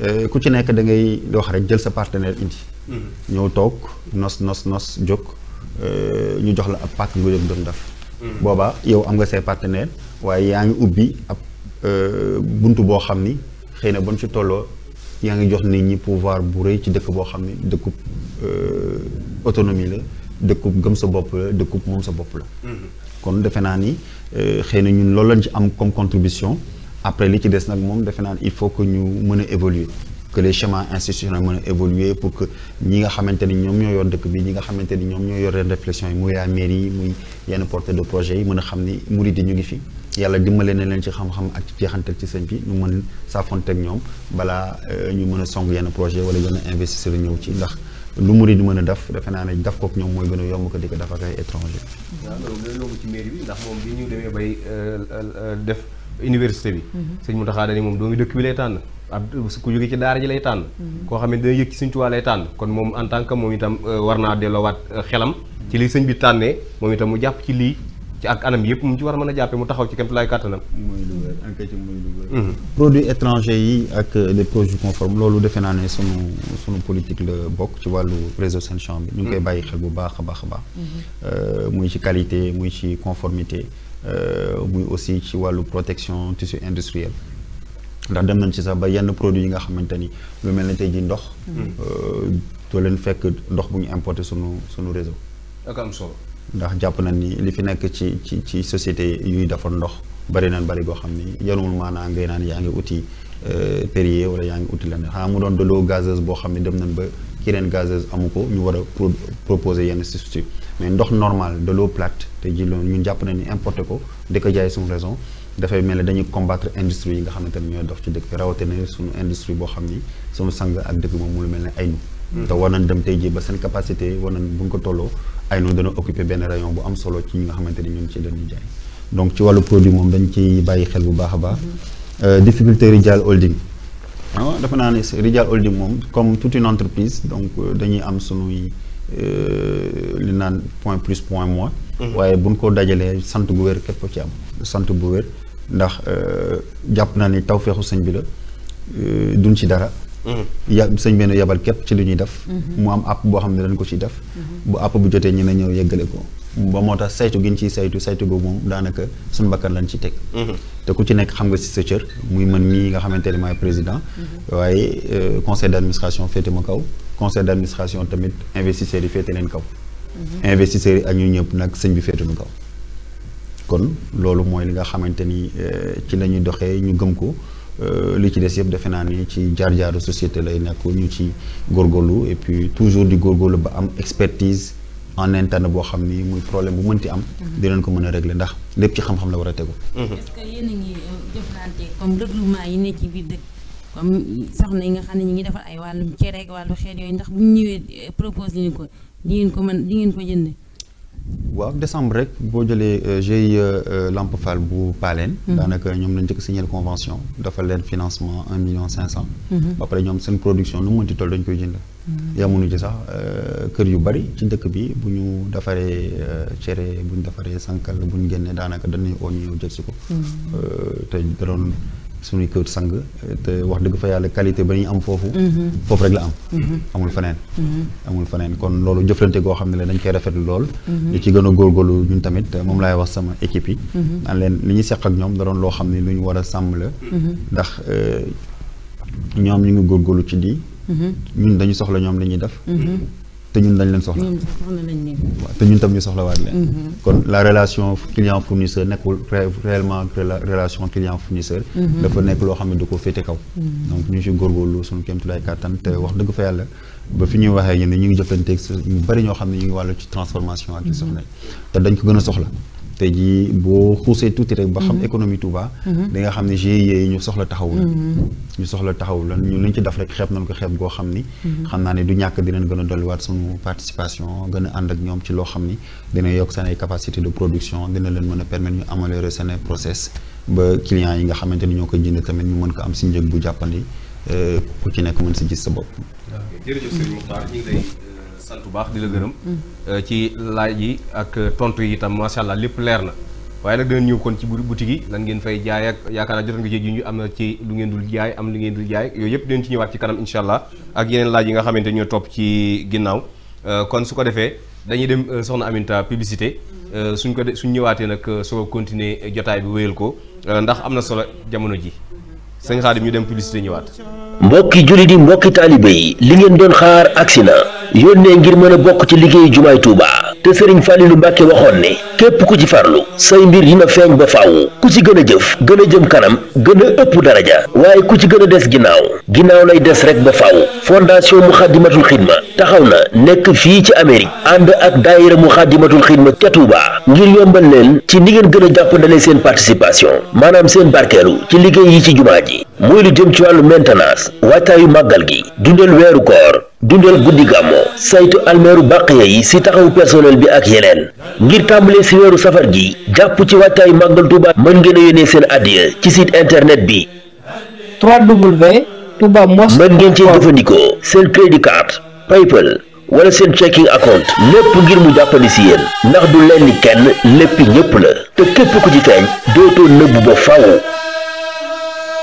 eh, ku ci nekk dangay ngay wax rek jël sa partenaire indi. Mhm. ñëw toog nos nos nos jóg eh, ñu jox la ab pàcc nga doon def. boobaa yow am nga say partenaire waaye yaa ngi ubbi ab eh, buntu boo xam ni xëy na ba ñu ci tolloo. yaa ngi jox nit ñi pouvoir bu rëy ci dëkk boo xam ne dëkkub euh, autonomie la dëkkub gëm sa bopp la dëkkub moom sa bopp la. Mm-hmm. kon defe naa ni euh, xëy na ñun loolu lañ ci am comme contribution après li ci des nag moom defe naa ni il faut que ñu mën a évoluer. que les schémas institutionnels mën a évoluer pour que ñi nga xamante ni ñoom ñoo yor dëkk bi ñi nga xamante ni ñoom ñoo yor réflexion yi muy yaa mairie yi muy yenn porteur de projet yi mën a xam ni muri yi ñu ngi fi. yàlla dimbale na leen ci xam-xam ak ci jeexantal ci sëñ bi ñu mën saafonteeg ñoom balaa euh, ñu mën a song yenn projet wala yenn investisseur ñëw ci ndax lu murid mën a def defe naa ne daf kook ñoom a a bi ndax moom bi ñu demee bay euh, euh, def université bi. Mm-hmm. sëñ Mountakha dañu moom doomi dëkk bi lay tànn. ab ku jóge ci daara ji lay tànn. Mm-hmm. koo xam ne yëg ci Sëñ Tuubaa lay tànn kon moom en tant moom itam war naa delloowaat xelam. ci li sëñ bi tànnee moom itam mu jàpp ci lii ci ak anam yëpp mu ci war a mën a jàppee mu taxaw ci kéem tolluwaay kàttanam. mooy lu wér enquête mooy lu wér. Mhm. produits étrangers yi ak les produits conformes loolu defe naa ne sunu sunu politique la bokk ci wàllu réseau Syngenta bi. Mhm. ñu ngi koy bàyyi xel bu baax a baax a baax. Mhm. Euh, muy ci qualité muy ci conformité euh, muy aussi ci wàllu protection tissu industriel. ndax dem nañ ci sax ba yenn produit yi nga xamante ni lu mel ne tey ji ndox. Euh, doo leen fekk ndox bu ñu importé sunu sunu réseau. ak ndax jàpp nañ ni li fi nekk ci ci ci société yuy defar ndox bari nañ bari goo xam ni yanuwul maanaa ngay naan yaa ngi uti euh, Perrier wala yaa ngi uti leneen xanaa mu doon de l'eau boo xam ne dem nañ ba kireen gazeuse amu ko ñu war a proposer yenn substitut mais ndox normal de l'eau plate te ji loolu ñu jàpp nañ ni importé ko di ko jaay suñu raison dafay mel ne dañuy combattre industrie yi nga xamante ne ñooy dox ci dëkk rawatina suñu industrie boo xam ni suñu sang ak dëkk moom mu lu mel ne ay nu hmm. te war nañ dem tey ji ba seen capacité war nañ bu ñu ko tolloo ay noonu dana occuper benn rayon bu am solo ci ñi nga xamante ni ñoom ci la ñuy jaay donc ci wàllu produit moom dañ ci bàyyi xel bu baax a baax. Euh, difficulté Rijal Holding. ah dafa naa ne Rijal Holding moom comme toute une entreprise donc euh, dañuy am sunuy euh, li naan point plus point moins. Mm-hmm. waaye buñ ko dajalee sant bu wér képp ci am. sant bu wér ndax jàpp naa ni tawféexu sëñ bi la duñ ci dara. ya sëñ benn yabal képp ci li ñuy def mhm. mu am àpp boo xam ne dañ ko ci def mhm. bu àpp bu jotee ñu ne ñëw yeggale ko ba moo tax saytu gi ñu ciy saytu saytu boobu moom daanaka suñ bakkan lañ ci teg mhm. te ku ci nekk xam nga si sa cër muy mën mii nga xamante ne maay président waaye euh, conseil d' administration féete ma kaw conseil d' administration tamit investisseurs yi féete leen kaw investisseurs yi ak ñu ñëpp nag sëñ bi féete nu kaw kon loolu mooy li nga xamante ni euh, ci la ñuy doxee ñu gëm ko Euh, li ci des yëpp defe naa ni ci jaar-jaaru société lay nekk ñu ci góorgóorlu et puis toujours di góorgóorlu ba am expertise en interne boo xam ni muy problème bu mënti am. Mhm. dinañ ko mën a régler ndax lépp ci xam-xam la war a tegu. Mhm. est-ce que yéen a ngi euh, jëflante comme règlement yi nekk ci biir dëkk comme soxna yi nga xam ne ñu ngi defar ay wàllum cere ak wàllu xeet yooyu ndax bu ñu ñëwee euh, proposé ni ko di ngeen ko mën di ngeen ko jënd. waaw décembre rek boo jëlee euh, GIE euh, Lamp Fall bu Paleen. Mhm. daanaka ñoom lañ si signer convention dafa leen financement un million cinq cent. Mhm. ba pare ñoom seen production nu mu mënti toll dañ koy jënd. Mhm. yamuñu ci sax euh, kër yu bari ci ndëkk bi bu ñu defaree cere bu ñu defaree sànqal bu ñu génnee daanaka dañuy oo ñu ñëw jël si ko. te da suñuy kër sang te wax dëgg fa yàlla qualité ba ñuy am foofu mhm. foofu rek la am mhm. amul feneen mhm. amul feneen kon loolu jëflante goo xam ne la dañ koy rafetlu lool ñu ci gën a góorgóorlu ñun tamit moom laay wax sama équipe yi naan leen li ñuy seq ak ñoom da doon loo xam ne lu ñu war a sàmm la ndax euh, ñoom ñu ngi góorgóorlu ci lii ñun dañu soxla ñoom li ñuy def te ñun dañ leen soxla te ñun tam ñu soxlawaat leen mm-hmm. kon la relation client fournisseur nekkul réellement relation client fournisseur mm-hmm. dafa nekk loo xam ne du ko féete kaw mm-hmm. donc ñu ngi si góorgóorlu suñu kéemtulaay kàttan te wax dëgg fa yàlla ba fi ñuy waxee ñu ne ñu ngi jëflanteeg ñu bari ñoo xam ne ñu ngi wàllu ci transformation ak i soxna te dañ ko gën a soxla tey jii boo xuusee tuuti rek ba xam mhm. économie Touba mhm. da nga xam ne GIE yi ñu soxla taxawu la mhm. ñu soxla taxawu la ñu luñ ci def rek xeeb nañ ko xeeb goo xam ni xam naa ne du ñàkk dinañ gën a dolliwaat suñu participation gën a ànd ak ñoom ci loo xam ni dina yokk seen ay capacité de production dina leen mën a permettre ñu améliorer seen ay process ba clients yi nga xamante ni ñoo ko jënd tamit ñu mën ko am si njëg bu jàppandi euh, ku ci nekk mën si gis sa bopp sant bu baax di la gërëm. Euh, ci laaj yi ak tontu yi itam macha allah lépp leer na waaye nag dinañ ñëw kon ci boutique yi lan ngeen fay jaay ak yaakaar naa jotoon nga na ci lu ngeen dul jaay am lu ngeen dul jaay yooyu yëpp dinañ ci ñëwaat ci kanam incha allah ak yeneen laaj yi nga xamante ñoo topp ci ginnaaw euh, kon su ko defee dañuy dem euh, soxna Aminta publicité. suñ ko de suñ ñëwaatee nag soo continuer jotaay bi wéyal ko ndax am na solo jamono ji sëñ Xaadim ñu dem publicité ñëwaat. mbokki jullit yi mbokki taalibe yi li ngeen doon xaar agsi na yónnee ngir mën a bokk ci liggéeyu jumaay Touba te Serigne Fallilou Mbacke waxoon ne képp ku ci farlu say mbir dina feeñ ba faaw ku ci gën a jëf gën a jëm kanam gën a ëpp daraja waaye ku ci gën a des ginnaaw ginnaaw lay des rek ba faaw fondation Muxaddamatul Xidma taxaw na nekk fii ci Amérique ànd ak daayira Muxaddamatul Xidma ca Touba ngir yombal leen ci ni ngeen gën a jàppandale seen participation maanaam seen barkeelu ci liggéey yi ci jumaa ji muy lu jëm ci wàllu maintenance waajtaayu màggal gi dundal weeru koor dundal guddi gàmmo saytu almeeru bàqiya yi si taxawu personnel bi ak yeneen ngir tàmbalee si weeru safar gi jàpp ci waajtaayu màggal Touba mën ngeen a yónnee seen addiya ci site internet bi mën ngeen ci jëfandikoo seen crédit card paypal wala seen checking account lépp ngir mu jàppandi si yéen ndax du lenn kenn lépp ñépp la te képp ku ci feeñ dootoo nëbbu ba faw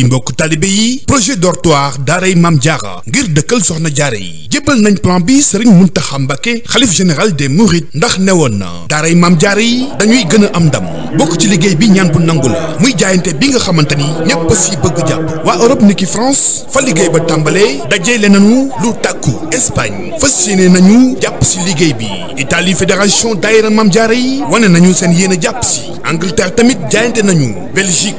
yi mbokk talibe yi projet dortoir daaray Maam Jaara ngir dëkkal soxna jaare yi jébbal nañ plan bi Serigne a Mbacké xalif général des Mourides ndax newoon na daaray Maam Jaara yi dañuy gën a am ndam bokk ci liggéey bi ñaan bu nangu la muy jaayante bi nga xamante ni ñépp si bëgg jàpp waa Europe niki France fa liggéey ba tàmbalee dajee lenanu lu tàkku Espagne fas yéene nañu jàpp si liggéey bi Italie fédération daayira Maam Jaara yi wane nañu seen yéene jàpp si Angleterre tamit jaayante nañu Belgique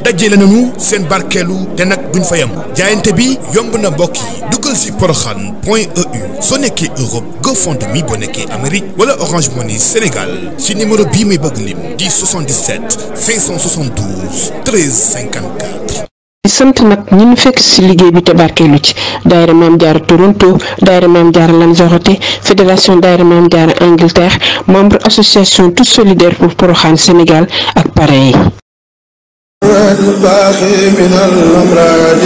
te nag duñ fa yem jaayante bi yomb na mbokk duggal si poroxaan point eu soo nekkee Europe GoFundMe boo nekkee Amérique wala Orange Money Sénégal si numéro bii may bëgg lim di sant nag ñi ñu fekk ci liggéey bi te barkeelu ci daayira Maam Jaara Toronto daayira Maam Jaara Lanzarote fédération daayira Maam Jaara Angleterre membre association toute solidaire pour Porokhane Sénégal ak parrain yi الباقي من الأمراض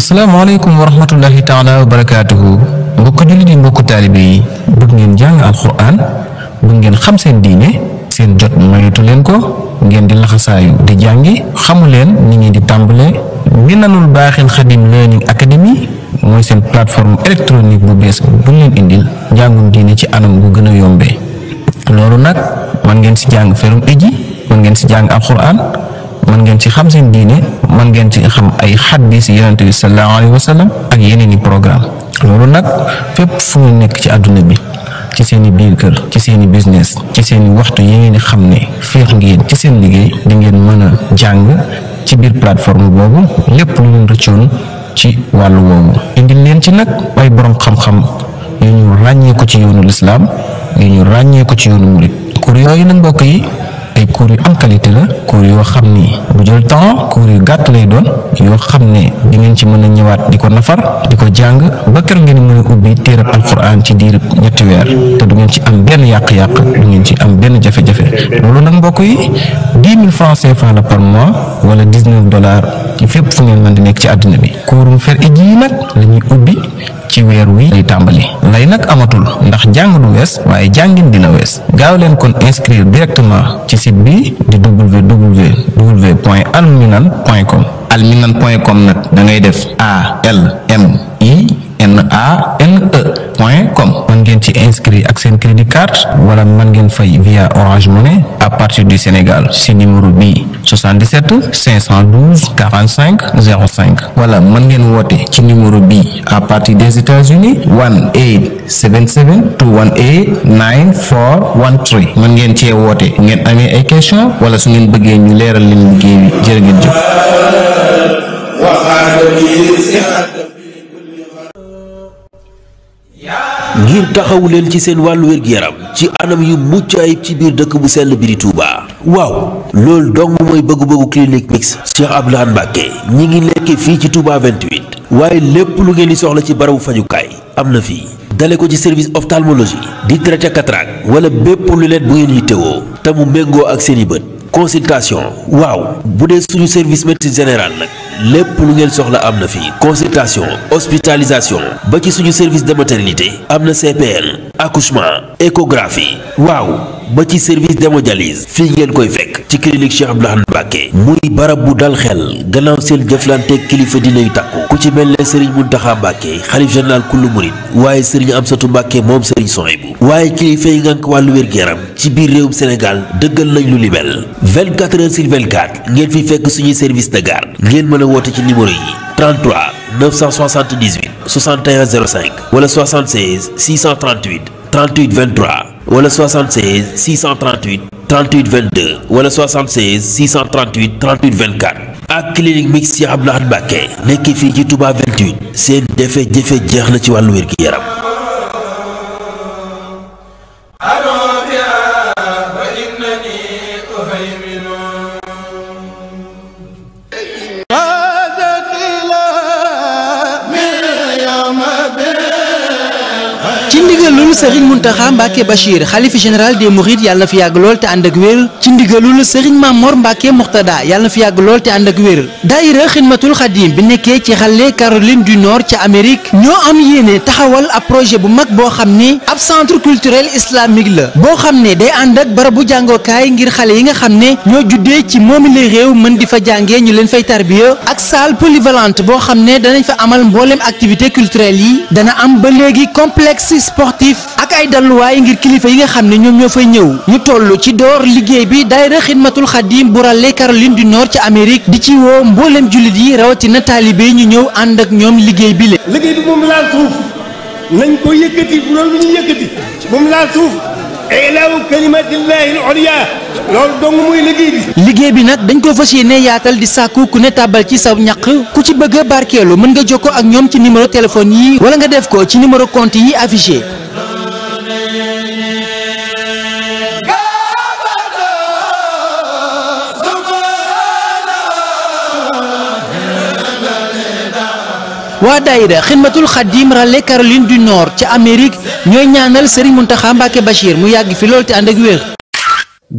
asalaamaaleykum wa rahmatullahi taala wa barakaatuhu mbokk jullit yi mbokk taalibe yi bëgg ngeen jàng alxuraan bëgg ngeen xam seen diine seen jot mayutu leen ko ngeen di laxasaayu di jàngi xamu leen ñi ngeen di tàmbale minanul baaxil xadim learning academy mooy seen plateforme électronique bu bees bu leen indil njàngum diine ci anam gu gën a yombee loolu nag man ngeen si jàng ferum iji man ngeen si jàng alquran man ngeen ci xam seen diine man ngeen ci xam ay xadis yonente bi sallallahu alayhi wa sallam ak yeneen i programme loolu nag fépp fu ñu nekk ci àdduna bi ci seen i biir kër ci seen i business ci seen waxtu yi ngeen xam ne féex ngeen ci seen liggéey di ngeen mën a jàng ci biir plateforme boobu lépp lu leen rëccoon ci wàllu woowu indi leen ci nag ay borom xam-xam yu ñu ràññee ko ci yoonu lislaam yu ñu ràññee ko ci yoonu murit kuréel yooyu nag mbokk yi ay cours yu am qualité la cours yoo xam ni bu jël temps cours yu gàtt lay doon yoo xam ne di ngeen ci mën a ñëwaat di ko nafar di ko jàng ba kër ngeen mën a ubbi téerab alquran ci diirub ñetti weer te du ngeen ci am benn yàq-yàq du ngeen ci am benn jafe-jafe loolu nag mbokk yi dix mille francs CFA la par mois wala dix neuf dollars ci fépp fu ngeen mën di nekk ci àddina bi. kuurum fer iji yi nag la ubbi. ci weer wi lay tàmbali lay nag amatul ndax jàng du wees waaye jàngin dina wees gaaw leen kon inscrire directement ci site bi di www.alminan.com alminan.com nag da ngay def A L M I n a n e point ngeen ci inscrit ak seen crédit card wala mën ngeen fay via Orange Money à partir du Sénégal si numéro bi 77 512 45 05 wala man ngeen woote ci numéro bi à partir des États-Unis 1 877 218 9413 mën ngeen cee woote ngeen amee ay question wala su ngeen bëggee ñu leeral leen liggéey bi jërë ngeen jëf ngir taxawu leen ci seen wàllu wér-gu-yaram ci anam yu mucc ayib ci biir dëkk bu sell bi di Touba waaw loolu dong mooy bëgg-bëggu clinique mix Cheikh Abdoulaye Mbacke ñi ngi nekk fii ci Touba 28 waaye lépp lu ngeen di soxla ci barabu fajukaay am na fii dale ko ci service ophtalmologie di traité cataracte wala bépp lu leen bu ngeen yittewoo te mu méngoo ak seen i bët. consultation waaw bu dee suñu service médecine général nag lépp lu ngeen soxla am na fi consultation hospitalisation ba ci suñu service de maternité am na CPN accouchement échographie waaw ba ci service d'hémodialyse fii ngeen koy fekk ci clinique Cheikh Abdou Lahad Mbacké muy barab bu dal xel gannaaw seen jëflante kilifa dina yu tàkku ku ci mel ne Serigne Mountakha Mbacké xalif général kullu murid waaye Serigne Amsatou Mbacké moom Serigne Souhaïbou waaye kilifa yi ngànk wàllu wér-gu-yaram ci biir réewum Sénégal dëggal nañ lu li mel 24 heures fi fekk suñuy service de garde ngeen mën a woote ci numéro yi 33 978 61 05 wala 76 638 38 wala 76 638 38 22 wala 76 638 38 24. ak clinique mix Cheikh ab la Mbacké nekk fii ci Touba 28 seen jafe-jafe jeex na ci wàllu wér-gi-yaram. ndigalul Serigne Mountakha Mbacké Bachir xalifa général des Mourides yàlla na fi yàgg bu mag boo xam ne ab centre culturel islamique la boo xam ne day ànd ak barabu jàngookaay ngir xale yi nga xam ne ñoo juddee ci moomile réew mën di fa jàngee ñu leen fay tarbiya ak salle polyvalente boo xam ne danañ fa amal mbooleem activité culturelle yi dana am ba léegi complexe sportif ak ay dalluwaay ngir kilifa yi nga xam ne ñoom ñoo fay ñëw ñu toll ci door liggéey bi daayira xidmatul xadim bu rale Caroline du Nord ci Amérique di ci woo mbooleem jullit yi rawatina taalibe yi ñu ñëw ànd ak ñoom liggéey bi la. liggéey bi moom laal suuf nañ ko yëkkati loolu lu ñu yëkkati moom laal suuf ilaaw kalimatillahi al-ulya loolu dong muy liggéey bi. liggéey bi nag dañ ko fas yéene yaatal di sàkku ku ne tàbbal ci saw ñaq ku ci bëgg a barkeelu mën nga jokkoo ak ñoom ci numéro téléphone yi wala nga def ko ci numéro compte yi affiché. waa daayira xidmatul xadim rale Caroline du Nord ci Amérique ñooy ñaanal Serigne Mountakha Mbacké Bachir mu yàgg fi lool te ànd ak wér.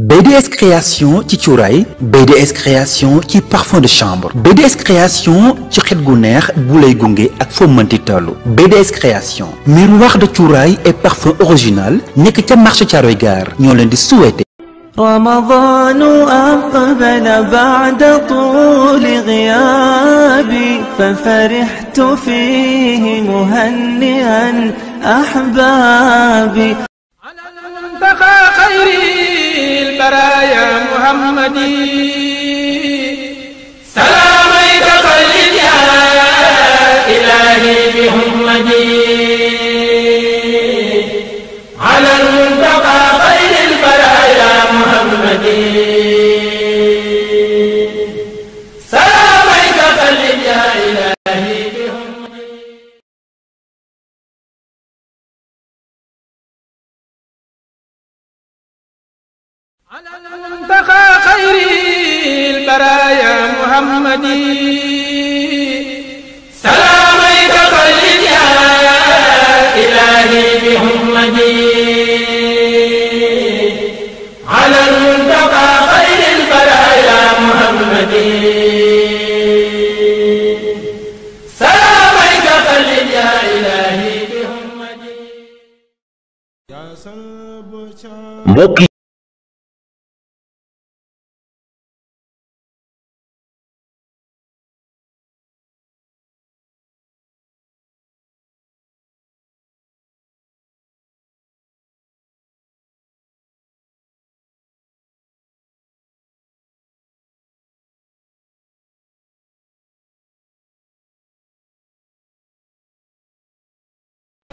BDS création ci cuuraay BDS création ci parfum de chambre BDS création ci xet gu neex bu lay gunge ak foo mënti tollu BDS création miroir de cuuraay et parfum original nekk ca marché Thiaroye ñoo leen di souhaité رمضان أقبل بعد طول غياب ففرحت فيه مهنئا أحبابي على المنتقى خير البرايا محمدي سلاميك خلد يا إلهي بهمدي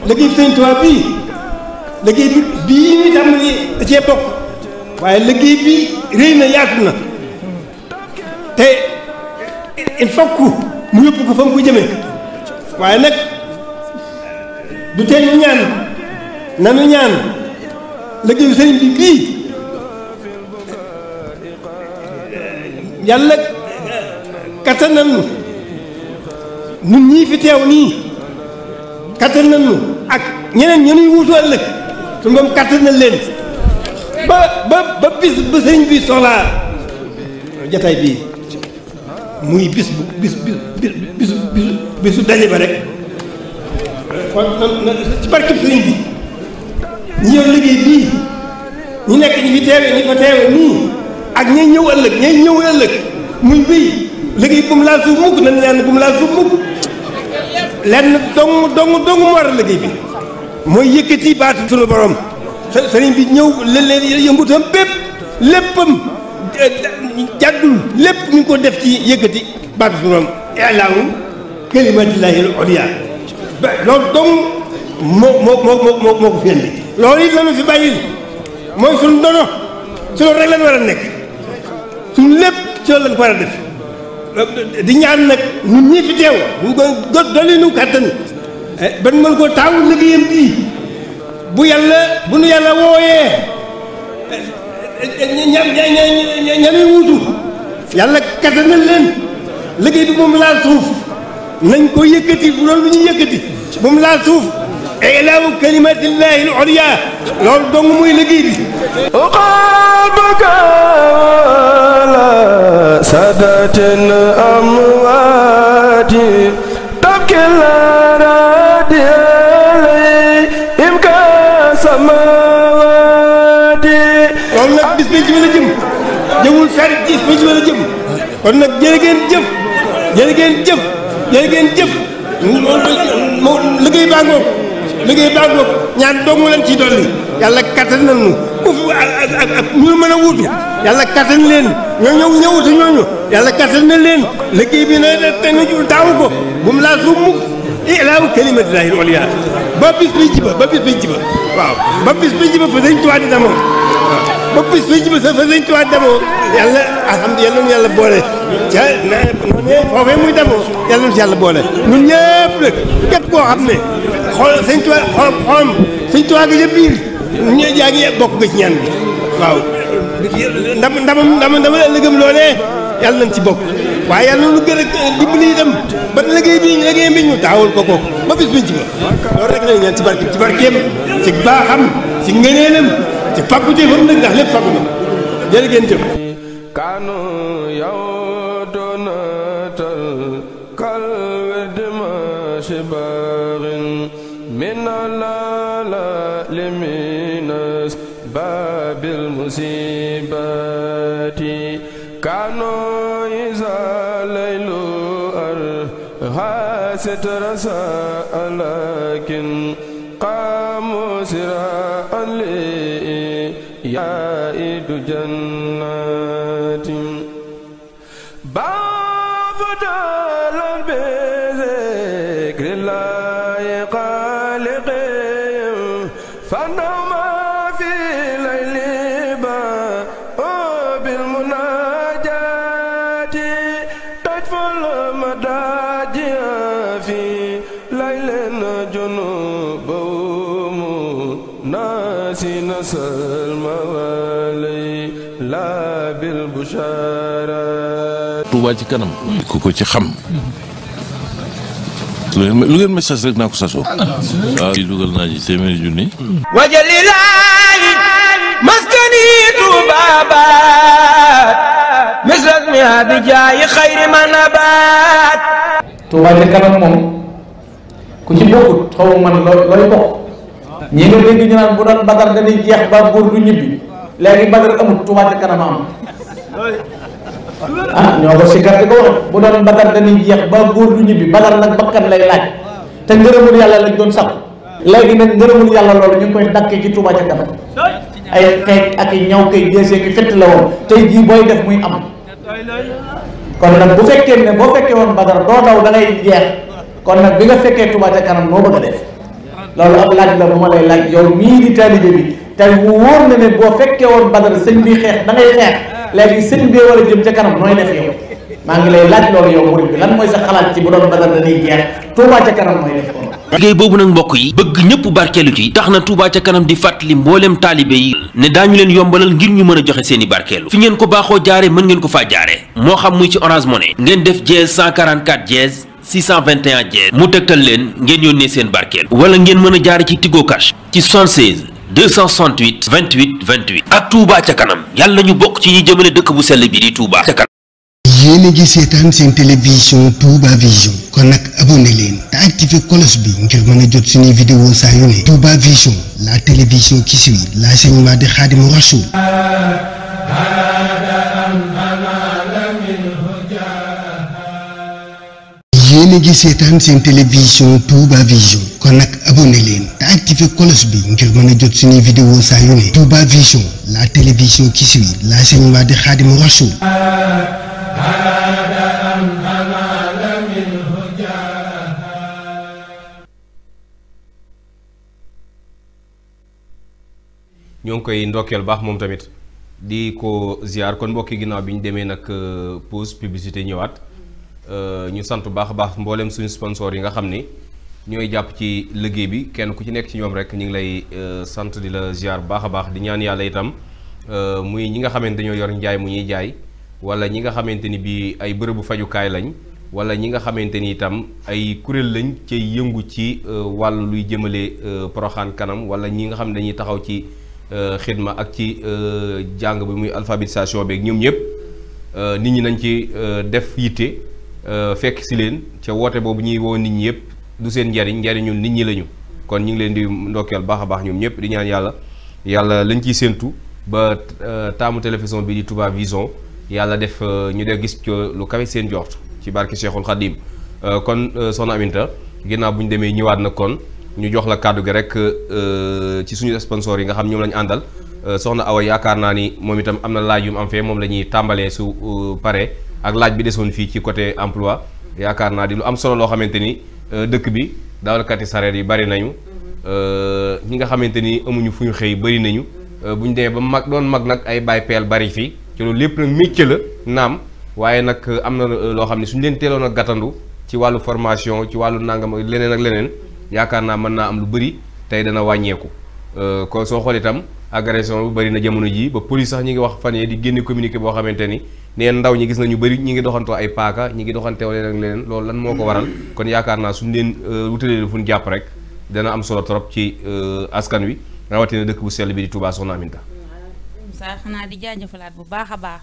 liggéey bi sëñ Tuubaa bii liggéey bi bii ñu tàmbali da cee bokk waaye liggéey bi réy na yaatu na te il faut que mu yóbbu ko fa mu ko jëmee waaye nag du tee ñaan nanu ñaan liggéey sëñ bi bii yàlla kattanal nu nun ñii fi teew nii kattan nañu ak ñeneen ña ñuy wuutu ëllëg suñu borom kattan na leen ba ba ba bis ba sëñ bi soxlaa jataay bii muy bis bu bis bis bis bisu daje ba rek kon ci barkeb sëñ bi ñi yor liggéey bii ñu nekk ñi fi teewe ñi fa teewe nii ak ñay ñëw ëllëg ñay ñëw ëllëg muy wéy liggéey bu mu laal suuf mukk nañ leen bu mu laal mukk lenn dong dong dong moo war a liggéey bi mooy yëkkati baatu sunu borom sëriñ bi ñëw leen yëmbutam bépp léppam jàddul lépp ñu ko def ci yëkkati baatu sunu borom ilaahu kalimatillahi al-ulya ba loolu dong moo moo moo moo ko fi indi loolu it lañu fi bàyyil mooy sunu ndono sunu rek lañ war a nekk sunu lépp ci loolu lañ ko war a def di ñaan nag ñun ñii fi teew bu ko dolli nu kàttan ban mën ko taawu liggéeyam bii bu yàlla bu nu yàlla wooyee ña ña yàlla kattanal leen liggéey bi moom laal suuf nañ ko yëkkati bu loolu lu ñuy moom laal suuf ilaamu kalimatillahi al ulya loolu dong muy liggéey bi سادات الأموات تبكي الأراد إمكا سماوات kon nag bis bi ci mën a jëm jëmul fenn bis bi ci mën a jëm kon nag jërë ngeen jëf jërë ngeen jëf jërë ngeen jëf liggéey baa ngoog liggéey baa boobu ñaan dong mu leen ciy dolli yàlla kattan nañu ku fi ak ak ñu mën a wuutu yàlla kattan leen ñoo ñëw ñëwutu ñooñu yàlla kattan na leen liggéey bi na te na daaw ko bu mu laa suuf mukk ilaahu kalimatillahi al-ulya ba bis bi jiba ba bis bi jiba waaw ba bis bi jiba fa sëñ Tuubaa dina moom ba bis bi ñu sa fa sëñ Tuubaa demoo yàlla alhamdulilah yàlla yàlla boole ca noonee foofee mu demoo yàlla na si yàlla boole ñun ñëpp nag képp koo xam ne xool sëñ Tuubaa xool xolam sëñ Tuubaa ga ca biir ñu yaa ngi bokk nga ci ñaan bi waaw ndam ndamam ndamam ndamam ëllëgam loolee yàlla nañ ci bokk waaye yàlla na lu a dimbali itam ba liggéey bi liggéey bi ñu taawul ko kooku ba bis biñ ci ba loolu rek la ñaan ci barke ci barkeem ci baaxam te fàggu jëfam nag ndax lépp fàggu na jërë ngeen jëf kanu yow doonatal kal wérdi ma si barin min la liminas babil musibati kanu isa laylu ar hasit rasa alakin qamu siraan li يائد جنات بافدال بذكر الله خالقهم فنما في ليل با بالمناجات تجفل مداجي في ليل جنوبهم ناسي نسر Touba ci kanam. ku ko ci xam. lu ngeen lu message rek naa ko sasoo. waaw kii dugal naa ci téeméeri junni. wajalilaayi maskani Touba baat mislas mi abijaayi xayri man abaat. Touba ci kanam moom ku ci bokkut xaw man looy bokk. ñi nga dégg naan bu doon badar dañuy jeex ba góor du ñibbi léegi badar amul Touba ca kanam am ah ñoo ko sikar di ko wax bu doon badar dañuy jeex ba góor du ñibbi badar nag bakkan lay laaj te ngërëmul yàlla lañ doon sax léegi nag ngërëmul yàlla loolu ñu ngi koy dakkee ci Touba ca kanam ay xeej ak i ñaw koy géesee ki fett la woon tey jii booy def muy am kon nag bu fekkee ne boo fekkee woon badar doo daw da ngay jeex kon nag bi nga fekkee Touba ca kanam moo bëgg a def loolu ab laaj la bu ma lay laaj yow mii di taalibe bi te wóor na ne boo fekkee woon badar sëñ bi xeex da ngay xeex a jëm ngi lay laaj loolu yow murid bi lan mooy sa xalaat ci bu doon badar dañuy jeex Tuubaa boobu nag mbokk yi bëgg ñëpp barkeelu ci tax na Touba ca kanam di fàttali mbooleem taalibe yi ne daañu leen yombalal ngir ñu mën a joxe seen i barkeelu fi ngeen ko baaxoo jaare mën ngeen ko faa jaare moo xam muy ci Orange Money ngeen def dièse 144 dièse 621 dièse mu tegtal leen ngeen yónnee seen barkeel wala ngeen mën a jaare ci Tigo Cash ci 76 268 28 28 ak Touba ca kanam yàlla ñu bokk ci ñi jëmale dëkk bu sell bi di Touba ca kanam. yéen a ngi seetaan seen télévision Touba Vision kon nag abonné leen te activé cloche bi ngir mën jot suñuy vidéo saa yu ne Touba Vision la télévision qui suit l'enseignement de Khadimou Rassoul ngi seetaan seen télévision kon nag abonné leen te jot suñuy vidéo saa yu ne Touba Vision la télévision qui suit l'enseignement de ñoo ngi koy ndokkeel baax moom tamit di ko ziar kon mbokki ginnaaw bi ñu demee nag euh, pause publicité ñëwaat Euh, ñu sant baax a baax mboolem suñu sponsor yi nga xam ni ñooy jàpp ci liggéey bi kenn ku ci nekk ci ñoom rek ñu ngi lay euh, sant di la ziar baax a baax di ñaan yàlla itam euh, muy ñi nga xamante dañoo yor njaay mu ñuy jaay wala ñi nga xamante ni bii ay bërëbu fajukaay lañ wala ñi nga xamante ni itam ay kuréel lañ ci yëngu ci wàll luy jëmale Porokhane kanam wala ñi nga xam ne dañuy taxaw ci xidma ak ci jàng bi muy alphabétisation beeg ñoom ñëpp nit ñi nañ ci def yitte. Euh, fekk si leen ca woote boobu ñuy woo nit ñi yëpp du seen njariñ njariñu nit ñi lañu kon ñu ngi leen di ndokkeel baax a baax ñoom ñëpp di ñaan yàlla yàlla lañ ciy séentu ba euh, taamu télévision bi di Touba Vision yàlla def euh, ñu def gis lu kawe seen jort ci barke Cheikhul Khadim kon soxna Aminta ginnaaw bu ñu demee ñëwaat na kon ñu jox la kàddu gi rek ci suñu sponsor yi nga xam ñoom lañu àndal soxna Awa yaakaar naa ni moom itam am na laaj yu mu am fee moom la ñuy tàmbalee su paree. ak laaj bi desoon fii ci côté emploi yaakaar naa di lu am solo loo xamante ni euh, dëkk bi dawalkati sareet yi bari nañu euh, ñi nga xamante ni amuñu fu ñu xëy bari nañu euh, bu ñu demee ba mag doon mag nag ay baay peel bari fii ci loolu lépp nag métier la naam waaye nag am na loo xam ne suñu leen teeloon a gàttandu ci wàllu formation ci wàllu nangam leneen ak leneen yaakaar naa mën naa am lu bëri tey dana wàññeeku ko soo xool itam agression bu bari na jamono jii ba police sax ñi ngi wax fan di génne communiqué boo xamante ni neen ndaw ñi gis nañu bëri ñi ngi doxantoo ay paaka ñi ngi doxantoo leen ak leneen loolu lan moo ko waral kon yaakaar naa suñu leen euh, wutalee fu ñu jàpp rek dana am solo trop ci euh, askan wi rawatina dëkk bu sell bi di Touba Soxna Aminta saa xanaa di jaajëfalaat bu baax a baax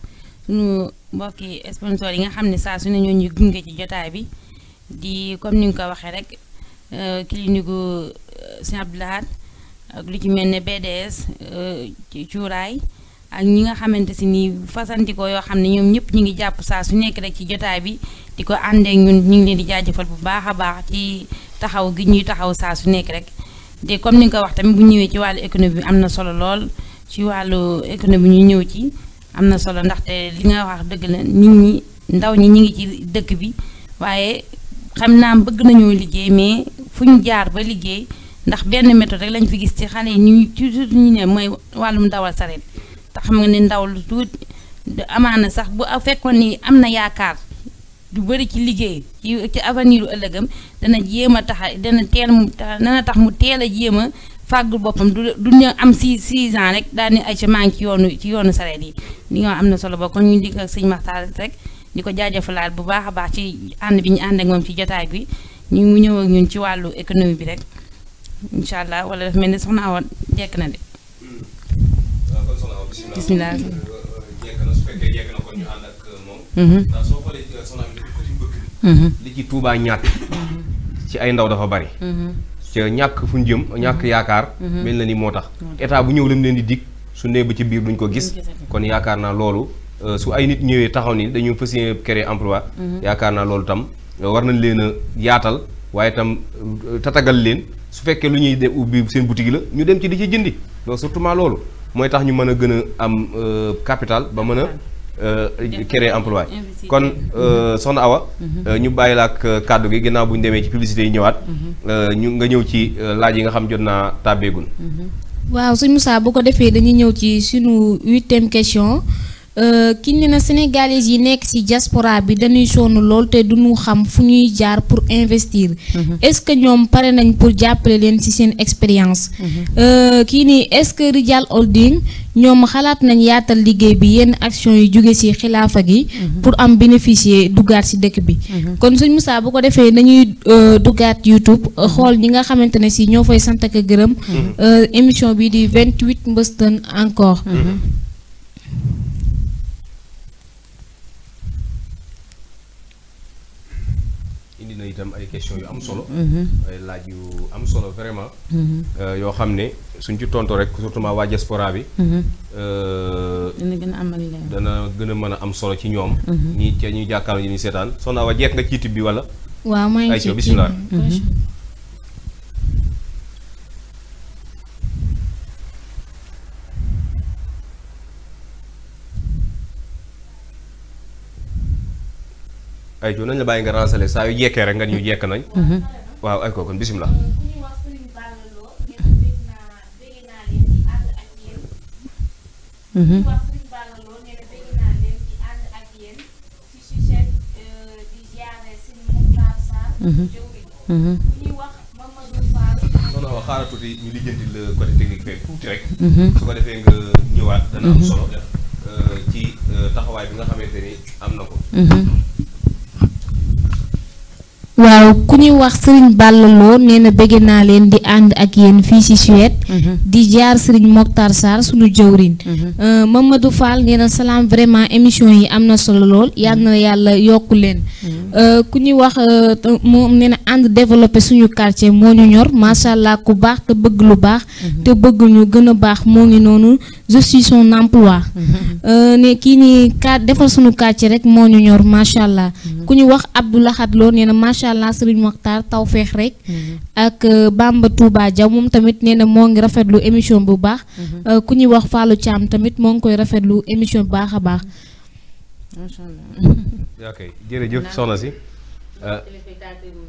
ñu mbokki sponsor yi nga xam ne saa su ne ñoo ñuy gunge ci jotaay bi di comme ni nga ko waxee rek euh, clinique gu Sëñ Abdou Lahad ak lu ci mel ne BDS euh, ci cuuraay ak ñi nga xamante si ni fasantikoo yoo xam ne ñoom ñëpp ñu ngi jàpp saa su nekk rek ci jotaay bi di ko àndeek ñun ñu ngi leen di jaajëfal bu baax a baax ci taxaw gi ñuy taxaw saa su nekk rek de comme ni nga ko wax tamit bu ñëwee ci wàllu économie bi am na solo lool ci wàllu économie ñu ñëw ci am na solo ndaxte li nga wax dëgg la nit ñi ndaw ñi ñu ngi ci dëkk bi waaye xam naa bëgg nañoo liggéey mais fu ñu jaar ba liggéey ndax benn méthode rek lañ fi gis ci xale yi ñuy toujours ñu ne mooy wàllum dawal sareet te xam nga ne ndaw lu tuuti amaana sax bu fekkoon nii am na yaakaar du bëri ci liggéey ci ci avenir ëllëgam dana jéem a tax dana teel mu dana tax mu teel a jéem a fàggul boppam du du am si six ans rek daal ni ay ci maa ci yoonu ci yoonu sareet yi li nga am na solo ba kon ñu di ko sëñ Maxtaar rek di ko jaajëfalaat bu baax a baax ci ànd bi ñu ànd ak moom ci jotaay bi ñu ngi ñëw ñun ci wàllu économie bi rek incha allah wala daf na de. Mhm. Euh, mhm. ñàkk ci ay ndaw dafa bari mhm. ca ñàkk fu ñu ñàkk yaakaar mel na ni moo tax état bu ñëw lam leen di dig su nee ci biir duñ ko gis kon yaakaar naa loolu euh, su ay nit ñëwee taxaw ni dañu fas yéene créer emploi yaakaar naa loolu tam war nañ leen a yaatal waaye itam euh, tatagal leen su fekkee lu ñuy de ubbi seen boutique la ñu dem ci di ci jëndi loolu surtout maa loolu mooy tax ñu mën a gën a am euh, capital ba mën a euh, créer emploi kon soxna Awa mhm. ñu bàyyi la ak kàddu gi ginnaaw bu ñu demee ci publicité yi ñëwaat mhm. ñu nga ñëw ci laaj yi nga xam jot naa tàbbeegul mhm. waaw suñ Moussa bu ko defee dañuy ñëw ci suñu huitième question Euh, ki ne na sénégalais yi nekk ci diaspora bi dañuy sonn lool te duñu xam fu ñuy jaar pour investir. Mhm. est-ce que ñoom pare nañ pour jàppale leen ci seen expérience. Mhm. Euh, kii nii est-ce que Rijal Holding ñoom xalaat nañ yaatal liggéey bi yenn action yu jóge ci xilaafa gi. Mhm. pour am bénéficier dugaat ci dëkk bi. kon suñ Moussa bu ko defee dañuy euh, duggaat YouTube xool ñi nga xamante ne ci ñoo fay sant ak gërëm. émission bi di 28 Mbeustune encore. itam ay questions yu am solo. Mhm. ay laaj yu am solo vraiment. Euh, yoo xam ne suñ ci tontu rek surtout waa diaspora bi. Mhm. Euh, dana gën a amal dana gën a mën a am solo ci ñoom. Mhm. ñi ca ñuy jàkkaarloo ñu ni seetaan soxna wa jeex nga ciitib bi wala. waaw maa ngi ciitib ayca ay coo nañ la bàyyi nga ransalé saa yu jekkee rek nga ñu jekk nañ mhm. waaw ay ko kon bisimilah mhm. mhm. non non xaaral tuuti ñu su ko defee nga ñëwaat dana am solo euh, ci euh, taxawaay bi nga xamante ni am na ko waaw ku ñuy wax Serigne Balla Lo nee na bëgg naa leen di ànd ak yéen fii ci Suède. Mhm. di jaar Serigne Mokhtar Sarr suñu jëwriñ. Mhm. Euh, Mamadou Fall nee na salaam vraiment émission yi am na solo lool yal na yàlla yokk leen. Mhm. Euh, ku ñuy wax euh, moom nee na ànd développé suñu quartier moo ñu ñor macha allah ku baax te bëgg lu baax. te bëgg ñu gën a baax moo ngi noonu. je suis son mm-hmm. euh, ne kii nii ka defal suñu quartier rek moo ñu ñor macha allah. Mm-hmm. ku ñu wax Abdou Lahad Lo nee na macha allah Serigne Mokhtar tawféex rek. Mm-hmm. ak euh, Bamba Touba Diaw moom tamit nee na moo ngi rafet lu émission bu baax. Euh, ku ñuy wax Fallou Thiam tamit moo ngi koy rafetlu émission bu baax a baax. macha allah. (laughs) ok jërëjëf soxna si. ñu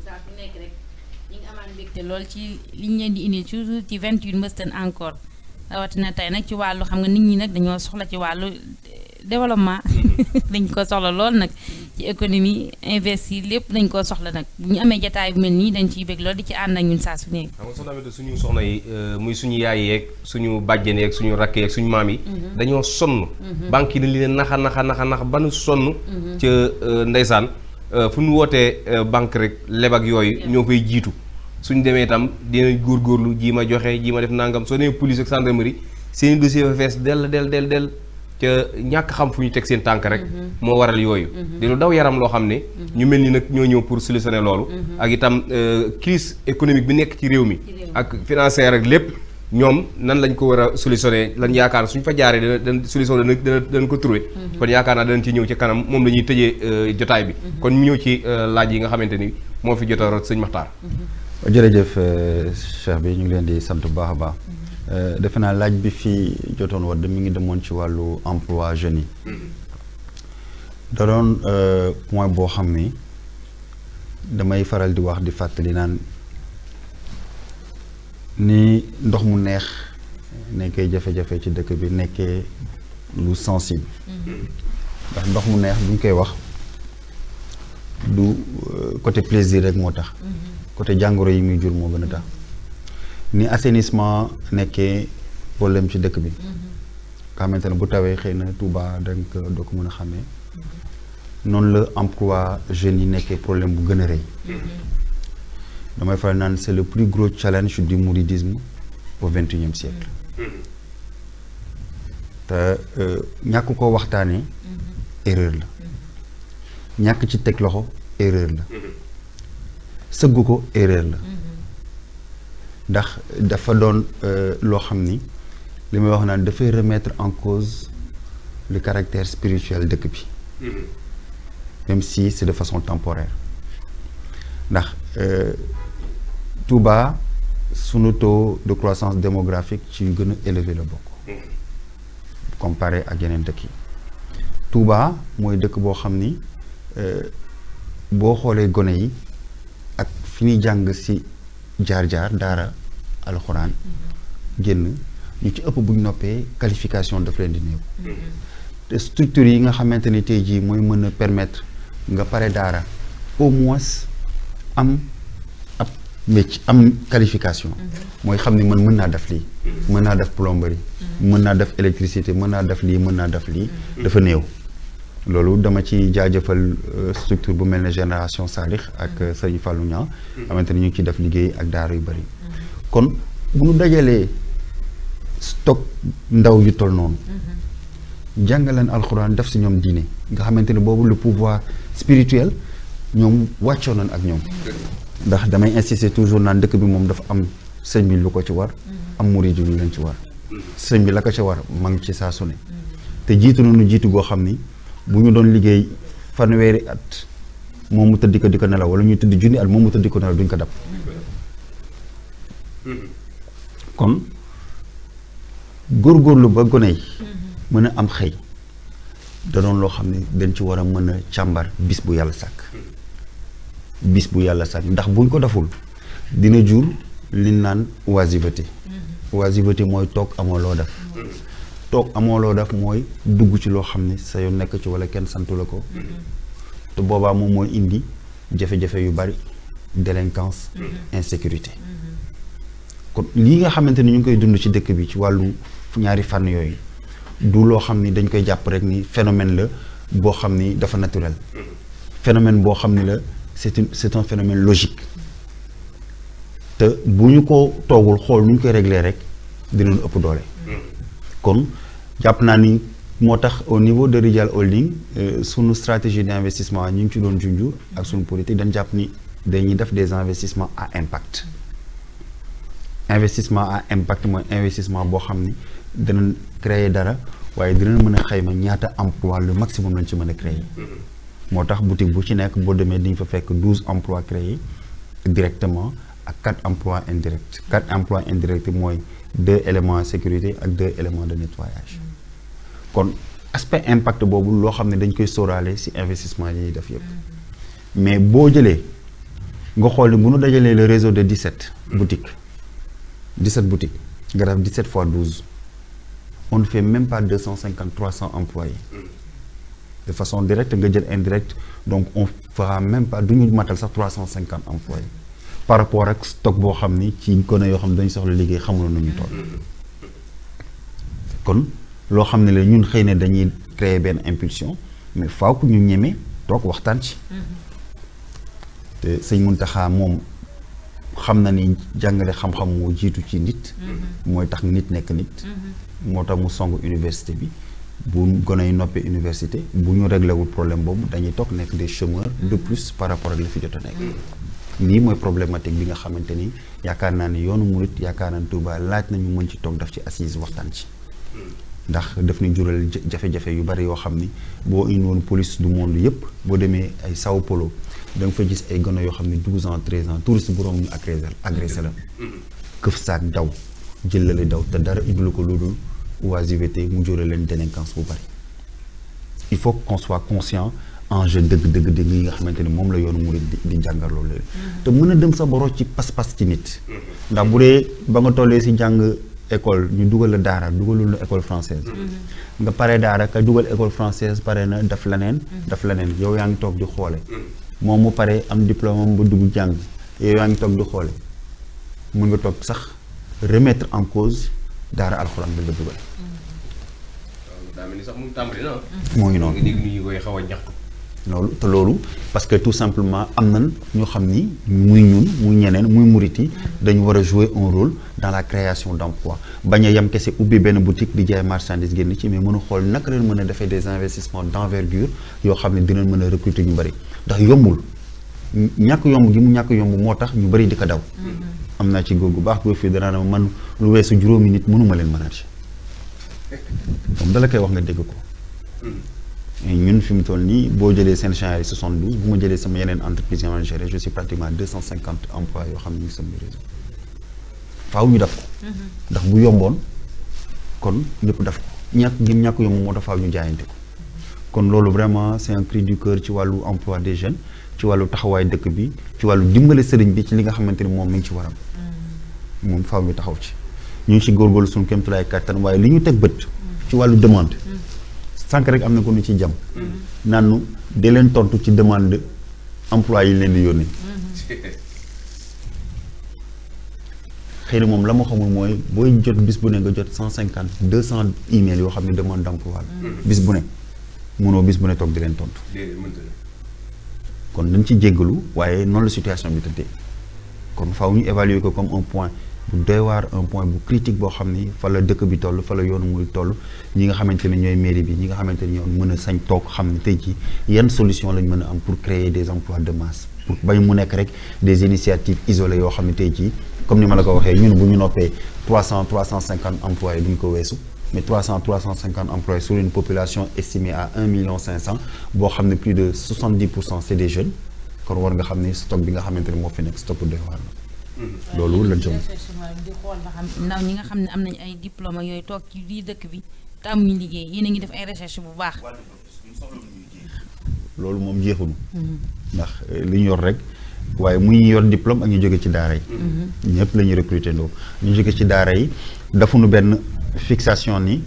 ngi amaan ci liñ leen di encore. rawatina tey nag ci wàllu xam nga nit ñi nag dañoo soxla ci wàllu eh, développement mm-hmm. (laughs) dañ ko soxla lool nag ci économie investir lépp dañ koo soxla nag bu ñu amee jataay bu mel nii dañ ciy bëgg lool di ci ànd ak ñun saa su nekk xam suñu soxna yi euh, muy suñu yaay yeeg suñu bàjjen yeeg suñu rakk yeeg suñu maam yi mm-hmm. dañoo sonn mm-hmm. banque yi li leen naxa naxa naxa nax ba nu sonn ca euh, ndeysaan euh, fu ñu wootee banque rek lebak yooyu ñoo koy jiitu suñ demee itam dinañ góorgóorlu jii ma joxe jii ma def nangam soo demee police ak gendarmerie seen dossier fa fees dell del del del ca ñàkk xam fu ñu teg seen tànk rek mhm. moo waral yooyu mhm. di lu daw yaram loo xam ne mhm. ñu mel ni nag ñoo ñëw pour solutionner loolu ak itam euh, crise économique bi nekk ci réew mi ak financière rek lépp ñoom nan lañ ko war a solutionner lan yaakaar suñ fa jaaree dana dana solution dana dana dana ko trouver kon yaakaar naa danañ ci ñëw ci kanam moom la ñuy euh, jotaay bi kon ñëw ci euh, laaj yi nga xamante ni moo fi jot a rot sëñ Maxtaar jërëjëf euh, Cheikh bi ñu ngi leen di sant bu baax a baax. Euh, defe naa laaj bi fi jotoon wadd mi ngi demoon ci wàllu emploi jeunes yi. da doon euh, point boo xam ni damay faral di wax di fàttali naan ni ndox mu neex nekkee jafe-jafe ci dëkk bi nekkee lu sensible. ndax ndox mu neex buñ koy wax du côté plaisir rek moo tax. côté jàngoro yi muy jur moo gën a tax ni assainissement nekkee problème ci dëkk bi nga xamante ne bu tawee xëy na Touba donc doo ko mën a xàmmee noonu la emploi jeunes yi nekkee problème bu gën a rëy damay faral naan c'est le plus gros challenge di mouridisme au vingt et unième siècle te euh, ñàkk ko waxtaanee mm-hmm. erreur la ñàkk ci teg loxo erreur la mm-hmm. sëggu ko erreur la mm-hmm. ndax dafa doon euh, loo xam ni li may wax naan dafay remettre en cause le caractère spirituel dëkk bi mm-hmm. même si c'est de façon temporaire ndax euh, Touba sunu taux de croissance démographique ci yu gën a la bokk mm-hmm. comparé ak geneen dëkk yi Touba mooy dëkk boo xam ni euh, boo xoolee gone yi fi ñuy jàng ci jaar-jaar daara alxuraan génn ñu ci ëpp bu noppee qualification daf leen di néew. te yi nga xamante ne tey jii mooy mën a permettre nga pare daara au moins am ab métier am qualification. mooy xam ni man mën naa def lii. mën naa def plomberie. mën naa def électricité mën naa def lii mën naa def lii. dafa néew. loolu dama ci jaajëfal euh, structure bu mel ne génération Salih ak euh, Serigne Fallou Niang mm-hmm. xamante ni ñu ci def liggéey ak daara yu bëri kon bu ñu dajalee stock ndaw yu tol noonu mm-hmm. jàngaleen alxuraan def si ñoom diine nga xamante ni boobu le pouvoir spirituel ñoom wàccoo nañ ak ñoom mm-hmm. ndax damay insister toujours naan dëkk bi moom dafa am sëñ bi lu ko ci war am murid lu leen ci war sëñ bi la ko ci war ma ci saa su ne te jiitu nañu jiitu goo xam ni bu ñu doon liggéey fanweeri at moom mu tëddi ko di ko nelaw wala ñuy tëdd junni at moom mu ko nelaw duñ ko dab kon góorgóorlu ba gone mën a am xëy da doon loo xam ne dañ ci war a mën a càmbar bis bu yàlla sàkk bis bu yàlla sàkk ndax buñ ko deful dina jur liñ naan oisiveté oisiveté mm-hmm. mooy toog amoo loo def toog amoo loo def mooy dugg ci loo xam ne sa yoon nekk ci wala kenn santu la ko te boobaa moom mooy indi jafe-jafe yu bari délinquance insécurité kon lii nga xamante ni ñu ngi koy dund ci dëkk bi ci wàllu ñaari fànn yooyu du loo xam ni dañ koy jàpp rek ni phénomène la boo xam ni dafa naturel phénomène boo xam ni la c'est une un phénomène logique te bu ñu ko toogul xool nu ñu koy réglee rek dinañu ëpp doole kon jàpp naa ni moo tax au niveau de Rijal Holding euh, sunu stratégie d' investissement ñu ngi ci doon junju ak suñu politique dañu jàpp ni dañuy def des investissements à impact investissement à impact mooy investissement boo xam ni danañ créer dara waaye dinañ mën a xayma ñaata emploi le maximum lañ ci mën a créer moo tax boutique bu ci nekk boo demee dañ fa fekk douze emplois créés directement ak quatre emplois indirects quatre emplois indirects mooy deux éléments sécurité ak deux de nettoyage kon aspect impact boobu loo xam ne dañ koy sóoraale ci investissement yi ñuy def yépp mais boo jëlee nga xool ni bu nu dajalee le réseau de 17 boutiques 17 boutiques nga def 17 fois 12 on ne fait même pas 250 300 employés de façon directe nga jël indirecte donc on fera même pas du ñu matal sax 350 employés par rapport ak stock boo xam ni ci gone yoo xam ne dañu soxla liggéey xamuloon nañu toll kon loo xam ne la ñun xëy ne dañuy créer benn impulsion mais faaw ku ñu ñemee toog waxtaan ci mm-hmm. te sëñ Muntaxa moom xam na ni jàngale xam-xam moo jiitu ci nit mm-hmm. mooy tax nit nekk nit mm-hmm. moo tax mu song université bi bu gën a noppee université bu ñu réglewul problème boobu dañuy toog nekk des chômeurs de plus par rapport ak li fi jot a nekk nii mooy problématique bi nga xamante ni yaakaar naa ne yoonu murit yaakaar naa ne Touba laaj nañu mën ci toog daf ci assise waxtaan ci ndax daf ñu jural jafe-jafe yu bari yoo xam ni boo indi woon police du monde yépp boo demee ay Sao Paulo da nga fa gis ay gone yoo xam ne 12 ans 13 ans touriste bu romb ñu agressé agressé la këf saak daw jëlale daw te dara indilu ko loolu oisiveté mu jural leen délinquance bu bari il faut qu'on soit enjeu dëgg dëgg dëgg yi nga xamante ni moom la yoonu mu di di leen te mën a dem sa boro ci pas-pas ci nit mm-hmm. ndax bu dee ba nga tollee si jàng école ñu dugal la daara dugalul la école française mm-hmm. nga pare daara ka dugal école française pare na daf leneen mm-hmm. daf leneen yow yaa ngi toog di xoole moom mu pare am diplôme am ba dugg jàng yow yaa ngi toog di xoole mun nga toog sax remettre en cause daara alxuraan bi nga dugal daa mel ni moo ngi noonu xaw a ñaxtu loolu te loolu parce que tout simplement am nan ñoo xam ni muy ñun muy ñeneen muy muriti dañu war a jouer un rôle dans la création d'emploi bañ a yem kese ubbi benn boutique di jaay marchandise génn ci mais mën xool naka leen mën a defee des investissements d'envergure yoo xam ne dinañ mën a recruter ñu bëri ndax yombul ñàkk yomb gi mu ñàkk yomb moo tax ñu bëri di ko daw mm-hmm. am naa ci góor gu baax góor fii danaa ne man lu weesu juróomi nit mënuma leen manager (laughs) moom dala koy wax nga dégg ko mm-hmm. ñun fi mu toll nii boo jëlee seen champs yi 72 bu ma jëlee sama yeneen entreprise yi ma géré je suis pratiquement 250 emplois yoo xam ne ñu sama réseau faaw ñu def ko. Mhm. ndax bu yomboon kon ñëpp def ko ñàkk gi ñàkk yomb moo ñu jaayante ko kon loolu vraiment c' est un cri ci wàllu emploi des jeunes ci wàllu taxawaay dëkk bi ci wàllu dimbale sëriñ bi ci li nga xamante ni moom mi ngi ci waram. Mm. moom faaw ñu taxaw ci ñu ngi ci góorgóorlu suñu kéemtulaay kàttan waaye li ñu teg bët. ci wàllu demande. Mm. sànq rek am na ko nu ci jam naan nu leen tontu ci demande emploi yi leen di yónnee. (laughs) xëy na moom la ma xamul mooy booy jot bis bu ne nga jot cent cinquante deux cent email yoo xam ne demande d'emploi la. Mm-hmm. bis bu ne mënoo bis bu ne toog di leen tontu. kon dañ ci jéggalu waaye noonu la situation bi tëddee kon faaw ñu évalue ko comme un point. bu doy waar point bu critique boo xam ni fa la dëkk bi toll fa la yoonu muy toll ñi nga xamante ne ñooy mairie bi ñi nga xamante ne ñoo mën a sañ toog xam ne tey jii yan solution lañ mën a am pour créer des emplois de masse pour bañ mu nekk rek des initiatives isolées yoo xam ne tey jii comme ni ma la ko waxee ñun bu ñu noppee 300 350 employés duñ ko weesu mais 300 350 employés sur une population estimée à 1 million 500 boo xam ne plus de 70 pour cent c'est des jeunes kon war nga moo fi nekk stock loolu lañ ci ndaw ñi nga xam ne am nañ ay diplôme yooyu toog ci lii dëkk bi tam amuñu liggéey yéen a ngi def ay recherche bu baax. loolu moom jeexul. Mhm. ndax eh, li ñu yor rek waaye muy ñu yor diplôme ak ñu jóge ci daara yi. Mhm. ñëpp la ñuy recruter ndoo ñu jóge ci daara yi defuñu benn fixation ni.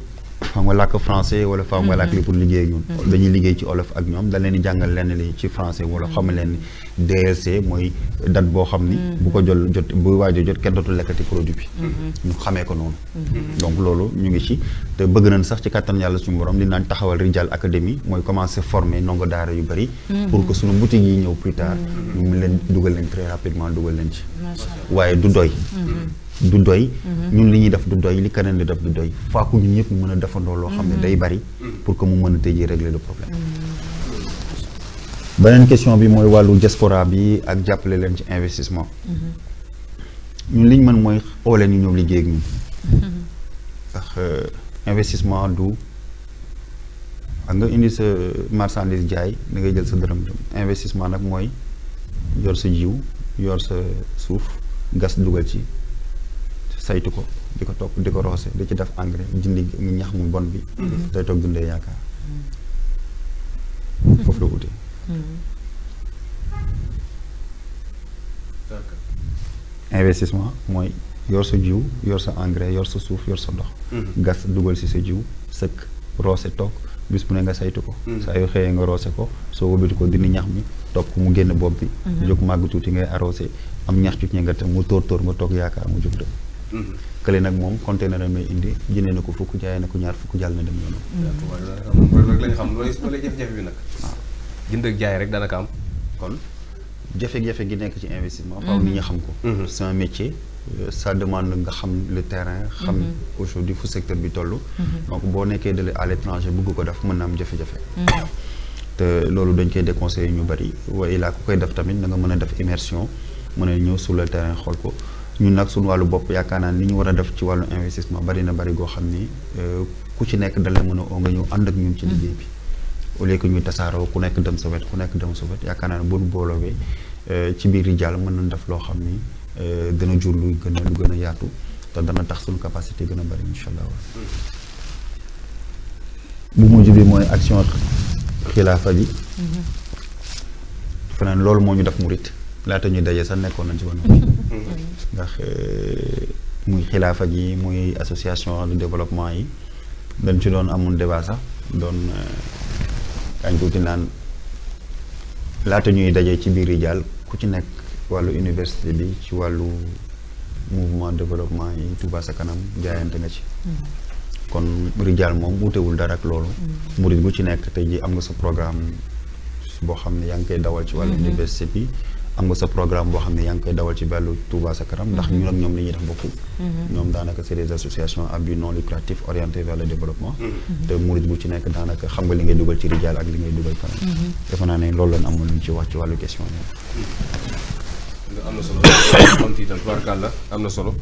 xam nga làkk français wala faa nga làkk mhm. li pour liggéey ak ñun. dañuy liggéey ci olof ak ñoom da leen di jàngal lenn li ci français wala xam leen ni DLC mooy date boo xam ni. Mm-hmm. bu ko jël jot bu waajoo jot kenn dootul lekkati produit bi. Mm-hmm. Mm-hmm. ñu xamee ko noonu. donc loolu ñu ngi ci te bëgg nañ sax ci kattan yàlla suñu borom li naan taxawal Rijal Academy mooy commencer former ndongo daara yu bari. pour que suñu boutique yi ñëw plus tard. ñu mun leen dugal leen très rapidement dugal leen ci. waaye du doy. du doy ñun li ñuy def du doy li keneen di def doy faaku ñun ñëpp mu mën a defandoo loo xam ne day bari pour que mu mën a tëjee régler le problème beneen question bi mooy wàllu diaspora bi ak jàppale leen ci investissement. Mhm. ñun li ñu mooy oo leen ñu ñëw liggéey ak ñun. Mhm. ndax euh, investissement du ak nga indi sa marchandise jaay da ngay jël sa dërëm jëm investissement nag mooy yor sa jiw yor sa suuf gas dugal ci saytu ko di ko topp di ko roose di ci def engrais jindi ñax mu bon bi. Mhm. day toog dundee yaakaar foofu la wutee. investissement mooy yor sa jiw yor sa engrais yor sa suuf yor sa ndox. Mhm. gas dugal si sa jiw sëkk roose toog bis bu ne nga saytu ko. Mhm. saa yoo xëyee nga roose ko soo wóobatu ko dindi ñax mi topp mu génn bopp bi. Mhm. jóg màgg tuuti ngay arrosé am ñax cu ñe mu tóor tóor nga toog yaakaar mu jóg dem. kële nag moom conteneur am may indi jëndee na ko fukk jaay na ko ñaar fukk jàll na dem yoonam. waaw loolu rek lañ xam loolu jafe-jafe bi nag. jënd ak jaay rek danaka am kon jafe-jafe gi nekk ci investissement faaw mhm. nit ñu xam ko mhm. c'est un sa euh, ça demande nga xam le terrain xam mhm. di fu secteur bi toll donc boo nekkee de à l'étranger bëgg ko def mën na am jafe-jafe te loolu dañ koy déconseillé ñu bari waaye laa ku koy def tamit na nga mën a def immersion mën a ñëw sur le terrain xool ko ñun nag suñu wàllu bopp yaakaar naa ni ñu war a def ci wàllu investissement bari na bari goo xam ni euh, ku ci nekk dala a oo nga ñëw ànd ak ci liggéey au lieu ñu tasaaroo ku nekk dem sa ku nekk dem sa wet yaakaar naa ne euh, ci biir yi jàll mën nañ def loo xam ni euh, dana jur lu gën a a yaatu te dana tax suñu gën a bari incha allah. bu mujj bi mooy loolu moo ñu def murit laata ñuy daje sax nekkoon nañ ci ba (laughs) ndax euh, muy xilaafa gi muy association de développement yi dañ ci doon amul débat sax doon. daañu ko ci naan laata ñuy daje ci biir yi jàll ku ci nekk wàllu université bi ci wàllu mouvement développement yi Touba sa kanam jaayante nga ci mm-hmm. kon rijaal moom wutewul dara ak loolu mm-hmm. murid bu ci nekk tey ji am nga sa programme boo xam ne yaa ngi koy dawal ci wàllu mm-hmm. université bi am nga sa programme boo xam ne yaa ngi koy dawal ci wàllu Touba sa kanam ndax ñun ak mm-hmm. mm-hmm. ci nekk daanaka xam nga li ngay li ngay dugal kanam mm-hmm. defe naa ne loolu lañ amoon lu ñu ci wax ci wàllu question am na solo (coughs) kon tiital na solo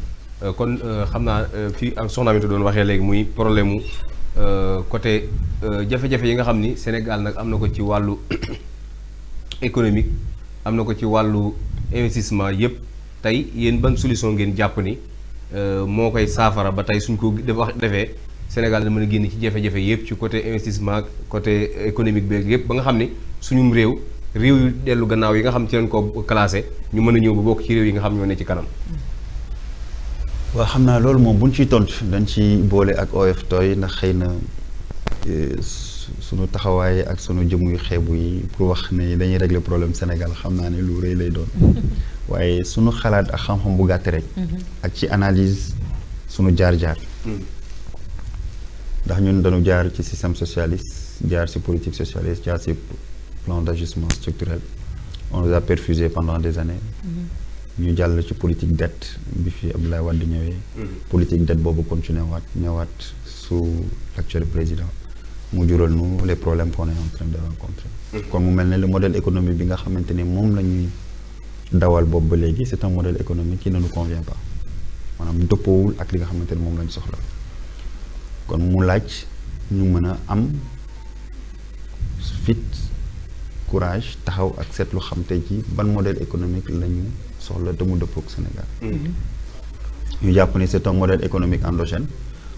euh, kon euh, xam naa euh, fii ak soxna mi doon waxee léegi muy problème mu jafe-jafe yi nga xam ni Sénégal nag am na ko ci wàllu (coughs) économique am na ko ci wàllu investissement yépp tey yéen ban solution ngeen jàpp ni euh, moo koy saafara ba tey suñ ko wax defee Sénégal da mën a génn ci jafe-jafe yépp ci côté investissement côté économique beeg yépp ba nga xam ni suñum réew réew yu dellu gannaaw yi nga xam ci leen ko classé ñu mën a ñëw ba bokk ci réew yi nga xam ñoo ne ci kanam. waaw xam naa loolu moom bu ñu ciy tontu dañ ci boole ak OF tooy ndax xëy na. Euh, sunu taxawaaye ak sunu jëmm yu xeebu yi pour wax ne dañuy régler problème Sénégal xam naa ne lu rëy lay doon (laughs) waaye sunu xalaat ak xam-xam bu gàtt rek mm-hmm. ak ci analyse sunu jaar-jaar mm-hmm. ndax ñun dañu jaar ci système socialiste jaar ci politique socialiste jaar ci plan d'ajustement structurel on nous pendant des années mm-hmm. ñu jàll ci politique dette bi fii fi Abdoulaye Wade ñëwee politique dette boobu continué waat ñëwaat su l'actuel président mu jural nu les problèmes qu'on est en train mm-hmm. kon mu mel ne le modèle économique bi nga xamante ni moom la ñuy dawal boobu ba léegi c'est un modèle économique qui ne nous convient pas maanaam dëppoowul ak li nga xamante ni la ñu soxla kon mu laaj ñu mën a am fit courage taxaw ak seetlu xam te ci ban modèle économique la soxla te mu dëppook Sénégal. Mm-hmm. ñu jàpp ni c'est un modèle économique endogène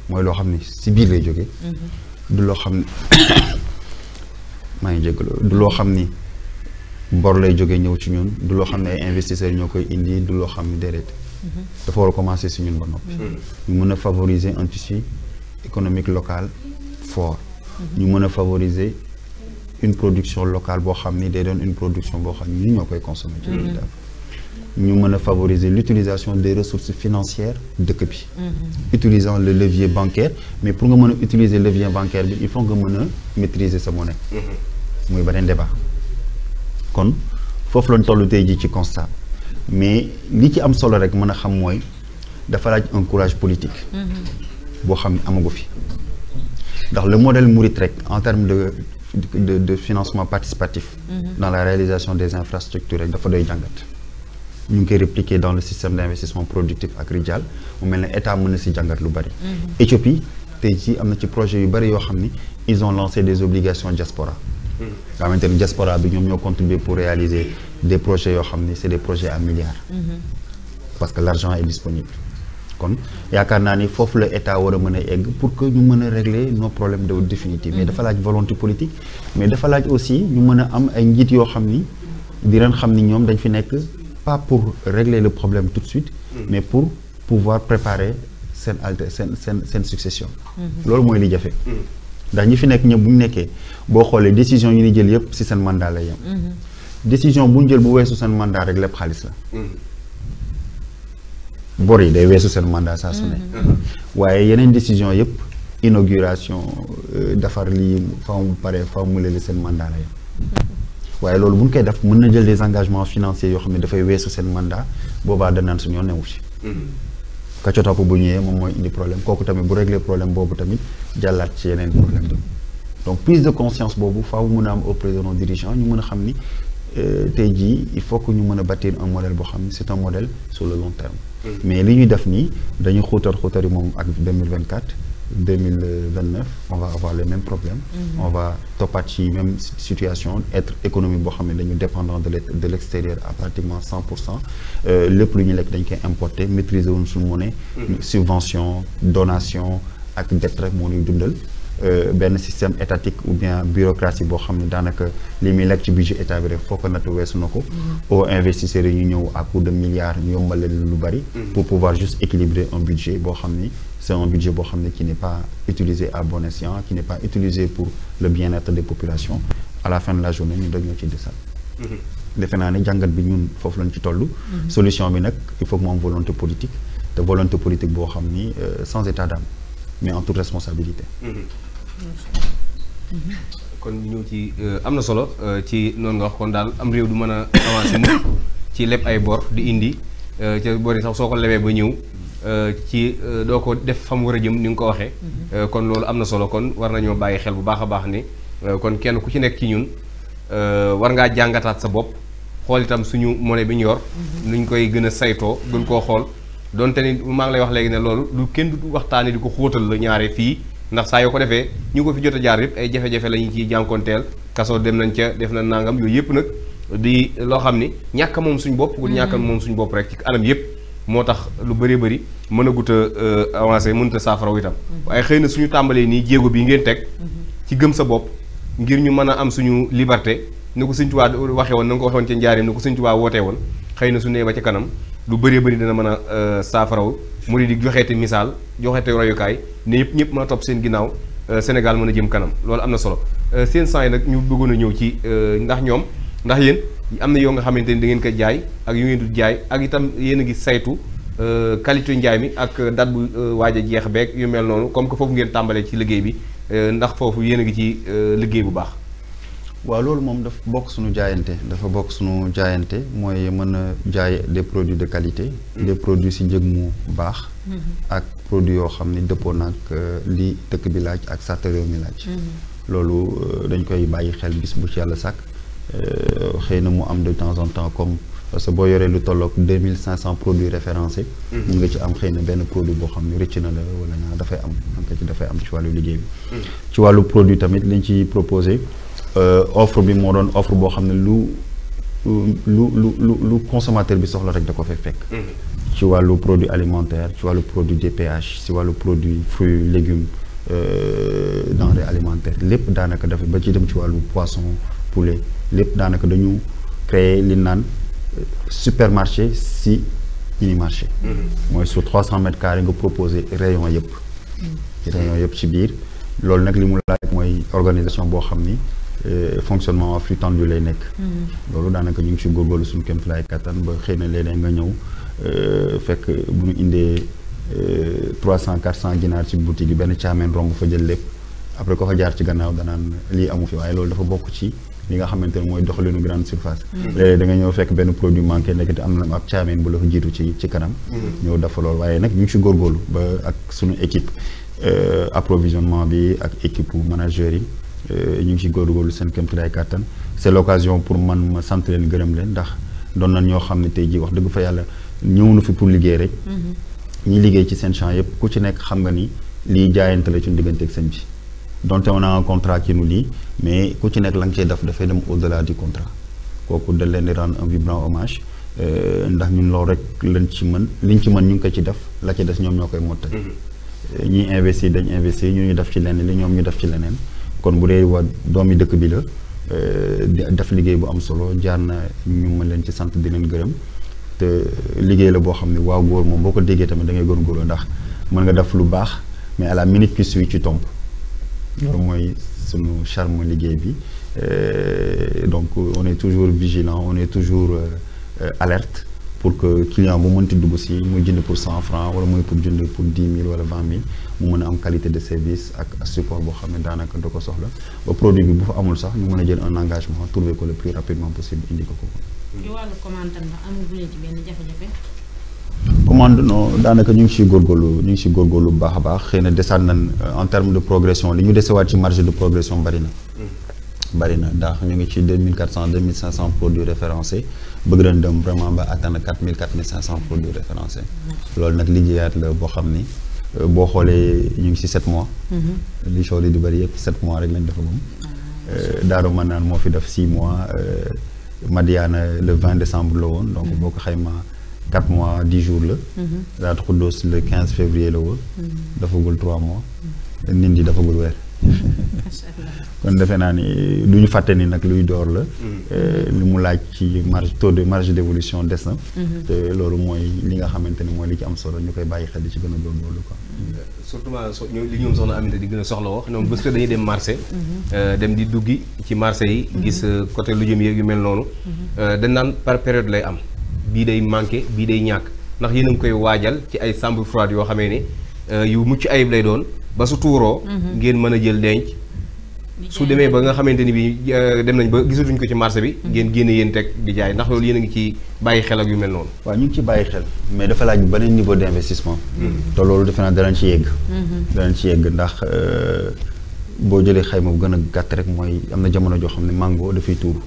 mooy loo xam ni si biir lay jógee. Mm-hmm. du loo xam (coughs) maa ngi jégalu du loo xam ni bor lay jógee ñëw ci ñun du loo xam ne ay investisseurs ñoo koy indi du loo xam ni déedéet mm-hmm. dafa war a commencer si ñun ba noppi mm-hmm. ñu mën a favoriser un tissu économique local fort mm-hmm. ñu mën a favoriser une production local boo xam ni day doon une production boo xam ni ñun ñoo koy consommer ci ñu mën a favoriser l'utilisation des ressources financières dëkk bi mhm. utilisant le levier bancaire mais pour nga mën a utiliser levier bancaire bi il faut nga mën a maîtriser sa monnaie mhm. muy beneen débat kon foofu lañ toll tey ji ci constat mais li ci am solo rek mën a xam mooy dafa laaj un courage politique mhm. boo xam ne amagu fi ndax le modèle mourit rek en termes de de, de, de financement participatif dans la réalisation des infrastructures rek dafa doy jàngat ñu ngi koy répliquer dans le système d' investissement productif agricole mu mel ne état mën na si jàngat lu bari. Mm-hmm. Éthiopie tey ci am na ci projet yu bari yoo xam ni ils ont lancé des obligations diaspora. Mm-hmm. nga xamante ni diaspora bi ñoom ñoo contribuer pour réaliser des projets yoo xam ni c' des projets à milliards. Mm-hmm. parce que l' argent est disponible. kon yaakaar naa ni foofu la état war a mën a egg pour que ñu mën a régler nos problèmes de définitive mais dafa laaj volonté politique mais dafa laaj a am ay njiit yoo xam pas pour régler le problème tout de suite mm-hmm. mais pour pouvoir préparer seen alter seen seen seen succession mm-hmm. loolu mooy li jafe mm-hmm. ndax ñi fi nekk ñëpp bu ñu nekkee boo xoolee décision yi ni jël yëpp si seen mandat lay yem décision bu ñu jël bu weesu seen mandat rek lépp xaalis la bor yi day weesu seen mandat saa su ne waaye yeneen décision yëpp inauguration euh, defar lii faw mu pare faw mu leeli seen mandat la yem waaye loolu bu ñu koy def mën na jël des engagements financiers yoo xam ne dafay weesu seen mandat boobaa danaan suñu yoon newu ci mm-hmm. ka topp bu ñëwee moom mooy indi problème kooku tamit bu régler problème boobu tamit jàllaat ci yeneen problème donc prise de conscience boobu faaw mun a am auprès de ñu mën a xam ni euh, tey jii il faut que ñu mën a bâtir un modèle boo xam ne c'est un modèle sur le long terme mm-hmm. mais li ñuy def nii dañu xuutar xuutari moom ak 2024 2029 on va avoir les mêmes problèmes mm -hmm. on va toppaat ci même situation être économie boo xam ne dañu dépendant de de l' extérieur à pratiquement 100 euh, lépp lu ñu lekk dañ koy maitriser maîtriser wuñ suñu ne mm-hmm. subvention donation ak dette rek moo ñuy dundal euh, benn système étatique ou bien bureaucratie boo xam ne daanaka li muy lekk ci budget état bi rek foo ko nattu weesu na ko mm-hmm. au investisseurs yi ñu ñëw à coup de milliards ñu yombal leen lu bari mm-hmm. pour pouvoir juste équilibrer un boo xam ni c'est un budget boo xam ne qui n'est pas utilisé à bon escient qui n'est pas utilisé pour le bien-être des populations à la fin de la journée ñun rek ñoo ciy desal mm-hmm. defe naa ne jàngat bi ñun foofu lañ ci toll mm-hmm. solution bi nag il faut que mu am volonté politique te volonté politique boo xam ni euh, sans état d'âme mais en toute responsabilité mm-hmm. kon ñëw ci euh, am na solo euh, ci noonu wax kon daal am réew du mën a avancer mu ci leb ay bor di indi ca bor sax soo ko lebee ba ñëw Euh, ci euh, doo ko def fam war a jëm ni nga ko waxee. Mm-hmm. Euh, kon loolu am na solo kon war nañoo bàyyi xel bu baax a baax ni kon kenn ku ci nekk ci ñun war ngaa jàngataat sa bopp xool itam suñu monnaie bi ñu yor. Mm-hmm. nuñ koy gën a saytoo gën koo xool. donte ni maa ngi lay wax léegi ne loolu lu kenn du waxtaanee di ko xóotal la ñaare fii ndax saa yoo ko defee ñu ko fi jot a jaar yëpp ay jafe-jafe la ñu ciy jànkoonteel kaso dem nañ ca def na nangam yooyu yëpp nag di loo xam ni ñàkk moom suñu bopp. wala ñàkk mm-hmm. moom suñu bopp rek ci yëpp. moo tax lu bëree bëri mën a gut euh, a avancé mënut a saafaraw itam waaye xëy na suñu tàmbalee nii jéego bi ngeen teg ci gëm sa bopp ngir ñu mën a am suñu liberté ni ko Sëñ Tuubaa waxee woon na ko waxee woon ca njaarim ni ko Sëñ wootee woon xëy na su nee ba ca kanam lu baree bëri dina mën a euh, saafaraw mu di joxee joxeete misaal joxeete royukaay ne yëpp ñëpp mën a topp seen ginnaaw euh, Sénégal mën a jëm kanam loolu am na solo seen sang yi nag ñu bëggoon a ñëw ci ndax ñoom ndax yéen am na yoo nga xamante ni da ngeen ko jaay ak yu ngeen du jaay ak itam yéen a ngi saytu euh, qualité njaay mi ak date bu euh, waaj a jeex beeg yu mel noonu comme que foofu ngeen tàmbalee ci liggéey bi euh, ndax foofu yéen a ngi ci liggéey bu baax. waaw loolu moom dafa bokk suñu jaayante dafa bokk suñu jaayante mooy mën a jaay des produit de qualité. des produit si njëg mu baax. Mhm. ak produits yoo xam ne dëppoo nag li dëkk bi laaj ak sart réew mi laaj. Mhm. loolu dañ koy bàyyi xel bis bu ci sàkk. Euh, xëy na mu am de temps en temps comme parce que boo yoree lu tolloog deux mille cinq cent produits référencé mhm. mun nga ci am xëy na benn produit boo xam ne rëcc na la wala ñaar dafay am nga ci dafay am ci wàllu liggéey bi. Mhm. ci wàllu produit tamit liñ ci proposé euh, offre bi moo doon offre boo xam ne lu lu lu lu lu bi soxla rek da ko mhm. ci wàllu produit alimentaire ci wàllu produit DPH ci wàllu produit fruits légumes euh, denrées alimentaire lépp daanaka dafa ba ci dem ci wàllu poisson poulet. lépp daanaka dañu créer li naan euh, supermarché si mini su mm-hmm. mooy sur 300 mètres carrés nga proposer rayon yëpp. Mm-hmm. rayon yëpp ci biir loolu nag li mu laaj mooy organisation boo xam ni. Euh, fonctionnement en flux tendu lay nekk. Mm-hmm. loolu daanaka ñu ngi ci góorgóorlu suñu kéem tolluwaay kattan ba xëy na léeg nga ñëw euh, fekk bu ñu indee trois cent quatre cent ginaar ci boutique benn caameen romb fa jël lépp après ko fa jaar ci gannaaw danaan lii amu fi waaye loolu dafa bokk ci. li nga xamante ne mooy doxalinu grande surface léeg-léeg da ñëw fekk benn produit manqué nekkati am na ab caameen bu la fa jiitu ci ci kanam ñëw dafa lool waaye nag ñu ngi si góorgóorlu ba ak suñu équipe euh, approvisionnement bi ak équipe manager yi euh, ñu ngi góor góorgóorlu seen kéemtulaay kàttan c'est l'occasion pour man ma sant leen gërëm leen ndax doon nañ ñoo xam ne tey jii wax dëgg fa yàlla ñëw na fi pour liggéey rek mm-hmm. ñi liggéey ci seen champ yëpp ku ci nekk xam nga ni lii jaayante la ci digganteeg sëñ donte on a un contrat qui nous mais ku ci nekk la nga cay def dafay dem de la di contrat kooku dañ leen di rendre un vibrant hommage euh, ndax ñun loolu rek lañ ci mën liñ ci mën ñu ngi ko ci def la ci des ñoom ñoo koy mottali. Mhm. Euh, ñuy investir dañ investir ñu ñu def ci leneen li ñoom ñu def ci leneen kon bu dee waa doomi dëkk bi la euh, def liggéey bu am solo jaar na ñu mën leen ci sant di leen gërëm te liggéey la boo xam ne waaw góor moom boo ko déggee tamit dangay ngay gën ndax mën nga def lu baax mais la minute qui suit ci tombe loolu mooy sunu charme liggéey bi euh, donc on est toujours vigilant on est toujours euh, alerte pour que client bu mënti dugg si muy jënd pour cent franc wala muy pour jënd pour dix mille wala vingt mille mu mën a am qualité de service ak support boo xam ne daanaka da ko soxla ba produit bi bu fa amul sax ñu mën a jël un engagement trouver ko le plus rapidement possible indi ko ko. ci commande non daanaka ñu ngi ciy góorgóorlu ñu ngi ciy baax a baax na desaat nañ euh, en terme de progression li ñu desewaat ci marge de progression bari na. Mm. ndax ñu ngi ci produits référencés bëgg nañ dem vraiment ba atteindre quatre mille quatre mille cinq cent produits référencés. loolu nag liggéeyaat la boo xam ni euh, boo xoolee ñu ngi ci sept mois. Mm-hmm. li coow li di bari yëpp sept mois rek lañ dafa moom. Ah. Euh, daaru naan moo fi def six mois Madiana le vingt décembre la woon donc mm-hmm. boo ko xaymaa. 4 mois 10 jours la. Mhm. daal xuddoos le 15 février la woon. Mhm. dafagul 3 mois. nit yi dafagul weer. kon defe naa ni du ñu fàtte ni nag luy door la. Mhm. Eh, li mu laaj ci marge taux de marge d' évolution des na. ni mooy li ci am solo ñu koy bàyyi xel di ci gën a góorgóorlu quoi. surtout maanaam li ñoom soxna Aminata di a soxla wax ñoom bés dañuy dem marché. Euh, dem di duggi ci marché yi. gis euh, côté lu jëm yeeg mel noonu. Euh, dañ naan par période lay am. bii day manqué bii day ñàkk ndax yéen a koy waajal ci ay chambre froide yoo xamee ni euh, yu mucc ayib lay doon ba su tuuroo mhm. ngeen mën a jël denc su demee ba nga xamante ni bi euh, dem nañ ba gisatuñ ko ci marché bi mhm. ngeen génne yéen teg di jaay ndax loolu yéen a ngi ci bàyyi xel ak yu mel noonu waaw ñu ngi ci bàyyi xel mais dafa laaj beneen niveau d' investissement mhm. te loolu defe naa danañ ci yegg danañ ci yegg ndax euh, boo jëlee xayma bu gën a gàtt rek mooy am na jamono joo xam ne mango dafay tuuru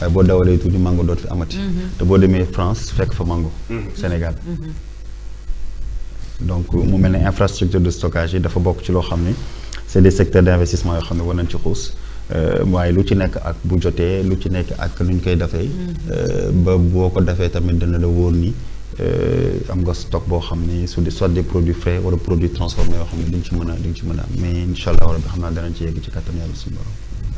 waaye boo dawalee tuuti mango dootu fi amati. Mhm. te boo demee France su fekk fa mango. Mhm. Sénégal. Mhm. donc mu mel ne infrastructure de stockage yi dafa bokk ci loo xam ne c' est des secteurs d' investissement yoo xam ne war nañ ci xuus euh, waaye lu ci nekk ak bu jotee lu ci nekk ak nu ñu koy defee. Euh, ba boo ko defee tamit dana la wóor ni. Euh, am nga stock boo xam ni su di soit des produits frais wala produits transformés yoo xam ne di ci mën a di ci mën a mais incha war bi xam naa danañ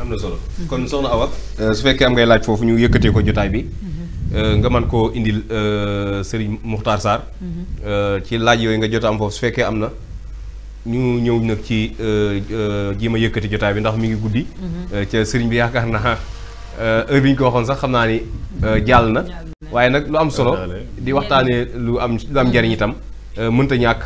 am na solo kon soxna Awa euh, su fekkee am ngay laaj foofu ñu yëkkatee ko jotaay bi euh, nga man koo indil euh, Serigne Muxtaar Sarr ci laaj yooyu nga jot am foofu su fekkee am na ñu ñëw nag ci jéem ma yëkkati jotaay bi ndax mi ngi guddi ca Serigne bi yaakaar naa heure bi ñu ko waxoon sax xam naa ni jàll na waaye nag lu am solo di waxtaanee lu am lu am njariñ itam mënta ñàkk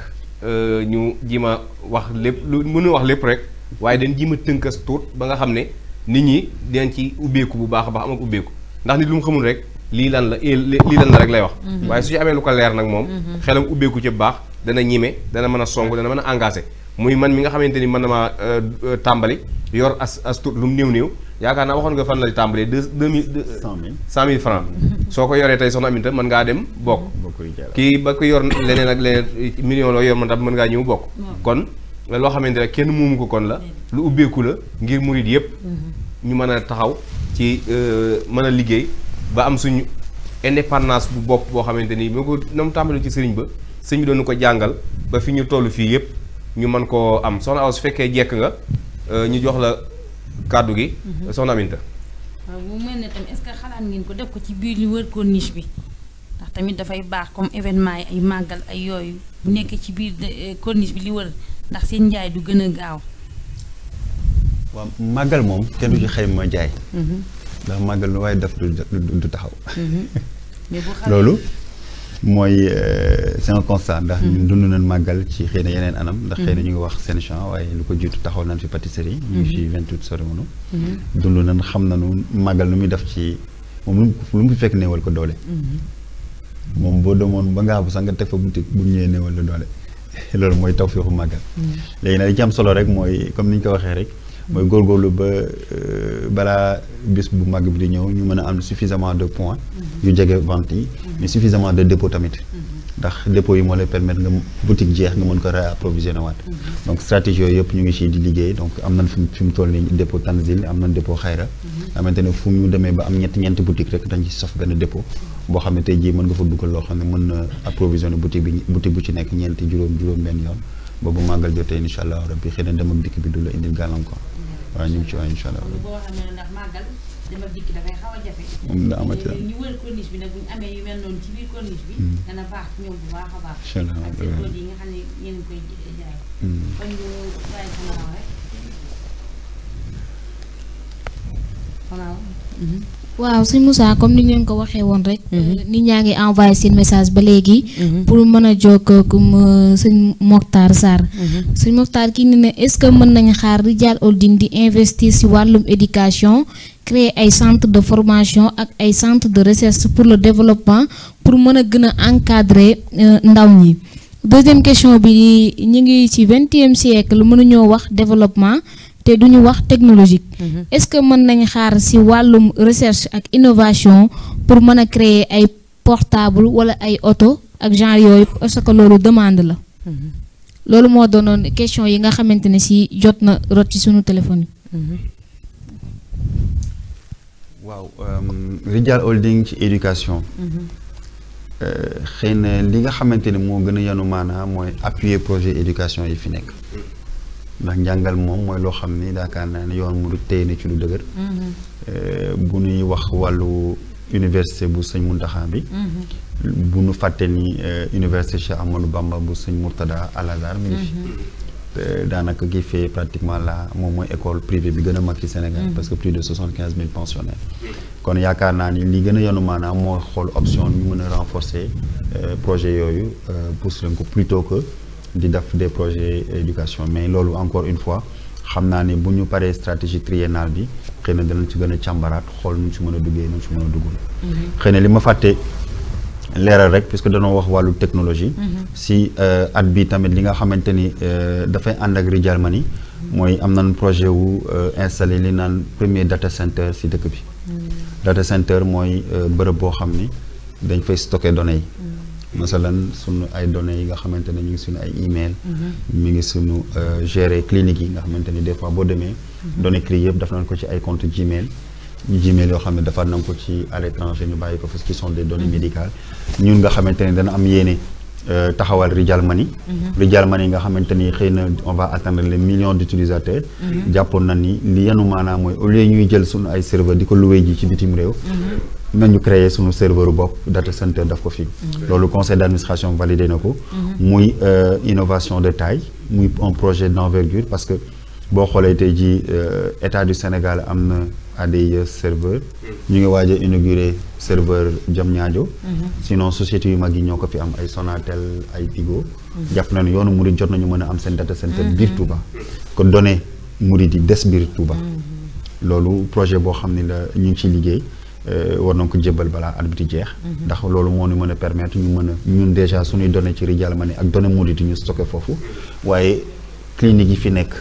ñu jéem ma wax lépp lu mënu wax lépp rek waaye dañ jima tënkas tuut ba nga xam ne nit ñi dinañ ci ubbeeku bu baax a baax am ak ubbeeku ndax nit lu mu xamul rek lii lan la eh, lii lan la rek lay wax mm-hmm. waaye su ci amee lu ko leer nag moom mm-hmm. xelam ubbeeku ci baax dana ñime dana mën a song dana mën a engagé muy man mi nga xamante ni mën na maa euh, euh, tàmbali yor as as tuut lu mu néew néew yaakaar naa waxoon nga fan la tàmbalee deux deux mille francs mm-hmm. soo ko yoree tey soxna Aminta man ngaa dem bokk kii ba ko yor leneen ak leneen million loo yor man ngaa ñëw bokk kon loo xamante ne kenn moomu ko kon la lu ubbeeku la ngir murit yëpp mhm. ñu mën a taxaw ci euh, mën a liggéey ba am suñu indépendance bu bopp boo xamante ni moo ko na ci sëriñ ba sëñ bi ko jàngal ba fi ñu toll fii yëpp ñu mën koo am soxna su fekkee jekk nga euh, ñu jox la kàddu gi mhm. soxna Aminta waaw mel ne tamit est ko def ko ci biir li wër ko niche bi ndax tamit dafay baax comme événement yi ay màggal ay yooyu bu nekkee ci biir euh, corniche bi li wër ndax seen njaay du gëna a gaaw. waaw màggal moom kenn du ci xayma jaay. Mhm. ndax màggal lu waaye def du du taxaw. Mhm. (laughs) loolu mooy euh, c'est un constat ndax ñun mhm. dund nañ màggal ci xëy na yeneen anam ndax xëy ñu ngi wax seen champ waaye lu ko jiitu taxaw nañ fi pâtisserie ñu ngi fi vingt-huit sorimono dund nañ xam nañu màggal nu muy def ci moom lu mu fi fekk néewal ko doole moom boo demoon ba ngaa bu sax nga teg fa boutique bu ñëwee néewal la doole (laughs) loolu mooy tawféexu màggal. Mm. léegi nag li ci am solo rek mooy comme ni ñu ko waxee rek. mooy mm. góorgóorlu ba euh, balaa bis bu màgg bi di ñëw ñu mën a am suffisamment de points. ñu mm-hmm. jege vente yi. Mm-hmm. mais suffisamment de dépôt tamit. Mm-hmm. ndax dépôt yi moo lay permettre nga boutique jeex nga mën ko réapprovisionner waat. donc stratégie yooyu yëpp ñu ngi ci di liggéey donc am na fi mu fi mu toll nii dépôt Tanzil am nañ dépôt Xayra. xamante ne fu ñu demee ba am ñetti ñeenti boutique rek dañ ci sof benn dépôt. boo xam ne tey jii mën nga fa dugal loo xam ne mën na approvisionné boutique bi boutique bu ci nekk ñeenti juróom juróom benn yoon boobu màggal jotee incha allah rabbi xëy na dama dikk bi du la indil gàllankoor ñu ngi ci waaye incha allah dama a jafe. ñu wër corniche bi nag ñu amee yu mel noonu ci biir corniche bi. Hmm. dana baax ñëw bu baax a baax. incha xam ne yéen koy jaay. Hmm. kon ñu bàyyi waaw sëñ Moussa comme ni ngeen ko waxee woon rek. Mhm. Euh, nit ñaa ngi envoyé seen message ba léegi. Mhm. pour mën a jokkoo euh, sëñ Mokhtar Sarr. Mhm. sëñ Mokhtar kii ne ne est-ce que mën nañu xaar Radial Holding di investir ci wàllum éducation créer ay centre de formation ak ay centre de recherche pour le développement pour mën a gën a encadrer euh, ndaw ñi. deuxième question bi ñu ngi ci vingtième siècle mënuñoo wax développement. te duñu wax technologique. Mhm. est-ce que mën nañ xaar ci wàllum recherche ak innovation pour mën a créer ay portable walla ay oto ak genre yooyu parce que loolu demande la. Mhm. loolu moo doonoon question yi nga xamante ne ci jot na rot ci sunu téléphone yi. Mhm. waaw euh, Rijal Holding ci éducation. Euh, xëy na li nga xamante ne moo gën a yanu maanaa mooy appuyer projet éducation yi fi nekk. ndax njàngal moom mooy loo xam ni daakaar naa ne yoon mu du téye na ci lu dëgër. Mhm. Eh, bu ñuy wax wàllu université bu sëñ Muntaxa bi. Mhm. bu nu fàtte ni eh, université Cheikh amoon Bamba bu sëñ Mourtada Al Azhar mi ngi fi. Mhm. Eh, daanaka ki fait pratiquement la moom mooy école privée bi gën a mag ci Sénégal. parce que plus de soixante quinze mille pensionnaires. kon yaakaar naa ni li gën a yanu maanaam moo xool option ñu mën a renforcer projet yooyu pousse leen ko plutôt que. di daf des projet éducation mais loolu encore une fois xam naa ni bu ñu paree stratégie triennale bi xëy na danañ ci gën a càmbaraat xool nu ci mën a duggee nu ci mën a duggul mhm. xëy na li ma fàtte leeral rek puisque danoo wax wàllu technologie mhm. si euh, at bi tamit li nga xamante ni euh, dafay ànd ak Rijal ni mooy am nañ projet wu euh, installé li naan premier data center si dëkk bi mhm. data center mooy bërëb boo xam ni dañ fay stocké données yi masalan sunu ay données yi nga xamante ne ñu ngi suñu ay email mhm. mi ngi suñu euh, gérer clinique yi nga xamante ni des fois boo demee mhm. données cri yëpp daf nañ ko ci ay compte Gmail Gmail yoo xam ne dafa nañ ko ci à l'étranger ñu bàyyi ko parce que ce sont des données mhm. médicales ñun nga xamante ne dana am yéene euh, taxawal Rijal Money Rijal Money nga xamante ni xëy na on va atteindre les millions d'utilisateurs jàppoon na ni li yenu maanaam mooy au ñuy jël suñu ay serveur di ko loué ji ci bitim réew nañu créer suñu serveur bopp data center daf ko fi. loolu conseil d'administration validé na ko. muy euh, innovation de taille muy un projet d'envergure parce que boo xoolee tey jii euh, état du Sénégal am na ADIE serveur. Mm-hmm. ñu ngi waaj a inauguré serveur ñaajo mm-hmm. sinon société yu mag yi ñoo ko fi am ay Sonatel ay Tigo. Mm-hmm. jàpp nañu yoonu murid jot nañu mën a am seen data center biir Touba. ko données murid yi des biir Touba. loolu projet boo xam ne la ñu ngi ci liggéey. Euh, war nañ ko jébbal balaa at bi di jeex. Mhm. ndax loolu moo ñu mën a permettre ñu mën a ñun déjà suñuy données ci Rijal Money ak données Moodle ñu stocké foofu waaye clinique yi fi nekk.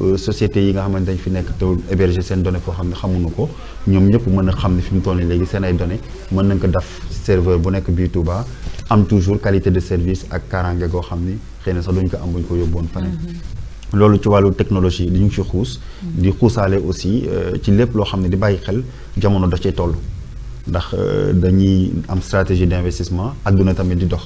Euh, société yi nga xamante dañ fi nekk te héberger seen données foo xam ne xamuñu ko ñoom ñëpp mën a xam ne fi mu toll léegi seen ay données mën nañ ko def serveur bu nekk bii Touba am toujours qualité de service ak kaaraange goo xam ni xëy na sax duñ ko am buñ ko yóbboon faneen mhm. loolu ci wàllu technologie di ñu ci xuus mhm. di xuusaale aussi euh, ci lépp loo xam ne di bàyyi xel jamono da cee toll ndax euh, dañuy am stratégie d'investissement àdduna tamit di dox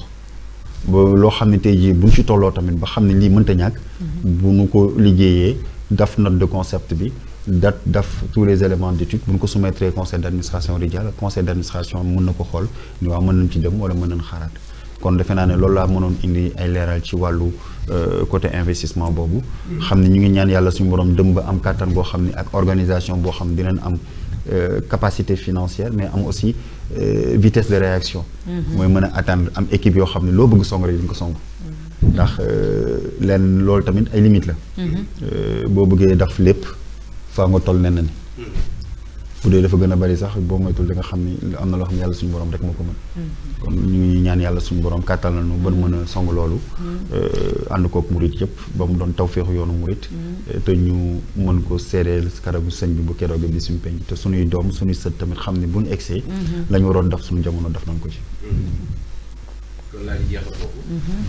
ba loo xam ne tey jii bu ñu ci tolloo tamit ba xam ne lii mënta ñàkk mm-hmm. bu ñu ko liggéeyee daf note de concept bi dat daf tous les éléments d'étude bu ñu ko soumettre conseil d'administration ridial conseil d'administration mën na ko xool ni waaw mën nañ ci dem wala mën nañ xaaraat kon defe naa ne loolu laa mënoon indi ay leeral ci wàllu euh, côté investissement boobu mm-hmm. xam ne ñu ngi euh, capacité financière mais am aussi euh, vitesse de réaction. Mm-hmm. mooy mën a atteindre am équipe yoo xam ne loo bëgg song rek di nga ko song. Mm-hmm. ndax euh, lenn loolu tamit ay limites la. Mm-hmm. Euh, boo bëggee def lépp faa nga toll nen na ni. bu dee dafa gën a bari sax boo moytul da nga xam ni am na loo xam ne yàlla suñu borom rek moo ko mën. Mm. kon ñu ngi ñaan yàlla suñu borom kàttal nañu ba mën a mm. song loolu. Mm. Euh, ànd kook murit yëpp ba mu doon tawféexu yoonu murit. Euh, te ñu mën ko seedeel karagu sëñ bu keroog bi suñu peñ te suñuy doom suñuy sët tamit xam ne bu ñu egsee. Mm-hmm. la ñu waroon def suñu jamono def nañ ko ci. loolu mm-hmm. laa di jeexal foofu. Mm-hmm.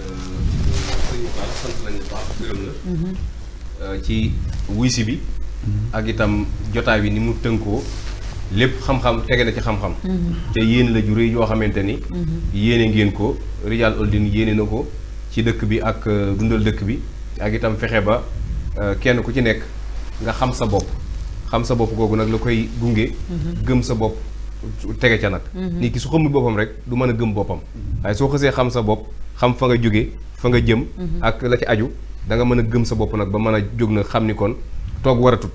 Euh, sëñ Ba sant nañu baax gërëm la. bi. ak itam jotaay bi ni mu tënkoo lépp xam-xam tege na ci xam-xam mm-hmm. te yéen la ju yoo xamante ni mm-hmm. yéene ngeen ko Rijal Holding yéene na ko ci dëkk bi ak euh, dundal dëkk bi ak itam fexe ba euh, kenn ku ci nekk nga xam sa bopp xam sa bopp googu nag la koy gunge mm-hmm. gëm sa bopp tege ca nag nit ki su xamul boppam rek du mën a gëm boppam waaye soo xësee xam sa bopp xam fa nga jóge fa nga jëm ak la ci aju da mën a gëm sa bopp nag ba mën a jóg na xam ni kon toog waratut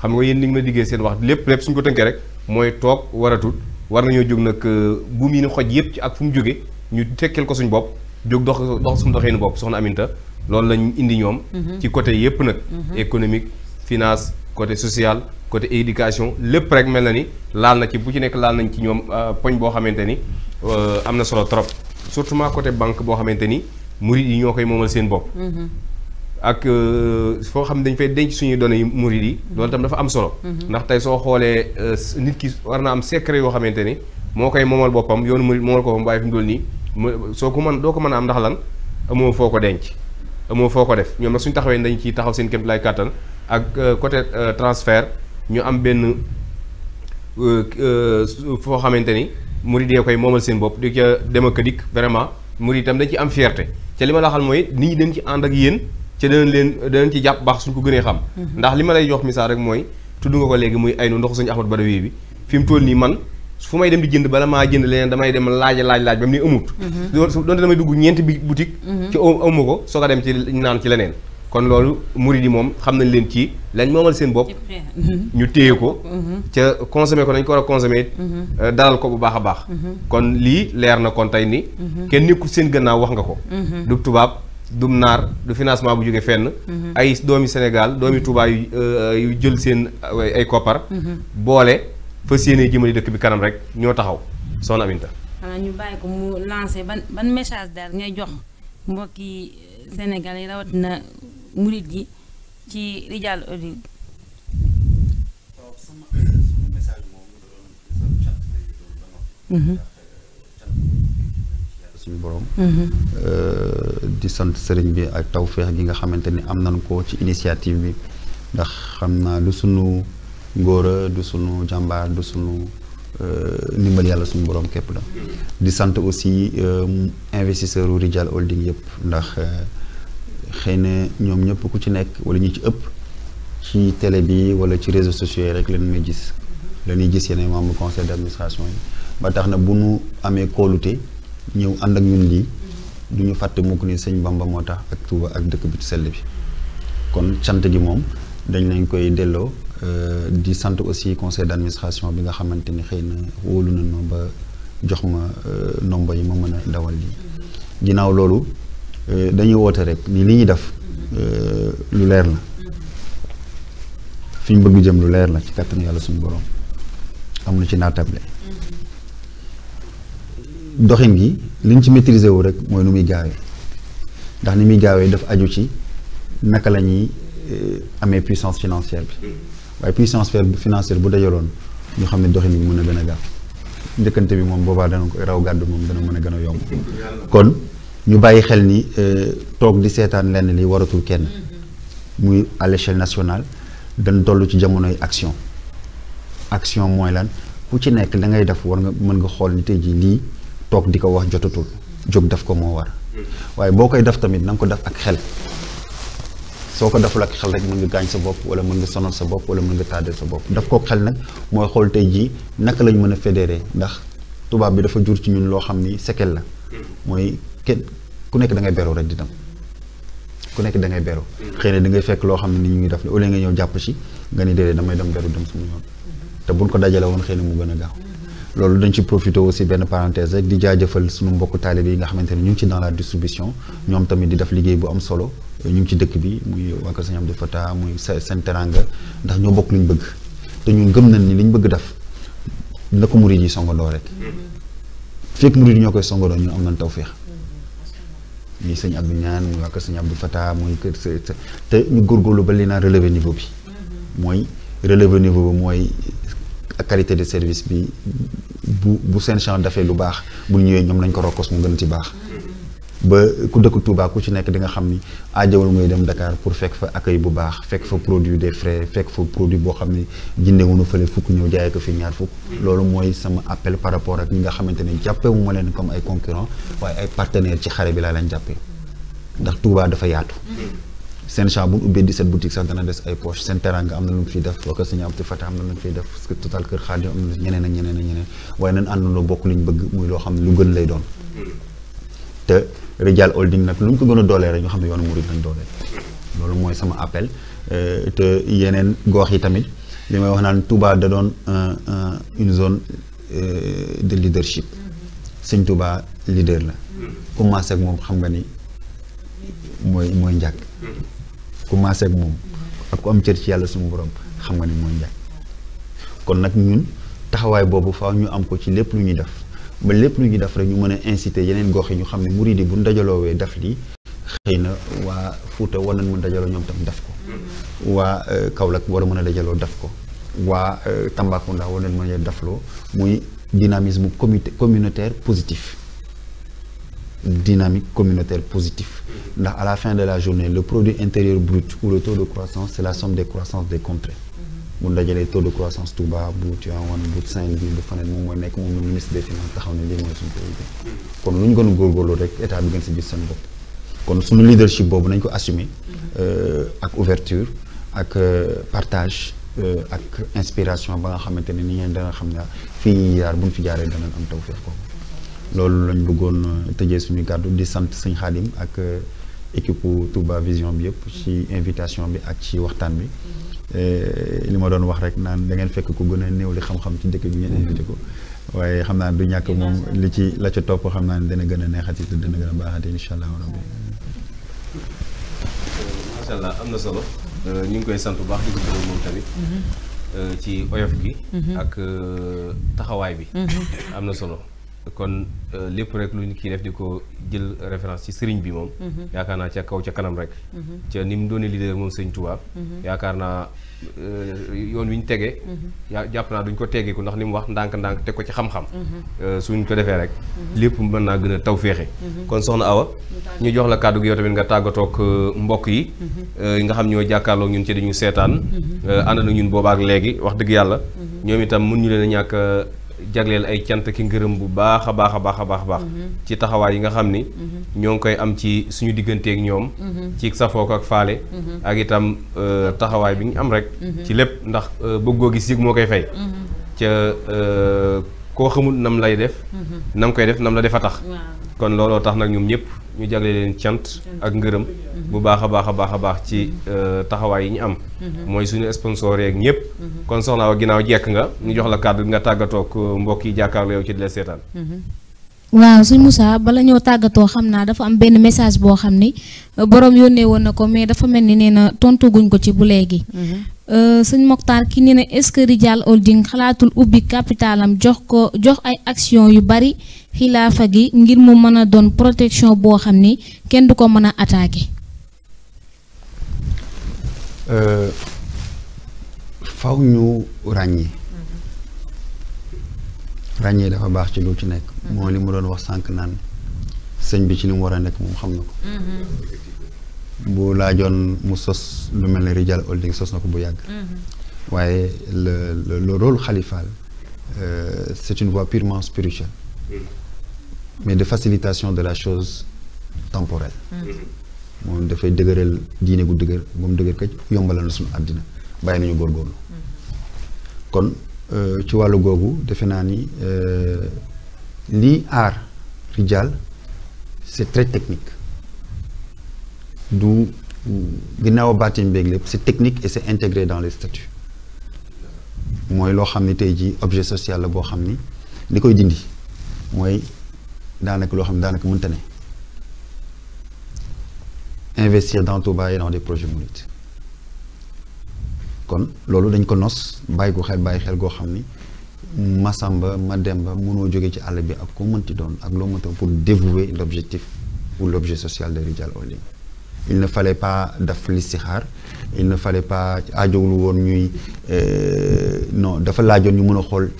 xam nga yéen ni nga ma diggee seen wax lépp lépp suñ ko tënkee rek mooy toog waratut war nañoo jóg nag euh, bu yi ni xoj yépp ci ak fu mu jóge ñu tekkeel ko suñ bopp jóg dox dox suñu doxeenu bopp soxna Aminta loolu lañ indi ñoom mhm. ci coté yépp nag mhm. économique finance côté social côté éducation lépp rek mel na ni laal na ci bu ci nekk laal nañ ci ñoom euh, poñ boo xamante ni euh, am na solo trop surtout ma côté banque boo xamante ni murid yi ñoo koy seen bopp mhm. ak euh, foo xam ne dañ fay denc suñuy données yu murid yi loolu tam dafa am solo mhm. ndax tey soo xoolee euh, nit ki war na am secret yoo xamante ni moo koy moomal boppam yoonu murid moomal ko boppam waaye fi mu dool nii doo ko mën a am lan amoo foo ko denc amoo foo ko def ñoom nag suñu taxawee dañ ciy taxaw seen kéem lay kàttan ak euh, côté transfert ñu am benn foo xamante ni murid yi koy moomal seen bopp di ca dem ak dikk vraiment murid itam dañ ci am fierté ca li ma la xal mooy nit ñi dañ ci ànd ak yéen ci danañ leen danañ ci jàpp baax suñ ko gënee xam ndax li ma lay jox misaal rek mooy tudd nga ko léegi muy ay nu ndoxu sëñ Ahmad Badawi bi fi mu toll nii man fu may dem di jënd bala maa jënd leneen damay dem laaj laaj laaj ba mu ne amut mhm. doonte damay dugg ñeenti bi boutique mhm. ci amu ko soo ko dem ci naan ci leneen kon loolu murid yi moom xam nañ leen ci lañ moomal seen bopp (laughs) ñu téye ko mhm. ca consommé ko nañ ko war a consommé euh, dalal ko bu baax a baax kon lii leer na kon tey ni kenn nekkul seen gannaaw wax nga ko dum naar du financement bu jóge fenn. Mhm. ay doomi Sénégal doomi Touba yu euh, jël seen ay koppar. Mhm. boole fas yéene jëmale dëkk bi kanam rek ñoo taxaw soxna Aminta. ñu bàyyi ko mu lancé ban ban message daal ngay jox mbokki euh, Sénégal yi na murit gi ci Rijal Audio. suñu borom. Mm-hmm. Euh, di sant sëriñ bi ak tawféex gi nga xamante ni am nañ ko ci initiative bi ndax xam naa du sunu ngóora du sunu jàmbaar du sunu euh, ndimbal yàlla suñu borom képp la. di sant aussi euh, investisseur u Rijal Holding yëpp ndax xëy na ñoom ñëpp ku ci nekk wala ñu ci ëpp ci télé bi wala ci réseau sociaux yi rek lañ may gis. lañuy gis yeneen membre conseil d'administration yi ba na bu nu amee kóolute ñëw ànd ak ñun lii duñu ñu fàtte mukk ni sëñ mbamba moo tax ak tuba ak dëkk bi sell bi kon cant gi moom dañ lañ koy delloo euh, di sant aussi conseil d'administration bi nga xamante ni xëy na wóolu na ma ba jox ma euh, nomba yi ma mën a dawal lii ginnaaw loolu euh, dañuy woote rek ni li ñuy def lu leer la fi ñu bëgg jëm lu leer na ci kàttanu yàlla suñu borom am lu ci naatable doxin gi liñ ci maîtriser wu rek mooy nu muy gaawee ndax ni muy gaawee dafa aju ci naka la ñuy euh, amee puissance financière bi waaye puissance financière bu dajaloon ñu xam ne doxin bi mën a gën a gaaw njëkkante bi moom boobaa dana koy raw gàddu moom dana mën a gën a yomb kon ñu bàyyi xel ni euh, toog di seetaan lenn li waratul kenn muy à l'échelle nationale dañ toll ci jamonoy action action mooy lan ku ci nekk la ngay def war nga mën nga xool ni tey jii lii toog di ko wax jotatul jóg daf ko moo war waaye boo koy def tamit na nga ko def ak xel soo ko deful ak xel rek mën nga gaañ sa bopp wala mën nga sonal sa bopp wala mën nga taadeel sa bopp daf ko xel nag mooy xool tey jii naka lañ mën a fédéré ndax tubaab bi dafa jur ci ñun loo xam ni sekel la mooy kenn ku nekk da ngay beroo rek di dem ku nekk da ngay beru xëy na da ngay fekk loo xam ne ni ñu ngi def ne au nga ñëw jàpp si nga ni déedéet damay dem beru dem sama yoon te buñ ko dajale woon xëy na mu gën a gaaw loolu dañ ci profité aussi benn parenthèse rek di jaajëfal suñu mbokku taalibe yi nga xamante ne ñu ngi ci dans la distribution ñoom tamit di def liggéey bu am solo ñu ngi ci dëkk bi muy waa Kër Sëñ Abdou Fata muy seen ndax ñoo bokk luñ bëgg te ñun gëm nañ ni liñ bëgg def na ko murid yi songandoo rek fekk murid koy songandoo ñun am nañ tawféex muy sëñ Abdou Ñaan muy waa Kër Sëñ Fata muy kër te ñu góor góorgóorlu ba li naa relever niveau bi mooy relever niveau bi mooy ak qualité de service bi bu bu seen champ dafee lu baax bu ñëwee ñoom lañ ko rokkos mu gën ci baax. ba ku dëkk Touba ku ci nekk di nga xam ni aajawul ngay dem Dakar pour fekk fa accueil bu baax fekk fa produit de frais fekk fa produit boo xam ne jëndee wu ñu fële fukk ñëw jaayee ko fi ñaar fukk. loolu mooy sama appel par rapport ak ñi nga xamante ne jàppewu ma leen comme ay concurrent waaye ay partenaires ci xare bi laa leen jàppee ndax Touba dafa yaatu. seen champ bu ñu ubbee 17 boutiques sax dana des ay poche seen teranga am na lu mu fiy def kër Sëñ Abdou Fatah am na lu mu fiy def parce que total kër Xaadim am ñeneen ak ñeneen ak ñeneen waaye nañ àndandoo bokk li ñu bëgg muy loo xam ne lu gën lay doon te Radial Holding nag lu ñu ko gën a doolee rek ñu xam ne yoonu loolu mooy sama appel euh, te yeneen gox yi tamit li may wax naan tubaa da doon une zone euh, de leadership sëñ Touba leader la commencé ak moom xam nga ni mooy mooy commencé ak moom ak ku am cër ci yàlla suñu borom xam nga ni mooy njaay kon nag ñun taxawaay boobu faaw ñu am ko ci lépp lu ñuy def ba lépp lu ñuy def rek ñu mën a inciter yeneen gox yi ñu xam ne mu yi bu ndajaloowee def lii xëy na waa Fuuta war nañ mën dajaloo ñoom tam def ko waa euh, Kaolack war a mën a dajaloo def ko waa euh, Tambacounda war nañ mën a dafloo muy dynamisme comité communautaire positif dynamique communautaire positif ndax a la fin de la journée le produit intérieur brut ou le taux de croissance c'est la somme des croissances des contrées bu dajalee taux de croissance Touba bu Tivaouane bu Saint-Louis bu faneen moom mooy nekk moom ministre des finances taxaw ne lii mooy suñu priorité kon rek état bi gën si gis seen bopp kon suñu leadership boobu nañ ko assumer euh, ak ouverture ak euh, partage euh, ak inspiration ba nga xamante ne ni ngeen dana xam ne fii yaar bu ñu fi jaaree danañ am tawfeex ko loolu lañ bëggoon euh, tëjee suñu kàddu di sant sëñ Xaadim ak euh, équipe Touba Vision bi yëpp ci invitation bi ak ci waxtaan bi mm-hmm. euh, li ma doon wax rek naan da ngeen fekk ko gën néew li xam-xam ci dëkk bi ngeen invité ko mm-hmm. waaye xam naa du ñàkk moom li ci la ca topp xam naa ne dana gën a neexati te dana gën a baaxati incha allah rabbi macha am na solo ñu ngi koy sant bu baax mm-hmm. ci oyof gi ak taxawaay bi am na solo kon euh, lépp rek lu ñu kii def di ko jël référence ci sëriñ bi moom. Mhm. yaakaar naa ca kaw ca kanam rek. Mhm. ca ni mu doonee leader moom sëñ Touba. Mhm. yaakaar naa euh, yoon wi ñu tege. yaa jàpp naa duñ ko tegeeku ndax ni mu wax ndànk-ndànk teg ko ci xam-xam. Euh, suñ ko defee rek. lépp mën naa gën a taw féexe. kon soxna Awa. ñu jox la kàddu gi yow tamit nga tàggatoo ak mbokk yi. nga xam ñoo jàkkaarloo ñun ci dañu seetaan. ànd na ñun boobaak léegi wax dëgg yàlla. ñoom itam mën a jagleel ay cant ki ngërëm bu baax a baax a baax a baax mm-hmm. ci taxawaay yi nga xam ni mm-hmm. ñoo ngi koy am ci suñu digganteeg ñoom mm-hmm. ci safook ak faale ak itam euh, taxawaay bi ñu am rek ci lépp ndax euh, bëggoo gis yëg moo koy fay ca euh, koo xamul nam lay def nam koy def nam la defa tax kon looloo tax nag ñoom ñëpp ñu jagle leen cant ak ngërëm bu baax a baax a baax a baax ci euh, taxawaay yi ñu am mm-hmm. mooy suñu sponsor yeeg ñëpp mm-hmm. kon soxna wa ginnaaw jekk nga ñu jox la kàddu nga ko euh, mbokk yi jàkkaarloo yow ci di la seetaan mm-hmm. waaw suñ Moussa bala ñoo tàggatoo xam naa dafa am benn message boo xam ni euh, borom yónnee woon na ko mais dafa mel ni nee na tontu ko ci bu léegi. sëñ Mokhtar ki nee na est-ce que Rijal Holding xalaatul ubbi capitalam jox ko jox ay action yu bari xilaafa gi ngir mu mën a doon protection boo xam ni kenn du ko mën a attaqué. Euh, faw ñu ràññee. Mm-hmm. ràññee dafa baax ci lu ci nekk. Mm-hmm. moo li mu doon wax sànq naan sëñ bi ci li mu war a nekk moom xam na ko. Mm-hmm. bu laajoon mu sos lu mel ne Rijal Holding sos na ko bu yàgg. waaye le xalifaal euh, c'est une voie purement spirituelle. mais de facilitation de la chose temporelle. Mm-hmm. moom dafay dëgëral diine gu dëgër moom dëgër këj yombalal na suñu àddina bàyyi nañu góorgóorlu. Mm-hmm. kon euh, ci wàllu googu defe naa ni euh, lii aar rijaal c'est très technique du ginnaaw baatin beeg lépp c'est technique et c'est intégré dans les statuts mooy loo xam ni tey jii objet social la boo xam ni li koy dindi mooy. daanaka loo xam ne daanaka mënta ne investir dans Touba et dans des projets mourides kon loolu dañ ko nos bàyyi ko xel bàyyi xel goo xam ne ni Masamba Mademba mënoo jóge ci àll bi ak ko mënti doon ak loo mënti pour dévouer l'objectif ou l'objet social de Rijal en ligne il ne fallait pas daf listixaar il ne fallait pas aajowul woon ñuy euh, non dafa laajoon ñu mën a xool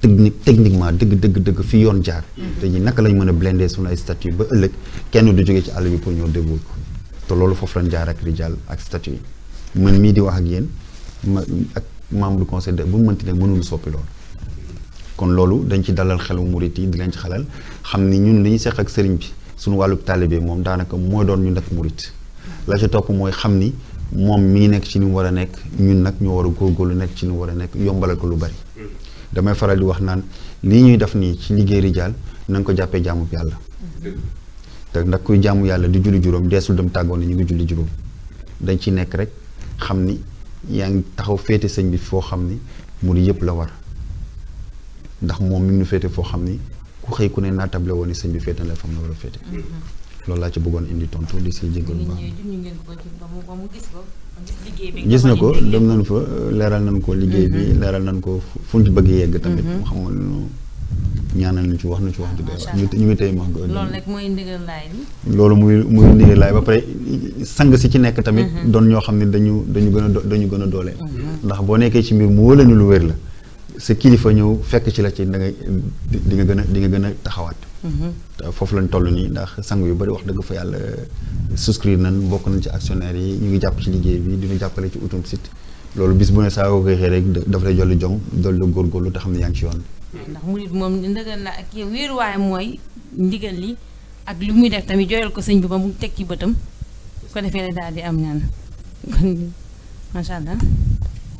technique techniquement dëgg dëgg dëgg fi yoon jaar. Mhm. te ñi naka lañ mën a blender suñu ay statut ba ëllëg kenn du jógee ci àll bi pour ñëw déglu ko te loolu foofu lañ jaar ak Rijal ak statut yi man mii di wax ak yéen ma ak membre du conseil de bu mu mënti ne mënuñu soppi loolu. kon loolu dañ ci dalal xelu murit yi di leen ci xelal xam ni ñun li ñu seq ak sëriñ bi suñu wàllu taalibe moom daanaka mooy doon ñu nekk murit la ca topp mooy xam ni moom mi ngi nekk ci li war a nekk ñun nag ñu war a góorgóorlu nekk ci li war a nekk yombalal ko lu bari. Mm. damay faral di wax naan lii ñuy def nii ci liggéey rijaal na ko jàppee jaamu yàlla. te ndax kuy jaamu yàlla di julli juróom deesul dem tàggoo ne ñu ngi julli juróom dañ ci nekk rek xam ni yaa ngi taxaw féete sëñ bi foo xam ni mu di yëpp la war ndax moom mi ngi féete foo xam ni ku xëy ku ne naatable woon sëñ bi féete na la fam la war a féete. Mm-hmm. loolu laa ci bëggoon indi tontu di si jégalu baax. gis na ko dem nañ fa euh, leeral nañ ko liggéey bi mm-hmm. leeral nañ ko fu ñu ci bëgg yegg tamit mu mm-hmm. xam nga lu ñaanal ñu ci wax nu ci wax ñu ñu ngi tey max ga loolu loolu muy muy ndigal ba pare sang si ci nekk tamit mm-hmm. doon ñoo xam ne dañu dañu gën a dañu gën a doole ndax boo nekkee ci mbir mu wóor lu wér la sa kilifa ñëw fekk ci la ci dangay di nga gën a di nga gën a taxawaat foofu lañ toll nii ndax sang yu bëri wax dëgg fa yàlla souscrire nañ bokk nañ ci actionnaire yi ñu ngi jàpp ci liggéey bi dina jàppale ci utum site loolu bis bu ne saa yoo koy xëy rek dafa lay jolli jom dolli góorgóorlu te xam ne yaa ngi ci yoon ndax mu murit moom ndëgal la ak yow wéeruwaay mooy ndigal li ak lu muy def tamit jooyal ko sëñ bi ba mu teg ci bëtam ko defee daal di am ñaan kon allah.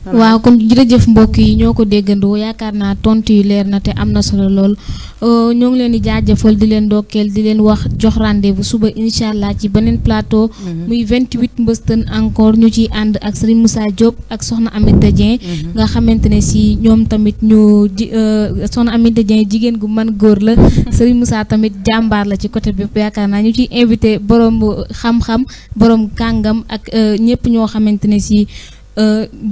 waaw kon jërëjëf mbokk yi ñoo ko déggandoo yaakaar naa tontu yi leer na te am na solo lool euh, ñoo ngi leen di jaajëfal di leen dokkeel di leen wax jox rendez bu suba incha allah ci beneen plateau. Mm-hmm. muy 28 Mbeustune encore ñu ciy ànd ak Serigne Moussa Diop ak Soxna ami Dieng. Mm-hmm. nga xamante ne si ñoom tamit ñu ji euh, Soxna ami Dieng jigéen gu man góor la (laughs) Serigne Moussa tamit jàmbaar la ci côté bépp yaakaar naa ñu ciy invité borom xam-xam borom kàngam ak euh, ñëpp ñoo xamante ne si.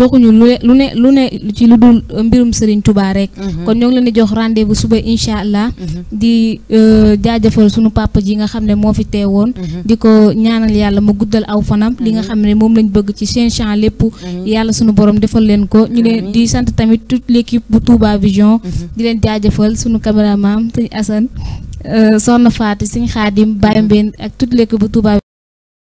doxuñu euh, lu ne lu ne lu ne ci lu dul euh, mbirum Serigne Touba rek. Mhm. kon ñoo ngi leen di jox rendez vous suba incha allah. Mhm. di euh, jaajëfal sunu papa ji nga xam ne moo fi teewoon. Mhm. di ko ñaanal yàlla mu guddal aw fanam. li nga xam ne moom lañ bëgg ci seen champ lépp. yàlla sunu borom defal leen ko ñu leen di sant tamit toute l' équipe bu Touba Vision. di leen jaajëfal sunu caméraman sëñ Assane soxna Fatou sëñ Xaadim Baye Mbène ak toute l' bu Touba.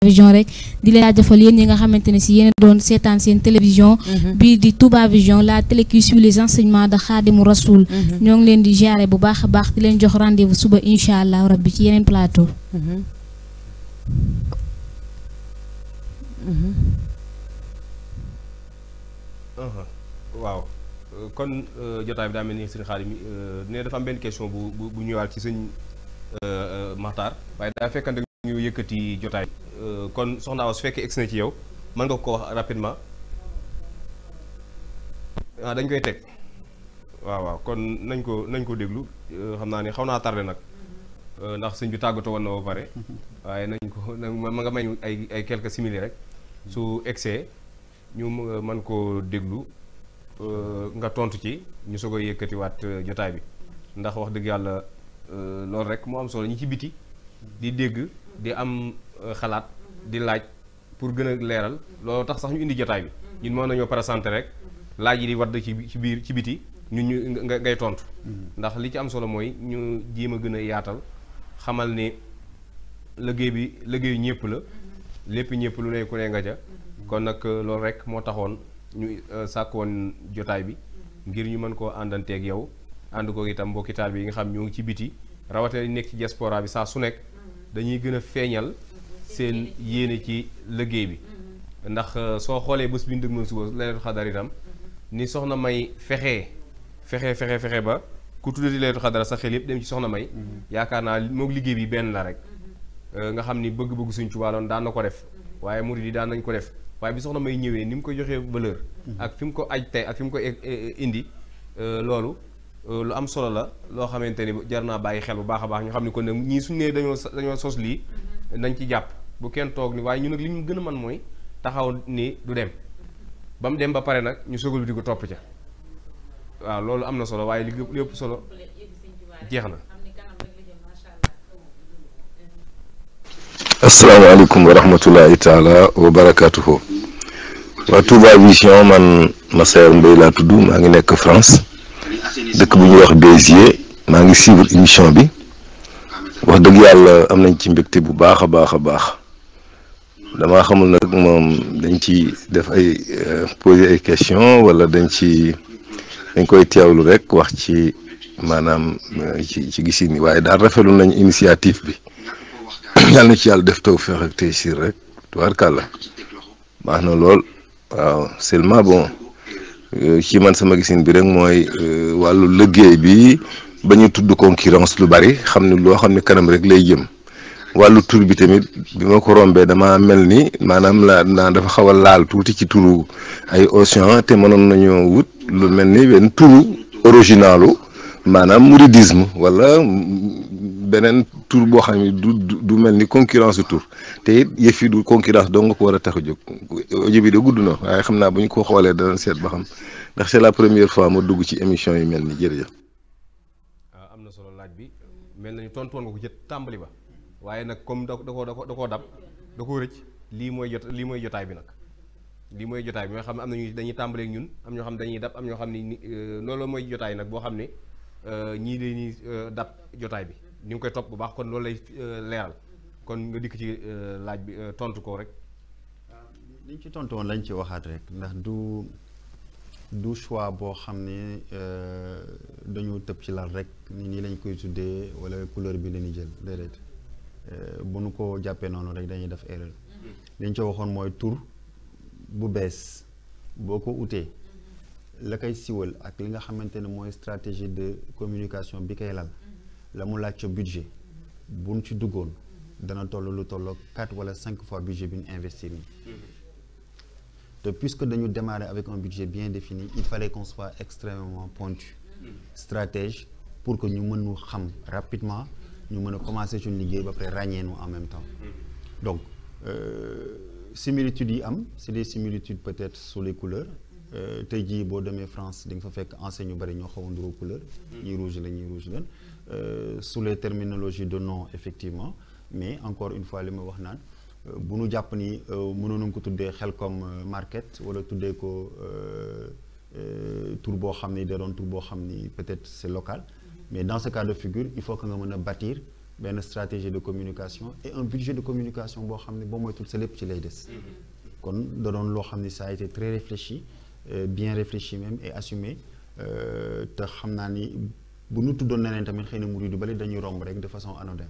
vision rek di leen yéen ñi nga xamante ne si yéen doon seetaan seen télévision mhm. bii di Touba Vision la télé qui suit les enseignements de Khadimou mhm. ñoo ngi leen di jaare bu baax a baax di leen jox rendez-vous suba incha allah rabbi ci yeneen plateau mhm. Uh-huh. waaw uh, kon uh, jotaay bi daa mel ni sëñ Khadim uh, ne dafa am question bu bu ñëwaat ci sëñ Makhtar waaye daa fekkante ñu yëkkati jotaay Euh, kon soxna Awa su fekkee egsi na ci yow mën nga ko wax rapidement ah dañ koy teg waaw waaw kon nañ ko nañ ko déglu euh, xam naa ni xaw naa tardé nag euh, ndax sëñ bi tàggatoo woon na pare (laughs) waaye nañ ko ma nga mayu ay ay quelques simili rek su egsee ñu man koo déglu nga tontu ci ñu soog a yëkkatiwaat jotaay bi ndax wax dëgg yàlla loolu rek moo am solo ñi ci biti di dégg di am. xalaat di laaj pour gën a leeral loolu tax sax ñu indi jotaay bi ñun mën nañoo présenté rek laaj yi di wadd ci ci biir ci biti ñu ñu nga ngay tontu. ndax li ci am solo mooy ñu jéem a gën a yaatal xamal ni liggéey bi liggéeyu ñëpp la lépp ñëpp lu ne ku ne nga ca kon nag euh, lool rek moo taxoon ñu euh, sàkkoon jotaay bi ngir ñu mën koo àndanteeg yow ànd ko itam mbokki taal bi yi nga xam ñoo ngi ci biti rawatee nekk ci diaspora bi saa su nekk dañuy gën a feeñal seen yéene ci liggéey bi ndax euh, soo xoolee ba bés bi ñu dëgmal suba laylatul xadara itam ni soxna may fexee fexe fexe fexe ba ku tuddati laylatul xadar sa xel yëpp dem ci soxna may mm-hmm. yaakaar naa moog liggéey bi benn la rek mm-hmm. euh, nga xam ni bëgg-bëgg suñ cubaaloon daan na ko def mm-hmm. waaye murid yi daan nañ ko def waaye bi soxna may ñëwee ni mu ko joxee valeur ak fi mu ko aj tey ak fi mu ko e, e, e, indi euh, loolu lu am solo la loo xamante ni jar naa bàyyi xel bu baax a baax ñu xam ni kon nag ñii suñ ne dañoo dañoo sos lii nañ ci jàpp bu kenn toog ni waaye ñu nag li ñu gën a mën mooy taxaw ni du dem ba mu dem ba pare nag ñu sogal bi di ko topp ca waaw loolu am na solo waaye li lépp solo jeex na. asalaamaaleykum wa rahmatulahi taala wa barakaatuhu waa Touba Vision man Massaer mbay laa tudd maa ngi nekk France dëkk bu ñuy wax Béziers maa ngi suivre émission bi wax dëgg yàlla am nañ ci mbégte bu baax a baax a baax. damaa xamul nag moom dañ ci def ay euh, poser ay question walla dañ ci dañ koy teewlu rek wax ci maanaam euh, ci ci gisin yi waaye daal rafetlu nañ initiative bi (coughs) yàlla na ci yàlla def taw feex ak tey siir rek tubaarkàlla baax na lool waaw seulement bon euh, ci man sama gisin bi rek mooy wàllu liggéey bi ba ñu tudd concurrence lu bari xam ne loo xam ne kanam rek lay jëm wàllu tur bi tamit bi ma ko rombee dama mel ni maanaam laa naa dafa xaw a laal tuuti ci turu ay océan te mënoon nañoo wut lu mel ni benn turu originalu maanaam mouridisme wala beneen tur boo xam ne du du mel ni concurrence tur te it yëf yi du concurrence doo nga ko war a tax a jóg audio bi de gudd na waaye xam naa bu ñu ko xoolee dana seet ba xam ndax c'est la première fois ma dugg ci émission yi mel ni jërëjëf. Ah, am na solo laaj bi mel na ni tontu ko ci tàmbali ba. waaye nag comme da da koo da koo dab da koo rëcc lii mooy jot lii mooy jotaay bi nag lii mooy jotaay bi nga xam ne am na ñu dañuy tàmbaleek ñun am ñoo xam ne dañuy dab am ñoo xam ne euh, loolu mooy jotaay nag boo xam ne euh, ñii dañuy euh, dab jotaay bi ñu ngi koy topp bu baax kon loolu lay leeral kon nga dikk ci laaj bi tontu ko rek. liñ ci tontu woon lañ ci waxaat rek ndax du du choix boo xam ne dañu tëb ci lal rek ni nii lañ koy tuddee wala couleur bi la ñuy jël déedéet Euh, bu nu ko jàppee noonu rek dañuy def erreur lañ ñu ci waxoon mooy tour bu bees boo ko utee mm-hmm. la koy siwal ak li nga xamante ni mooy stratégie de communication bi koy lal mm-hmm. la mu laaj ca budget mm-hmm. bu nu ci duggoon dana toll lu tolloo quatre wala cinq fois budget bi nu investir nii te puisque dañu démarrer avec un budget bien défini il fallait qu'on soit extrêmement pointu stratége pour que ñu mën nu xam rapidement ñu mën a commencer suñu liggéey ba pare ràññee nu en même temps donc euh, similitudes yi am c'est des similitudes peut-être sur les te euh, tey jii boo demee France di nga fa fekk enseigne yu bari ñoo xaw a nduroo couleur ñii rouge la ñii rouge lan euh, su les terminologies de nom effectivement mais encore une fois li ma wax naan bu nu jàpp ni mënoon nañu ko tuddee xel comme market wala tuddee ko tur boo xam ni da doon tur boo xam ni peut-être c'est local mais dans ce cas de figure il faut que nga mën a bâtir benn stratégie de communication et un budget de communication boo xam ne boo moytul sa lépp ci lay des kon da doon loo xam ne ça a été très réfléchi euh, bien réfléchi même et assumé euh, te xam naa ni bu ñu tuddoon neneen tamit xëy na murid du bari dañuy romb rek de façon anodine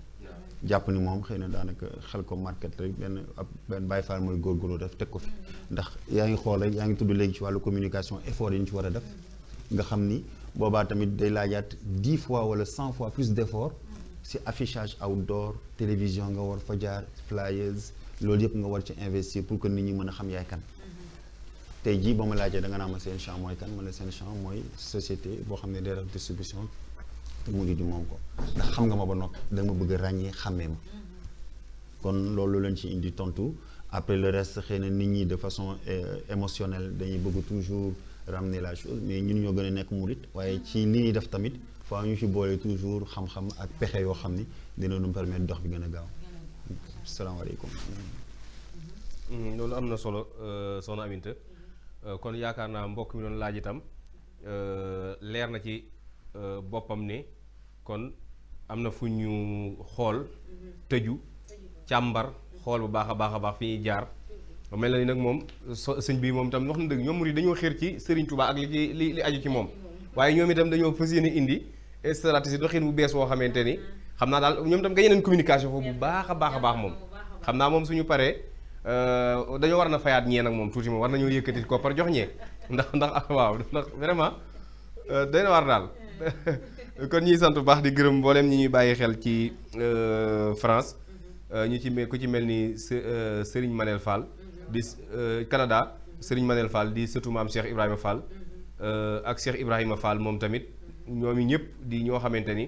jàpp ni moom xëy na daanaka xel ko market rek benn ab benn Baye Fall mooy góorgóorlu def teg ko fi mm-hmm. ndax yaa ngi xool rek yaa ngi tudd léegi ci wàllu communication effort ñu ci war a def nga xam ni boobaa tamit day laajaat dix fois wala cent fois plus d'effort si affichage outdoor télévision nga war fa jaar flyers loolu yëpp nga war ci investie pour que nit ñi mën a xam yaay kan tey jii ba ma laajee da nga naa ma seen champ mooy kan ma ne seen champ mooy société boo xam ne day def distribution mu di moom ko xam nga ma ba noppi da nga ma bëgg a ràññee xàmmee ma kon loolu leen ci indi tontu après le reste xëy na nit ñi de façon euh, émotionnelle dañuy bëgg toujours ramener la chose mais ñun ñoo gën a nekk murit waaye ci li ñuy def tamit faa ñu ci boole toujours xam-xam ak pexe yoo xam ni dina nu permettre dox bi gën a gaaw mm-hmm. loolu am na solo euh, soxna Aminta euh, kon yaakaar naa mbokk mi doon laaj itam euh, leer na ci boppam ne kon am na fu ñu xool mm-hmm. tëju càmbar xool bu baax a baax a baax fi ñuy jaar. mel na ni nag moom sëñ bi moom itam wax na dëgg ñoom murid dañoo xër ci Serigne Touba ak li ci li li aju ci moom waaye ñoom itam dañoo fas yéene indi stratégie doxin bu bees woo xamante ni xam naa daal ñoom itam gañe nañ communication foofu bu baax a baax a baax moom xam naa moom suñu paree euh, dañoo war na fayaat ñee nag moom tuuti moom war nañoo yëkkati ko koppar jox ñee ndax ndax waaw ndax vraiment euh, doy na war daal (laughs) kon ñuy sant bu baax di gërëm mbooleem ñi ñuy bàyyi xel ci euh, France ñu ci ku ci mel ni Serigne Manel Fall di euh, Canada Serigne Manel Fall di sëtu maam Cheikh Ibrahima Fall euh, ak Cheikh Ibrahima Fall moom tamit ñoom ñëpp di ñoo xamante ni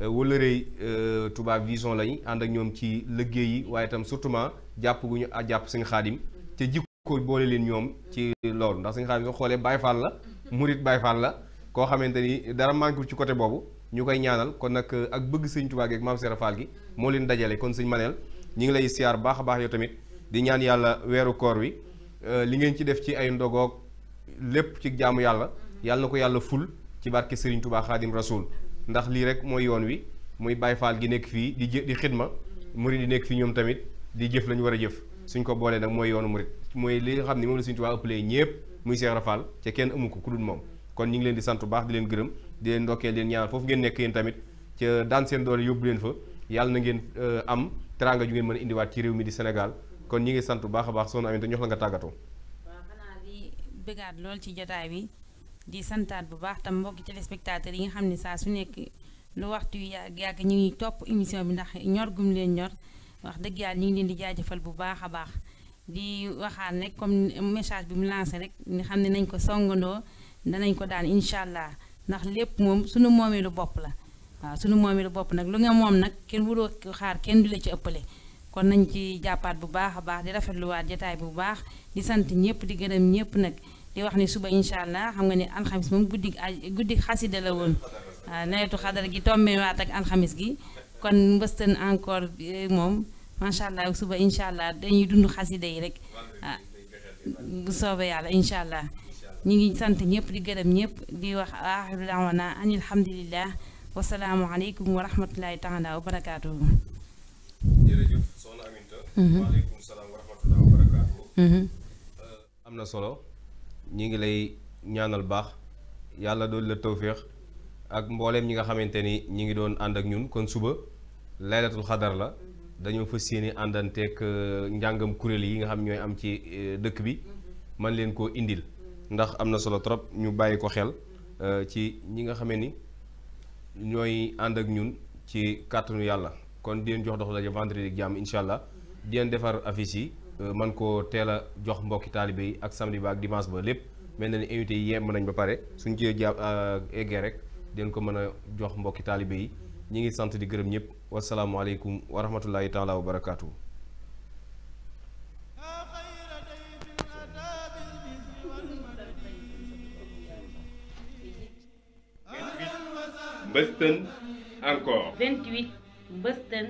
euh, wëllëree Touba Vision lañ ànd ak ñoom ci liggéey yi waaye itam surtout jàpp gu ñu jàpp Sëñ Xaadim te jikko boole leen ñoom ci loolu ndax Sëñ Xaadim xoolee Baye Fall la murit Baye Fall la koo xamante ni dara manqué ci côté boobu ñu koy ñaanal kon nag ak bëgg Sëñ Touba geeg maam Cheikh Fall gi moo leen dajale kon Sëñ Manel ñu ngi lay siyaar baax a baax yow tamit. di ñaan yàlla weeru koor wi euh, li ngeen ci def ci ay ndogoog lépp ci jaamu yàlla yàlla na ko yàlla ful ci barke sëriñ Touba Khadim Rasoul ndax lii rek mooy yoon wi muy baay faal gi nekk fii di jë di xidma murid di nekk fii ñoom tamit di jëf lañu war a jëf suñ ko boolee nag mooy yoonu murid mooy li xam ni moom la Serigne Touba ëppalee ñépp muy Cheikh Rafal ca kenn amu ko ku moom kon ñu ngi leen di sant bu baax di leen gërëm di leen ndokkee leen ñaanal foofu ngeen nekk yéen tamit ca daan seen doole leen fa yàlla na ngeen euh, am teraanga ju ngeen mën indiwaat ci réew mi di Sénégal kon ñi ngi sant bu baax a baax soxna Aminta ñu wax la nga tàggatoo. waaw xanaa di bëggaat lool ci jataay bi di santaat bu baax tam mbokki téléspectateurs yi nga xam ne saa su nekk lu waxtu yu yàgg yàgg ñu ngi topp émission bi ndax ñor leen ñor wax dëgg yàlla ñu ngi leen di jaajëfal bu baax a baax di waxaat rek comme message bi mu lancé rek ni xam ne nañ ko songandoo danañ ko daan incha allah ndax lépp moom suñu moomeelu bopp la waaw suñu moomeelu bopp nag lu nga moom nag kenn wuroo xaar kenn du ci ëppale. kon nañ ci jàppaat bu baax a baax di rafetluwaat jataay bu baax di sant ñëpp di gërëm ñëpp nag di wax ni suba incha allah xam nga ni alxamis moom guddi guddi xasida la woon ah, nawetu xadar gi tombewaat ak alxamis gi kon mbëstan encore eh, moom macha allah suba incha allah dañuy dund xasida yi rek ah, bu soobee yàlla incha allah ñu ngi sant ñëpp di gërëm ñëpp di wax axiru daawana an alhamdulillah wasalaamualeykum wa rahmatullahi taala wa barakaatuhu Mm-hmm. waaleykum salaam mm-hmm. euh, am na solo ñi ngi lay ñaanal baax yàlla doon la tawféex ak mbooleem ñi nga xamante ni ñi ngi doon ànd ak ñun kon suba laylatul xadar la mm-hmm. dañoo fas yéene àndanteeg euh, njàngam kuréel yi nga xam ñooy am ci euh, dëkk bi man leen ko indil ndax am na solo trop ñu bàyyi ko xel ci ñi nga xamee ni ñooy ànd ak ñun ci kàttanu yàlla kon di leen jox dox daje vendredi ak jàmm incha allah. di defar affiche yi euh, man ko teel a jox mbokki taalibe yi ak samedi ba ak dimanche ba lépp mel na ni invité yi yemb nañ ba pare suñ ci jàpp euh, eggee rek den ko mën a jox mbokki taalibe yi ñu ngi sant di gërëm ñëpp wasalaamualeykum wa rahmatullahi taala wa barakaatu. Mbëstën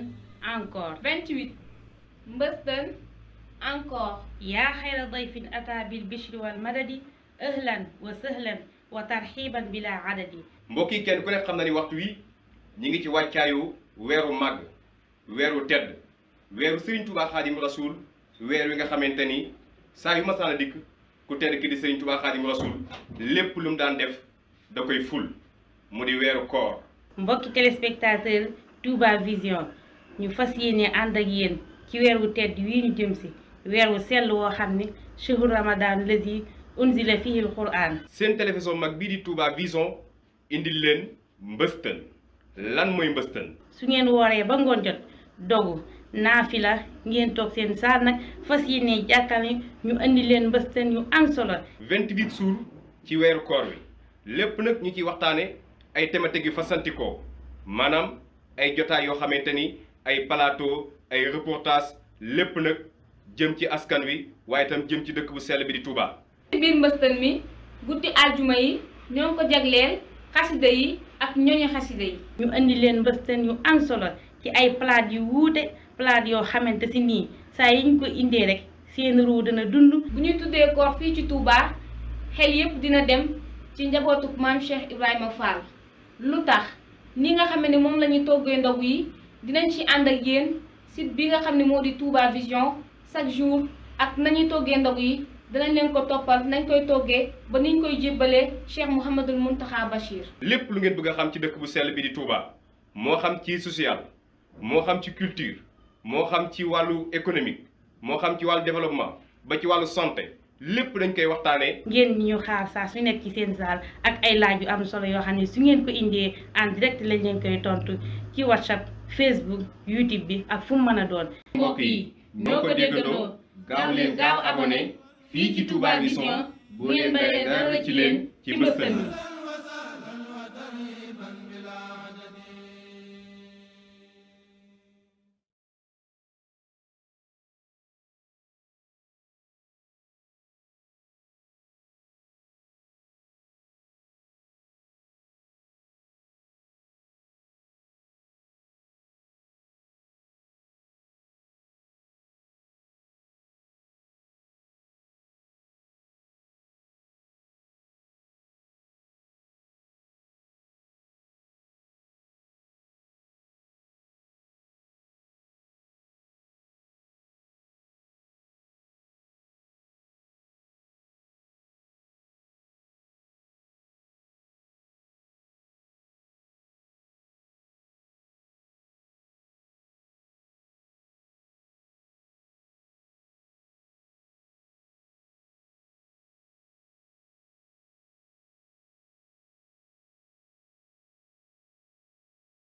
mbëstan encore yaa xayra dayfin ata bil bishri wal madadi ahlan wa sahlan wa tarxiban bila adadi mbokk yi kenn ku nekk xam na ni waxtu wi ñu ngi ci wàccaayu weeru màgg weeru tedd weeru Serigne Touba Xaadim weer wi nga xamante ni saa yu masaan a dikk ku tedd ki di Serigne Touba Xaadim lépp lu mu daan def da koy ful mu di weeru koor mbokki téléspectateur Touba Vision ñu fas yéene ànd ak yéen ci weer wu tedd wii ñu jëm si weer wu sell woo xam ne shahru ramadan lazi unzila fihi alquran seen télévision mag bii di Touba Vision indil leen mbëstal lan mooy mbëstal su ngeen wooree ba ngoon jot dogu naafila ngeen toog seen saa nag fas yéene jàkkale ñu indi leen mbëstal yu am solo vingt-huit jours ci weeru koor wi lépp nag ñu ciy waxtaane ay thématique yu fasantikoo maanaam ay jotaay yoo xamante ni ay palaato ay reportage lépp nag jëm ci askan wi waaye itam jëm ci dëkk bu sell bi di Touba. biir mbëstan mi guddi aljuma yi ñoo ngi ko jagleel xasida yi ak ñooñu xasida yi. ñu indi leen mbëstan yu am solo ci ay palaat yu wuute palaat yoo xamante si nii saa yi ñu ko indee rek seen ruu dana dund. bu ñuy tuddee koor fii ci Touba xel yépp dina dem ci njabootu maam Cheikh Ibrahima Fall lu tax ni nga xam ne moom la ñu toggee ndogu yi dinañ ci ànd ak yéen. site bi nga xam ne moo di Touba Vision chaque jour ak nañuy toggee ndogu yi danañ leen ko toppal nañ koy toggee ba niñ koy jébbalee Cheikh Mouhamadul Mountakha Bachir. lépp lu ngeen bëgg a xam ci dëkk bu sell bi di Touba moo xam ci social moo xam ci culture moo xam ci wàllu économique moo xam ci wàllu développement ba ci wàllu santé. lépp dañ koy waxtaanee. ngeen ñu xaar saa su nekk ci seen saal ak ay laaj yu am solo yoo xam ne su ngeen ko indee en direct lañ leen koy tontu ci facebook youtube bi ak fu mën a doon. mbokk yi ñoo ko déggandoo gaaw leen gaaw abonné fii ci Touba Vision bu leen bëree dara ci leen ci bësën